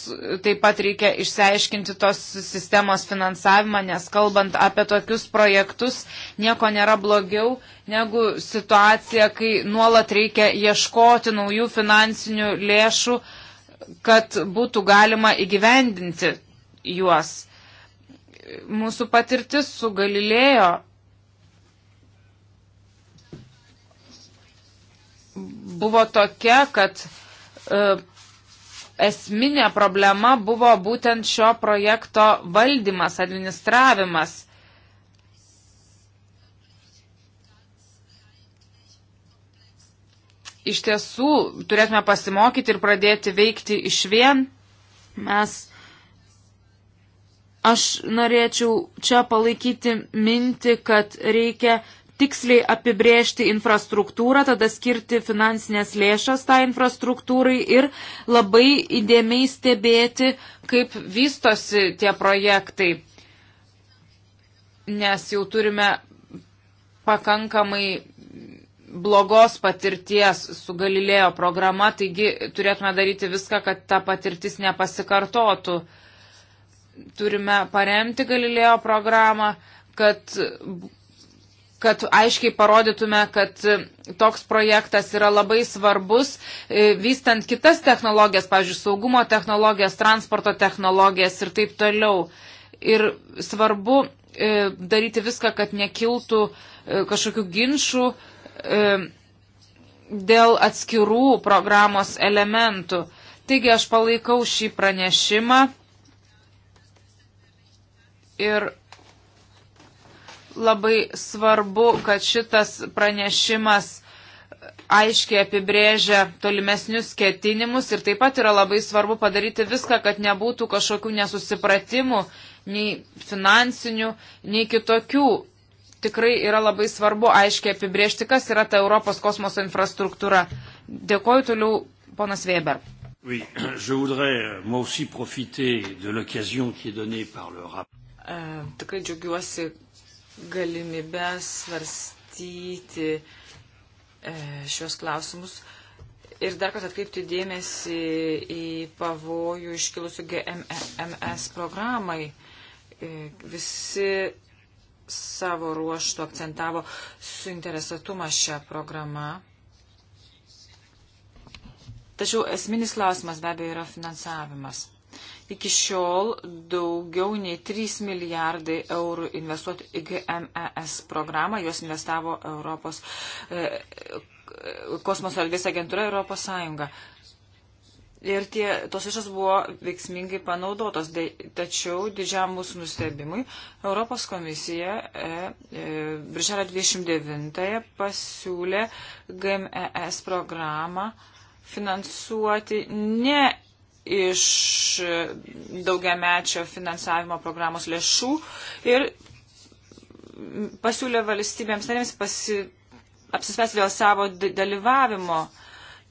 taip pat reikia išsiaiškinti tos sistemos finansavimą, nes kalbant apie tokius projektus, nieko nėra blogiau negu situacija, kai nuolat reikia ieškoti naujų finansinių lėšų kad būtų galima įgyvendinti juos. Mūsų patirtis su Galilėjo buvo tokia, kad e, esminė problema buvo būtent šio projekto valdymas, administravimas. iš tiesų turėtume pasimokyti ir pradėti veikti iš vien. Mes, aš norėčiau čia palaikyti mintį, kad reikia tiksliai apibrėžti infrastruktūrą, tada skirti finansinės lėšas tą tai infrastruktūrai ir labai įdėmiai stebėti, kaip vystosi tie projektai. Nes jau turime pakankamai blogos patirties su Galilėjo programa, taigi turėtume daryti viską, kad ta patirtis nepasikartotų. Turime paremti Galilėjo programą, kad, kad aiškiai parodytume, kad toks projektas yra labai svarbus, e, vystant kitas technologijas, pavyzdžiui, saugumo technologijas, transporto technologijas ir taip toliau. Ir svarbu e, daryti viską, kad nekiltų e, kažkokių ginčių E, dėl atskirų programos elementų. Taigi aš palaikau šį pranešimą ir labai svarbu, kad šitas pranešimas aiškiai apibrėžia tolimesnius ketinimus ir taip pat yra labai svarbu padaryti viską, kad nebūtų kažkokių nesusipratimų, nei finansinių, nei kitokių tikrai yra labai svarbu aiškiai apibriežti, kas yra ta Europos kosmoso infrastruktūra. Dėkoju toliau, ponas Weber. Oui, je voudrais euh, moi aussi profiter de l'occasion qui est donnée par le rapport. Uh, e, tikrai džiaugiuosi galimybę svarstyti uh, šios klausimus ir dar kartą atkreipti dėmesį į pavojų iškilusių GMS e programai. Uh, visi savo ruoštų akcentavo suinteresatumą šią programą. Tačiau esminis klausimas be abejo yra finansavimas. Iki šiol daugiau nei 3 milijardai eurų investuoti į GMES programą, juos investavo Europos e, e kosmoso erdvės agentūra Europos Sąjunga. E, Ir tie, tos išas buvo veiksmingai panaudotos. De, tačiau didžiam mūsų nustebimui Europos komisija e, e, birželio 29-ąją pasiūlė GMES programą finansuoti ne iš daugiamečio finansavimo programos lėšų ir pasiūlė valstybėms narėms apsispręsti dėl savo dalyvavimo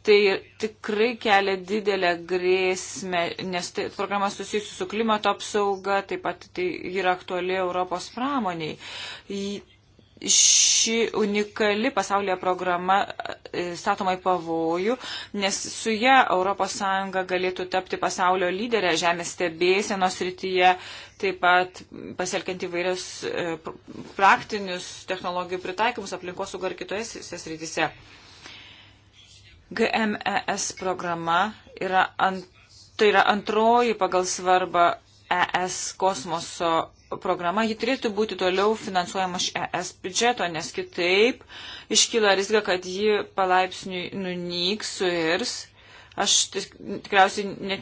Tai tikrai kelia didelę grėsmę, nes tai programa susijusi su klimato apsauga, taip pat tai yra aktuali Europos pramoniai. Ši unikali pasaulyje programa e, statoma į pavojų, nes su ją ES galėtų tapti pasaulio lyderė žemės stebėsenos rytyje, taip pat pasielkiant įvairius e, praktinius technologijų pritaikymus aplinkos sugar kitose srityse. Sr GMES programa yra ant, tai yra antroji pagal svarbą ES kosmoso programa. Ji turėtų būti toliau finansuojama iš ES biudžeto, nes kitaip iškyla rizika, kad ji palaipsniui nunyks, suirs. Aš tikriausiai net,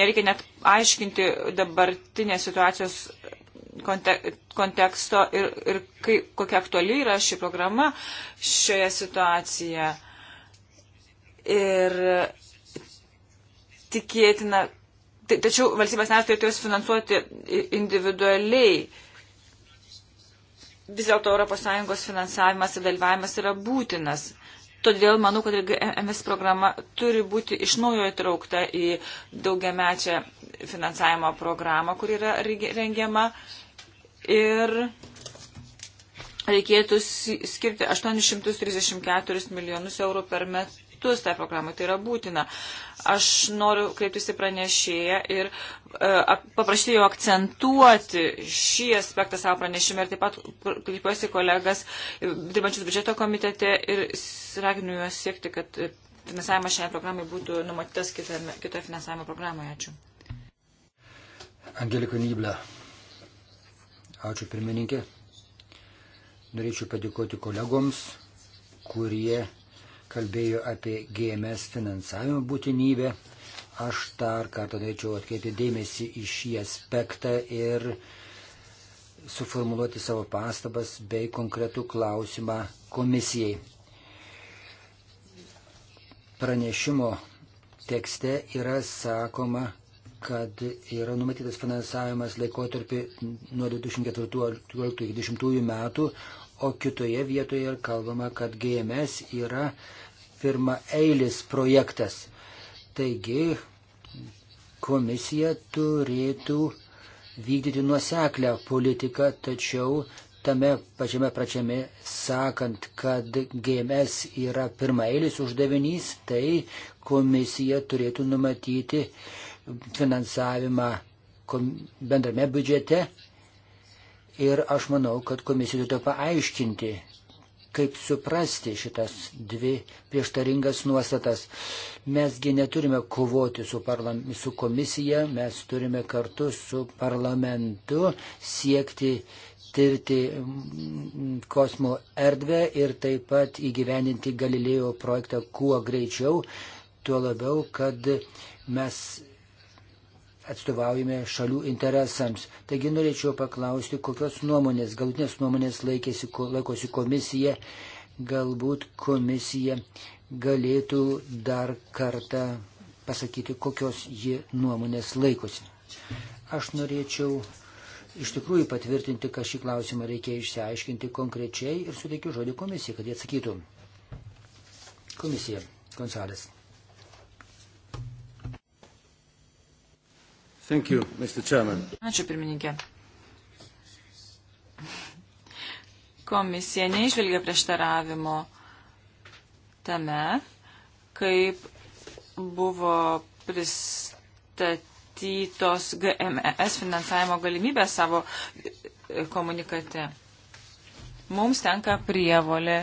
nereikia net aiškinti dabartinės situacijos konteksto ir, ir kai, kokia aktuali yra ši programa šioje situacijoje Ir tikėtina, tai tačiau valstybės narės tai turėtų juos finansuoti individualiai. Vis dėlto ES finansavimas ir dalyvavimas yra būtinas. Todėl manau, kad ir GMS programa turi būti iš naujo įtraukta į daugiamečią finansavimo programą, kur yra rengiama. Ir reikėtų skirti 834 milijonus eurų per metus metus tą tai programą, tai yra būtina. Aš noriu kreiptis į pranešėją ir e, paprašyti jo akcentuoti šį aspektą savo pranešime ir taip pat kreipiuosi kolegas e, dirbančius biudžeto komitete ir raginu juos siekti, kad e, finansavimas šiai programai būtų numatytas kitame, kitoje finansavimo programoje. Ačiū. Angeliko Nyblė. Ačiū pirmininkė. Norėčiau padėkoti kolegoms, kurie kalbėjo apie GMS finansavimo būtinybę. Aš dar kartą norėčiau atkreipti dėmesį į šį aspektą ir suformuluoti savo pastabas bei konkretų klausimą komisijai. Pranešimo tekste yra sakoma, kad yra numatytas finansavimas laikotarpį nuo 2014 iki 2020 metų, o kitoje vietoje kalbama, kad GMS yra pirma eilis projektas. Taigi komisija turėtų vykdyti nuoseklę politiką, tačiau tame pačiame pračiame sakant, kad GMS yra pirmailis uždavinys, tai komisija turėtų numatyti finansavimą bendrame biudžete. Ir aš manau, kad komisija turėtų paaiškinti, kaip suprasti šitas dvi prieštaringas nuostatas. Mesgi neturime kovoti su, parlam, su komisija, mes turime kartu su parlamentu siekti tirti mm, kosmo erdvę ir taip pat įgyveninti Galilėjo projektą kuo greičiau, tuo labiau, kad mes atstovaujame šalių interesams. Taigi norėčiau paklausti, kokios nuomonės, galutinės nuomonės laikėsi, laikosi komisija. Galbūt komisija galėtų dar kartą pasakyti, kokios ji nuomonės laikosi. Aš norėčiau iš tikrųjų patvirtinti, kad šį klausimą reikia išsiaiškinti konkrečiai ir suteikiu žodį komisijai, kad jie atsakytų. Komisija, Gonsalės. Thank you, Mr. Chairman. Ačiū, pirmininkė. Komisija neižvelgia prieštaravimo tame, kaip buvo pristatytos GMS e finansavimo galimybės savo komunikate. Mums tenka prievolė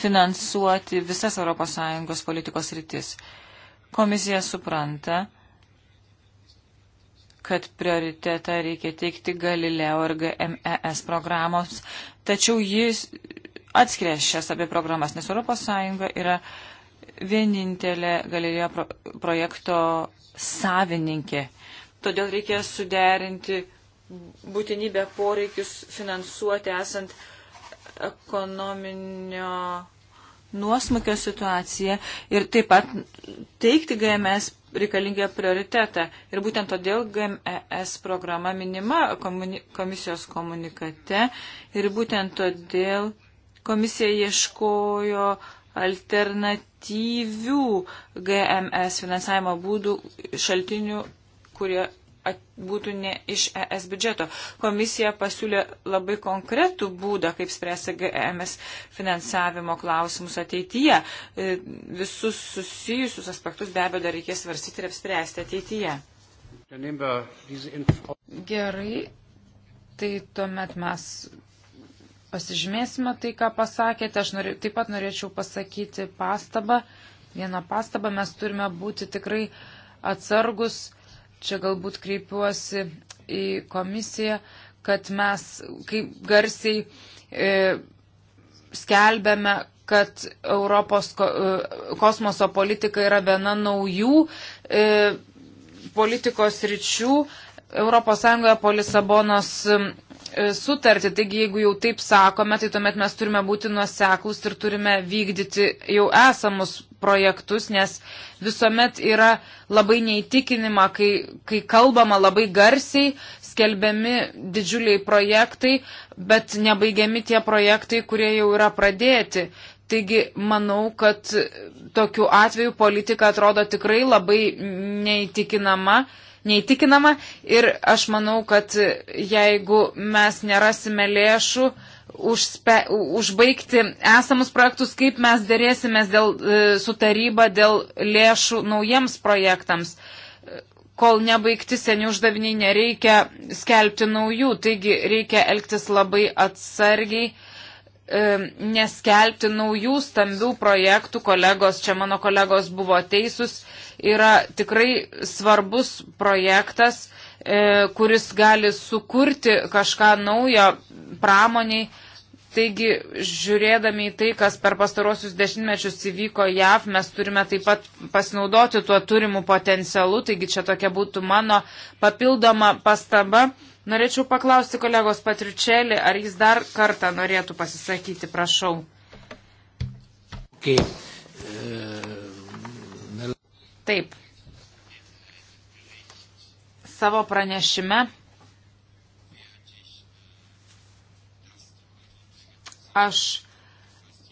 finansuoti visas ES politikos rytis. Komisija supranta, kad prioritetą reikia teikti Galileo ir GMES programoms, tačiau jis atskiria šias abi programas, nes ES yra vienintelė Galileo pro projekto savininkė. Todėl reikia suderinti būtinybę poreikius finansuoti esant ekonominio nuosmukio situaciją ir taip pat teikti GMS e reikalingą prioritetą. Ir būtent todėl GMES programa minima komuni komisijos komunikate ir būtent todėl komisija ieškojo alternatyvių GMS e finansavimo būdų šaltinių, kurie būtų ne iš ES biudžeto. Komisija pasiūlė labai konkretų būdą, kaip spręsti GMS e finansavimo klausimus ateityje. E, visus susijusius aspektus be abejo dar reikės svarstyti ir apspręsti ateityje. Gerai, tai tuomet mes pasižymėsime tai, ką pasakėte. Aš norė, taip pat norėčiau pasakyti pastabą. Vieną pastabą mes turime būti tikrai atsargus čia galbūt kreipiuosi į komisiją, kad mes kaip garsiai e, skelbėme, kad Europos ko, e, kosmoso politika yra viena naujų e, politikos ryčių ES po Lisabonos e, sutartį. Taigi, jeigu jau taip sakome, tai tuomet mes turime būti nuoseklus ir turime vykdyti jau esamus projektus, nes visuomet yra labai neįtikinima, kai, kai kalbama labai garsiai, skelbiami didžiuliai projektai, bet nebaigiami tie projektai, kurie jau yra pradėti. Taigi manau, kad tokiu atveju politika atrodo tikrai labai neįtikinama. Neįtikinama ir aš manau, kad jeigu mes nerasime lėšų, uh, užspe, užbaigti esamus projektus, kaip mes dėrėsimės dėl, e, su taryba dėl lėšų naujiems projektams. Kol nebaigti seni uždaviniai, nereikia skelbti naujų, taigi reikia elgtis labai atsargiai e, neskelbti naujų stambių projektų, kolegos, čia mano kolegos buvo teisūs, yra tikrai svarbus projektas, E, kuris gali sukurti kažką naujo pramoniai. Taigi, žiūrėdami į tai, kas per pastarosius dešimtmečius įvyko JAV, mes turime taip pat pasinaudoti tuo turimu potencialu. Taigi, čia tokia būtų mano papildoma pastaba. Norėčiau paklausti kolegos Patriučelį, ar jis dar kartą norėtų pasisakyti, prašau. Okay. Taip savo pranešime aš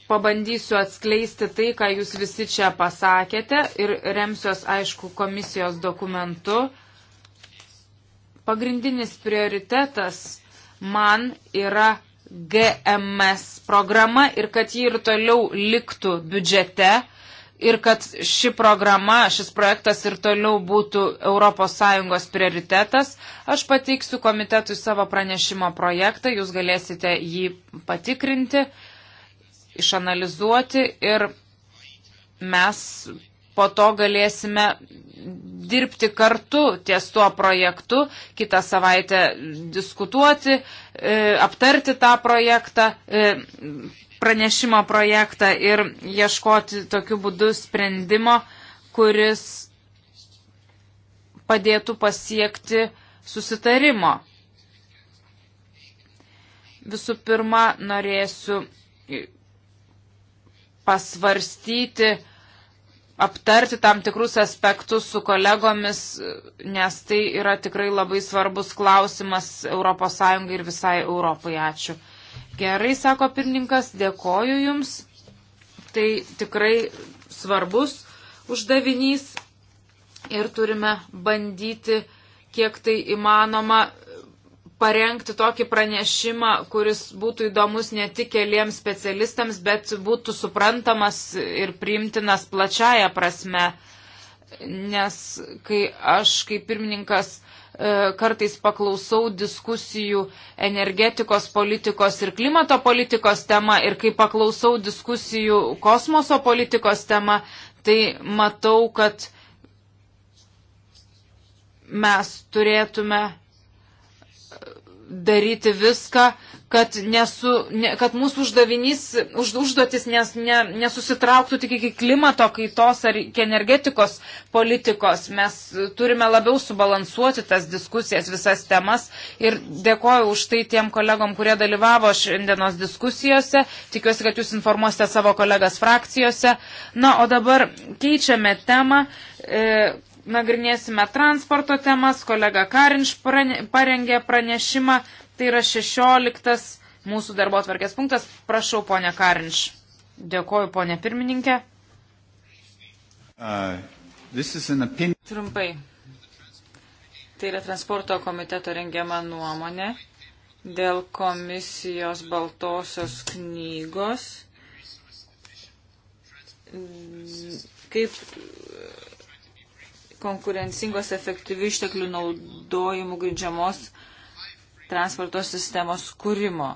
pabandysiu atskleisti tai, ką jūs visi čia pasakėte ir remsiuos, aišku, komisijos dokumentu. Pagrindinis prioritetas man yra GMS programa ir kad ji ir toliau liktų biudžete ir kad ši programa, šis projektas ir toliau būtų ES prioritetas. Aš pateiksiu komitetui savo pranešimo projektą, jūs galėsite jį patikrinti, išanalizuoti ir mes po to galėsime dirbti kartu ties tuo projektu, kitą savaitę diskutuoti, e, aptarti tą projektą, e, pranešimo projektą ir ieškoti tokiu būdu sprendimo, kuris padėtų pasiekti susitarimo. Visų pirma, norėsiu pasvarstyti, aptarti tam tikrus aspektus su kolegomis, nes tai yra tikrai labai svarbus klausimas ES ir visai Europai. Ačiū. Gerai, sako pirmininkas, dėkoju Jums. Tai tikrai svarbus uždavinys ir turime bandyti, kiek tai įmanoma, parengti tokį pranešimą, kuris būtų įdomus ne tik keliems specialistams, bet būtų suprantamas ir priimtinas plačiaja prasme. Nes kai aš kaip pirmininkas E, kartais paklausau diskusijų energetikos politikos ir klimato politikos tema ir kai paklausau diskusijų kosmoso politikos tema, tai matau, kad mes turėtume daryti viską, kad, nesu, ne, kad mūsų uždavinys, už, užduotis nes, ne, nesusitrauktų tik iki klimato kaitos ar iki energetikos politikos. Mes turime labiau subalansuoti tas diskusijas, visas temas ir dėkoju už tai tiem kolegom, kurie dalyvavo šiandienos diskusijose. Tikiuosi, kad jūs informuosite savo kolegas frakcijose. Na, o dabar keičiame temą. E, nagrinėsime transporto temas, kolega Karinš parengė pranešimą, tai yra 16 mūsų darbo atvarkės punktas. Prašau, ponė Karinš. Dėkoju, ponė pirmininkė. Uh, Trumpai. Tai yra transporto komiteto rengiama nuomonė dėl komisijos baltosios knygos, kaip konkurencingos efektyvių išteklių naudojimų grindžiamos transporto sistemos kūrimo.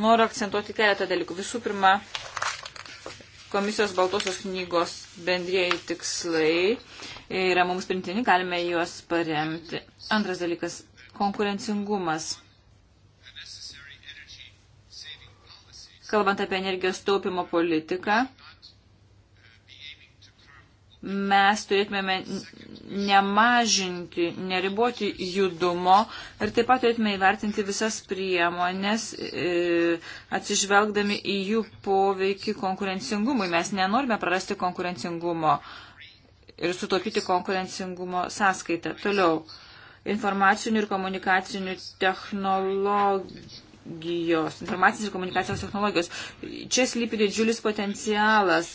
Noriu akcentuoti keletą dalykų. Visų pirma, komisijos baltosios knygos bendrėjai tikslai yra mums printini, galime juos paremti. Antras dalykas - konkurencingumas. Kalbant apie energijos taupimo politiką, mes turėtumėme nemažinti, neriboti judumo ir taip pat turėtume įvertinti visas priemonės, e, atsižvelgdami į jų poveikį konkurencingumui. Mes nenorime prarasti konkurencingumo ir sutaupyti konkurencingumo sąskaitą. Toliau, informacinių ir komunikacinių technologijų technologijos, informacinės ir komunikacijos technologijos. Čia slypi didžiulis potencialas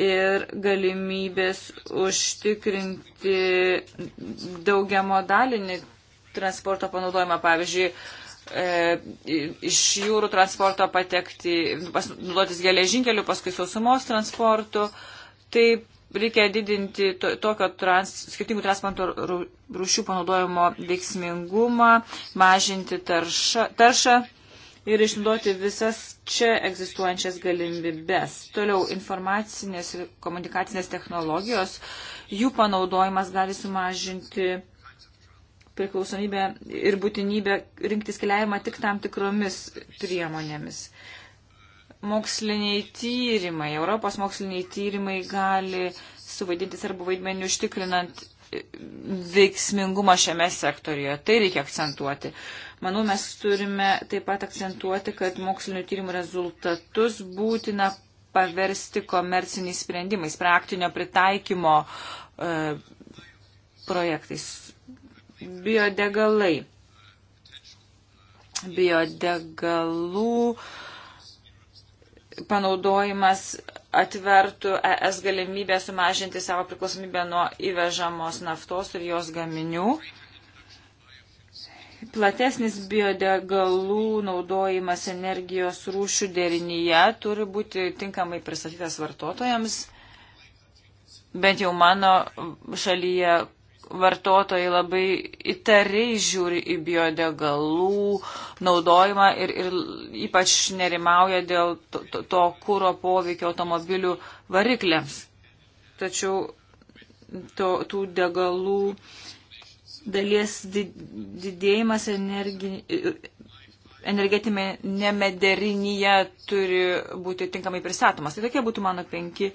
ir galimybės užtikrinti daugiamodalinį transporto panaudojimą, pavyzdžiui, e, iš jūrų transporto patekti, naudotis geležinkeliu, paskui sausumos transportu. Taip reikia didinti to, tokio trans, skirtingų transporto rūšių panaudojimo veiksmingumą, mažinti taršą, taršą ir išnaudoti visas čia egzistuojančias galimybes. Toliau informacinės ir komunikacinės technologijos, jų panaudojimas gali sumažinti priklausomybę ir būtinybę rinktis keliavimą tik tam tikromis priemonėmis. Moksliniai tyrimai, Europos moksliniai tyrimai gali suvaidinti svarbu vaidmenį užtikrinant veiksmingumą šiame sektorijoje. Tai reikia akcentuoti. Uh, Manau, mes turime taip pat akcentuoti, kad mokslinio tyrimų rezultatus būtina paversti komerciniais sprendimais, praktinio pritaikymo e, projektais. Biodegalai. Biodegalų panaudojimas atvertų ES galimybę sumažinti savo priklausomybę nuo įvežamos naftos ir jos gaminių. E, platesnis biodegalų naudojimas energijos rūšių derinyje turi būti tinkamai pristatytas vartotojams. Bent jau mano šalyje vartotojai labai įtariai žiūri į biodegalų naudojimą ir, ir ypač nerimauja dėl to, to, to kūro poveikio automobilių varikliams. Tačiau to, tų degalų uh, dalies didėjimas energi, energetinėme derinyje turi būti tinkamai pristatomas. Tai tokie būtų mano penki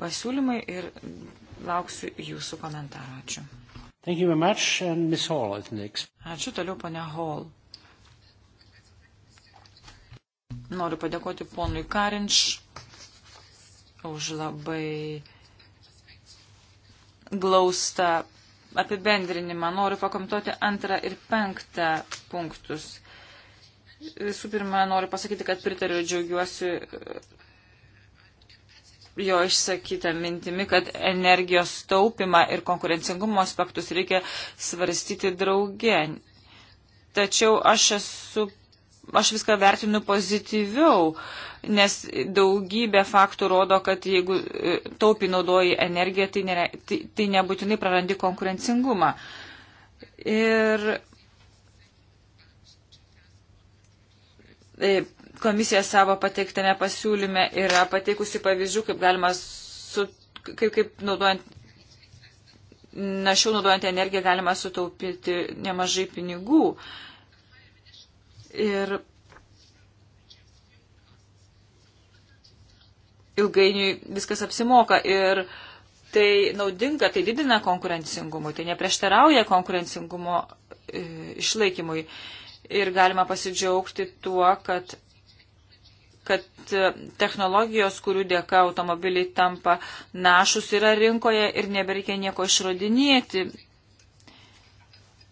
pasiūlymai ir lauksiu jūsų komentarų. Ačiū. Much, Ačiū toliau, ponia Hall. Noriu padėkoti ponui Karinč už labai glaustą apibendrinimą. Noriu pakomentuoti antrą ir penktą punktus. Visų pirma, noriu pasakyti, kad pritariu, džiaugiuosi e, jo išsakytą mintimi, kad energijos taupimą ir konkurencingumo aspektus reikia svarstyti drauge. Tačiau aš esu aš viską vertinu pozityviau, nes daugybė faktų rodo, kad jeigu e, taupiai naudoji energiją, tai, nere, tai, tai nebūtinai prarandi konkurencingumą. Ir e, komisija savo pateiktame pasiūlyme yra pateikusi pavyzdžių, kaip galima su, kaip, kaip naudojant, našiau naudojant energiją galima sutaupyti nemažai pinigų. Uh, Ir ilgainiui viskas apsimoka ir tai naudinga, tai didina konkurencingumui, tai neprieštarauja konkurencingumo e, išlaikymui. Ir galima pasidžiaugti tuo, kad, kad e, technologijos, kurių dėka automobiliai tampa našus, yra rinkoje ir nebereikia nieko išrodinėti.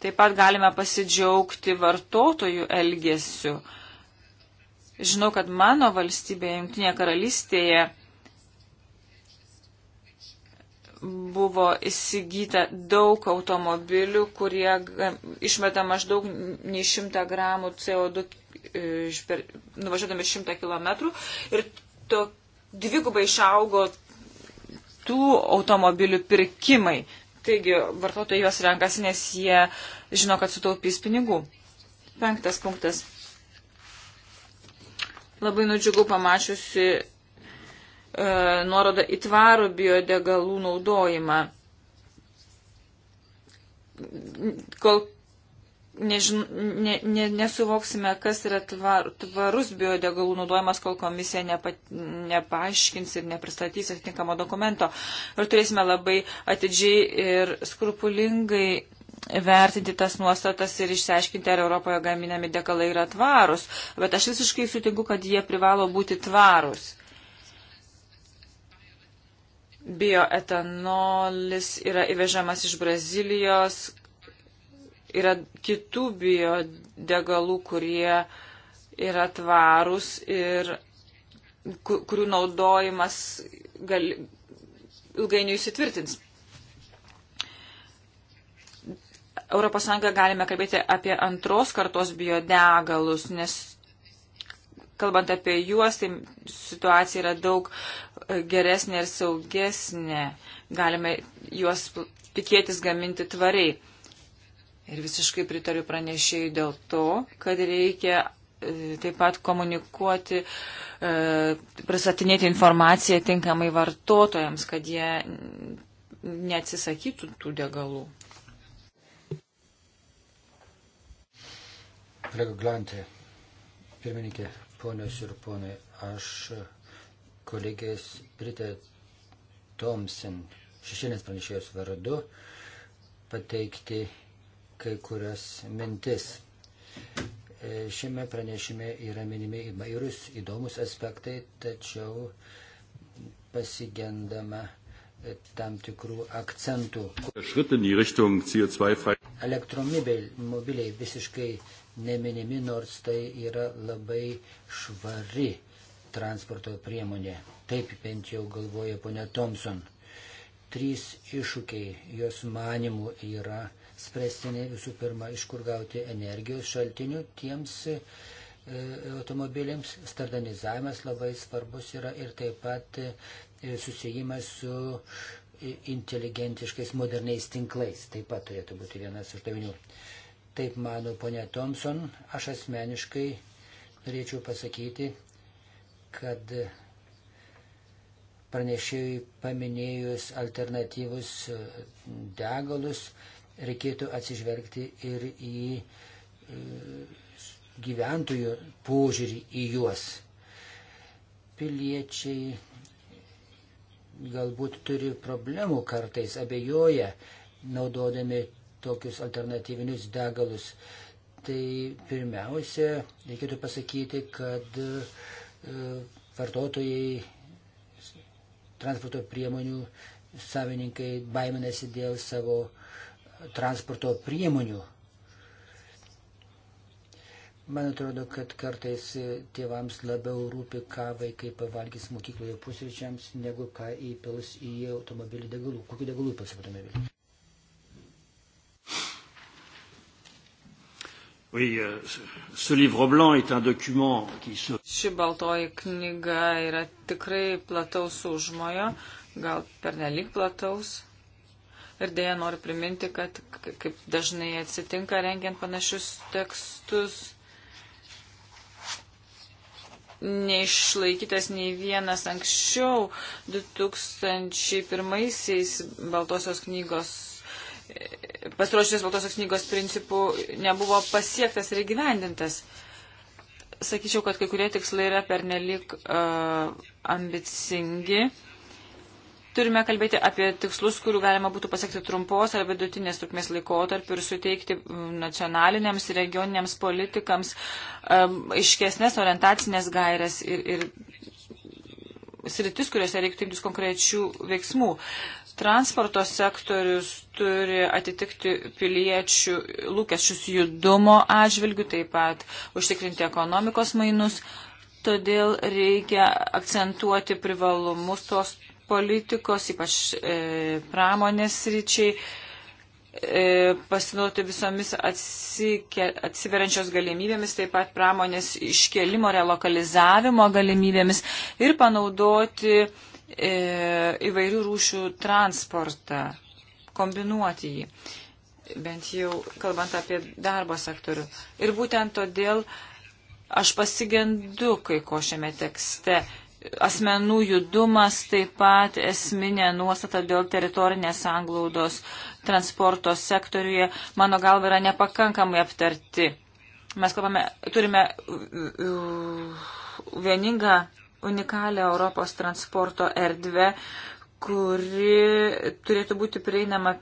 Taip pat galime pasidžiaugti vartotojų elgesiu. Žinau, kad mano valstybėje, Junktinėje karalystėje, buvo įsigyta daug automobilių, kurie išmeta maždaug nei 100 gramų CO2 e, per, nuvažiuodami 100 km ir to dvigubai išaugo tų automobilių pirkimai. Taigi, vartotojai juos renkasi, nes jie žino, kad sutaupys pinigų. Penktas punktas. Labai nudžiugu pamačiusi e, nuorodą į tvarų biodegalų naudojimą. Kol nežin, ne, ne, nesuvoksime, kas yra tvar, tvarus biodegalų naudojimas, kol komisija nepa, nepaaiškins ir nepristatys atitinkamo dokumento. Ir turėsime labai atidžiai ir skrupulingai vertinti tas nuostatas ir išsiaiškinti, ar Europoje gaminami degalai yra tvarus. Bet aš visiškai sutinku, kad jie privalo būti tvarus. Bioetanolis yra įvežamas iš Brazilijos, Yra kitų biodegalų, kurie yra tvarūs ir kurių naudojimas gali, ilgainiui įsitvirtins. ES galime kalbėti apie antros kartos biodegalus, nes kalbant apie juos, tai situacija yra daug geresnė ir saugesnė. Galime juos tikėtis gaminti tvariai. Ir visiškai pritariu pranešėjai dėl to, kad reikia e, taip pat komunikuoti, e, pristatinėti informaciją tinkamai vartotojams, kad jie neatsisakytų tų degalų. Kolega Glantė, pirmininkė, ponios ir ponai, aš kolegės Britė Thompson šešėlės pranešėjos vardu pateikti kai kurias mintis. E, šiame pranešime yra minimi įvairūs įdomus aspektai, tačiau pasigendama tam tikrų akcentų. Elektromobiliai visiškai neminimi, nors tai yra labai švari transporto priemonė. Taip bent jau galvoja ponė Thompson. Trys iššūkiai jos manimų yra spręstini visų pirma, iš kur gauti energijos šaltinių tiems e, automobiliams. Standardizavimas labai svarbus yra ir taip pat e, susijimas su e, inteligentiškais moderniais tinklais. Taip pat turėtų būti vienas uždavinių. Taip mano ponė Thompson, aš asmeniškai norėčiau pasakyti, kad pranešėjui paminėjus alternatyvus e, degalus, reikėtų atsižvelgti ir į e, gyventojų požiūrį į juos. Piliečiai galbūt turi problemų kartais, abejoja, naudodami tokius alternatyvinius degalus. Tai pirmiausia, reikėtų pasakyti, kad e, vartotojai transporto priemonių savininkai baiminasi dėl savo uh, transporto priemonių. Man atrodo, kad kartais tėvams labiau rūpi, ką vaikai pavalgys mokykloje pusryčiams, negu ką įpils į automobilį degalų. Kokiu degalų įpils į automobilį? Oui, euh, ce livre blanc est un document qui se... Ši baltoji knyga yra tikrai plataus užmojo, gal per nelik plataus. Ir dėja noriu priminti, kad kaip dažnai atsitinka rengiant panašius tekstus, neišlaikytas nei vienas anksčiau 2001-aisiais Baltosios knygos pasiruošęs Baltosios knygos principų nebuvo pasiektas ir įgyvendintas. Sakyčiau, kad kai kurie tikslai yra pernelik uh, ambicingi Turime kalbėti apie tikslus, kurių galima būtų pasiekti trumpos ar vidutinės trukmės laikotarpiu ir suteikti mm, nacionalinėms ir regioninėms politikams um, iškesnės orientacinės gairias ir, ir sritis, kuriuose reiktų imtis konkrečių veiksmų. Transporto sektorius turi atitikti piliečių lūkesčius judumo atžvilgių, taip pat užtikrinti ekonomikos mainus todėl reikia akcentuoti privalumus tos politikos, ypač e, pramonės ryčiai, e, pasinaudoti visomis atsike, atsiveriančios galimybėmis, taip pat pramonės iškelimo, relokalizavimo galimybėmis ir panaudoti e, įvairių rūšių transportą, kombinuoti jį, bent jau kalbant apie darbo sektorių. Ir būtent todėl aš pasigendu kai ko šiame tekste asmenų judumas taip pat esminė nuostata dėl teritorinės anglaudos transporto sektoriuje, mano galva, yra nepakankamai aptarti. Mes kalbame, turime vieningą unikalią Europos transporto erdvę, kuri turėtų būti prieinama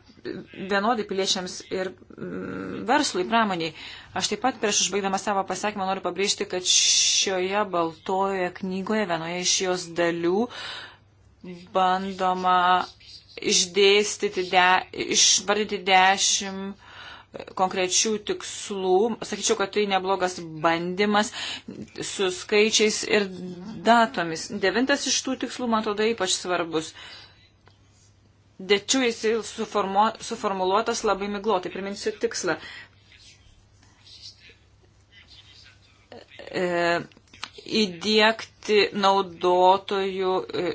vienodai piliečiams ir mm, verslui, pramoniai. Aš taip pat prieš užbaigdama savo pasakymą noriu pabrėžti, kad šioje baltojoje knygoje, vienoje iš jos dalių, bandoma išdėstyti, de, išvardyti dešimt konkrečių tikslų. Sakyčiau, kad tai neblogas bandymas su skaičiais ir datomis. Devintas iš tų tikslų, man atrodo, ypač svarbus. Uh, Dečiu jis suformu, suformuluotas labai miglotai. Priminsiu tikslą. E, įdėkti naudotojų, e,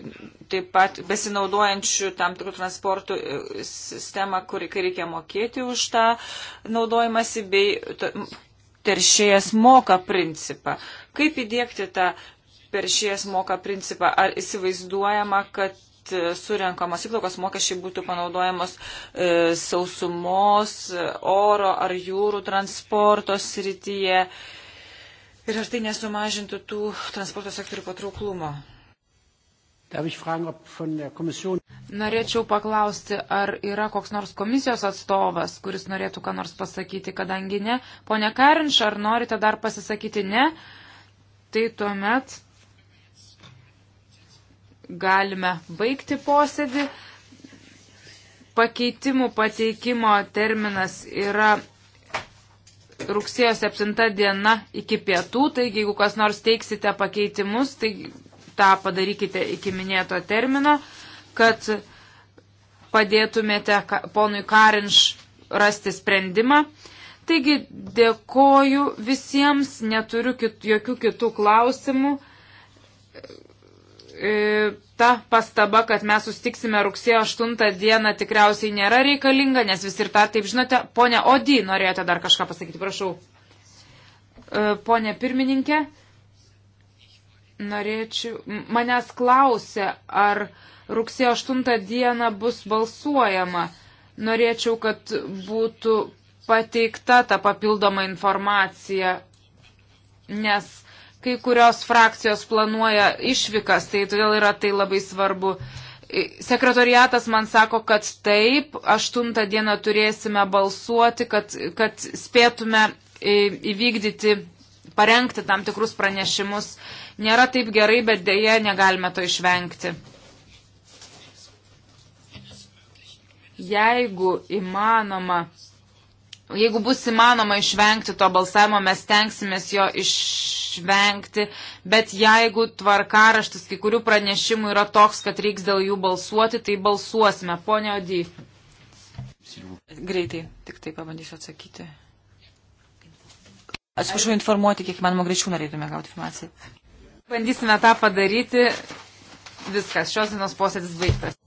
taip pat besinaudojančių tam tikrų transportų e, sistemą, kurį reikia mokėti už tą naudojimąsi, bei teršėjas moka principą. Kaip įdėkti tą teršėjas moka principą? Ar įsivaizduojama, kad kad e, surenkamos įplaukos mokesčiai būtų panaudojamos e, sausumos, e, oro ar jūrų transporto srityje. Ir ar tai nesumažintų tų transporto sektorių patrauklumo? Norėčiau paklausti, ar yra koks nors komisijos atstovas, kuris norėtų ką nors pasakyti, kadangi ne. Pone Karinš, ar norite dar pasisakyti ne? Tai tuomet galime baigti posėdį. Pakeitimų pateikimo terminas yra rugsėjo 7 diena iki pietų, taigi jeigu kas nors teiksite pakeitimus, tai tą padarykite iki minėto termino, kad padėtumėte ponui Karinš rasti sprendimą. Taigi dėkoju visiems, neturiu kit, jokių kitų klausimų. E, ta pastaba, kad mes sustiksime rugsėjo 8 dieną, tikriausiai nėra reikalinga, nes visi ir tą taip žinote. Pone Odį, norėjote dar kažką pasakyti, prašau. E, pone pirmininkė, norėčiau, manęs klausė, ar rugsėjo 8 dieną bus balsuojama. Norėčiau, kad būtų pateikta ta papildoma informacija, nes kai kurios frakcijos planuoja išvykas, tai todėl yra tai labai svarbu. Sekretoriatas man sako, kad taip, aštuntą dieną turėsime balsuoti, kad, kad spėtume įvykdyti, parengti tam tikrus pranešimus. Nėra taip gerai, bet dėje negalime to išvengti. Jeigu įmanoma jeigu bus įmanoma išvengti to balsavimo, mes tenksimės jo išvengti, bet jeigu tvarkaraštis kai kurių pranešimų yra toks, kad reiks dėl jų balsuoti, tai balsuosime. Pone Odį. Greitai, tik tai pabandysiu atsakyti. Atsiprašau informuoti, kiek manoma greičiau norėtume gauti informaciją. Bandysime tą padaryti. Viskas, šios dienos posėdis baigtas.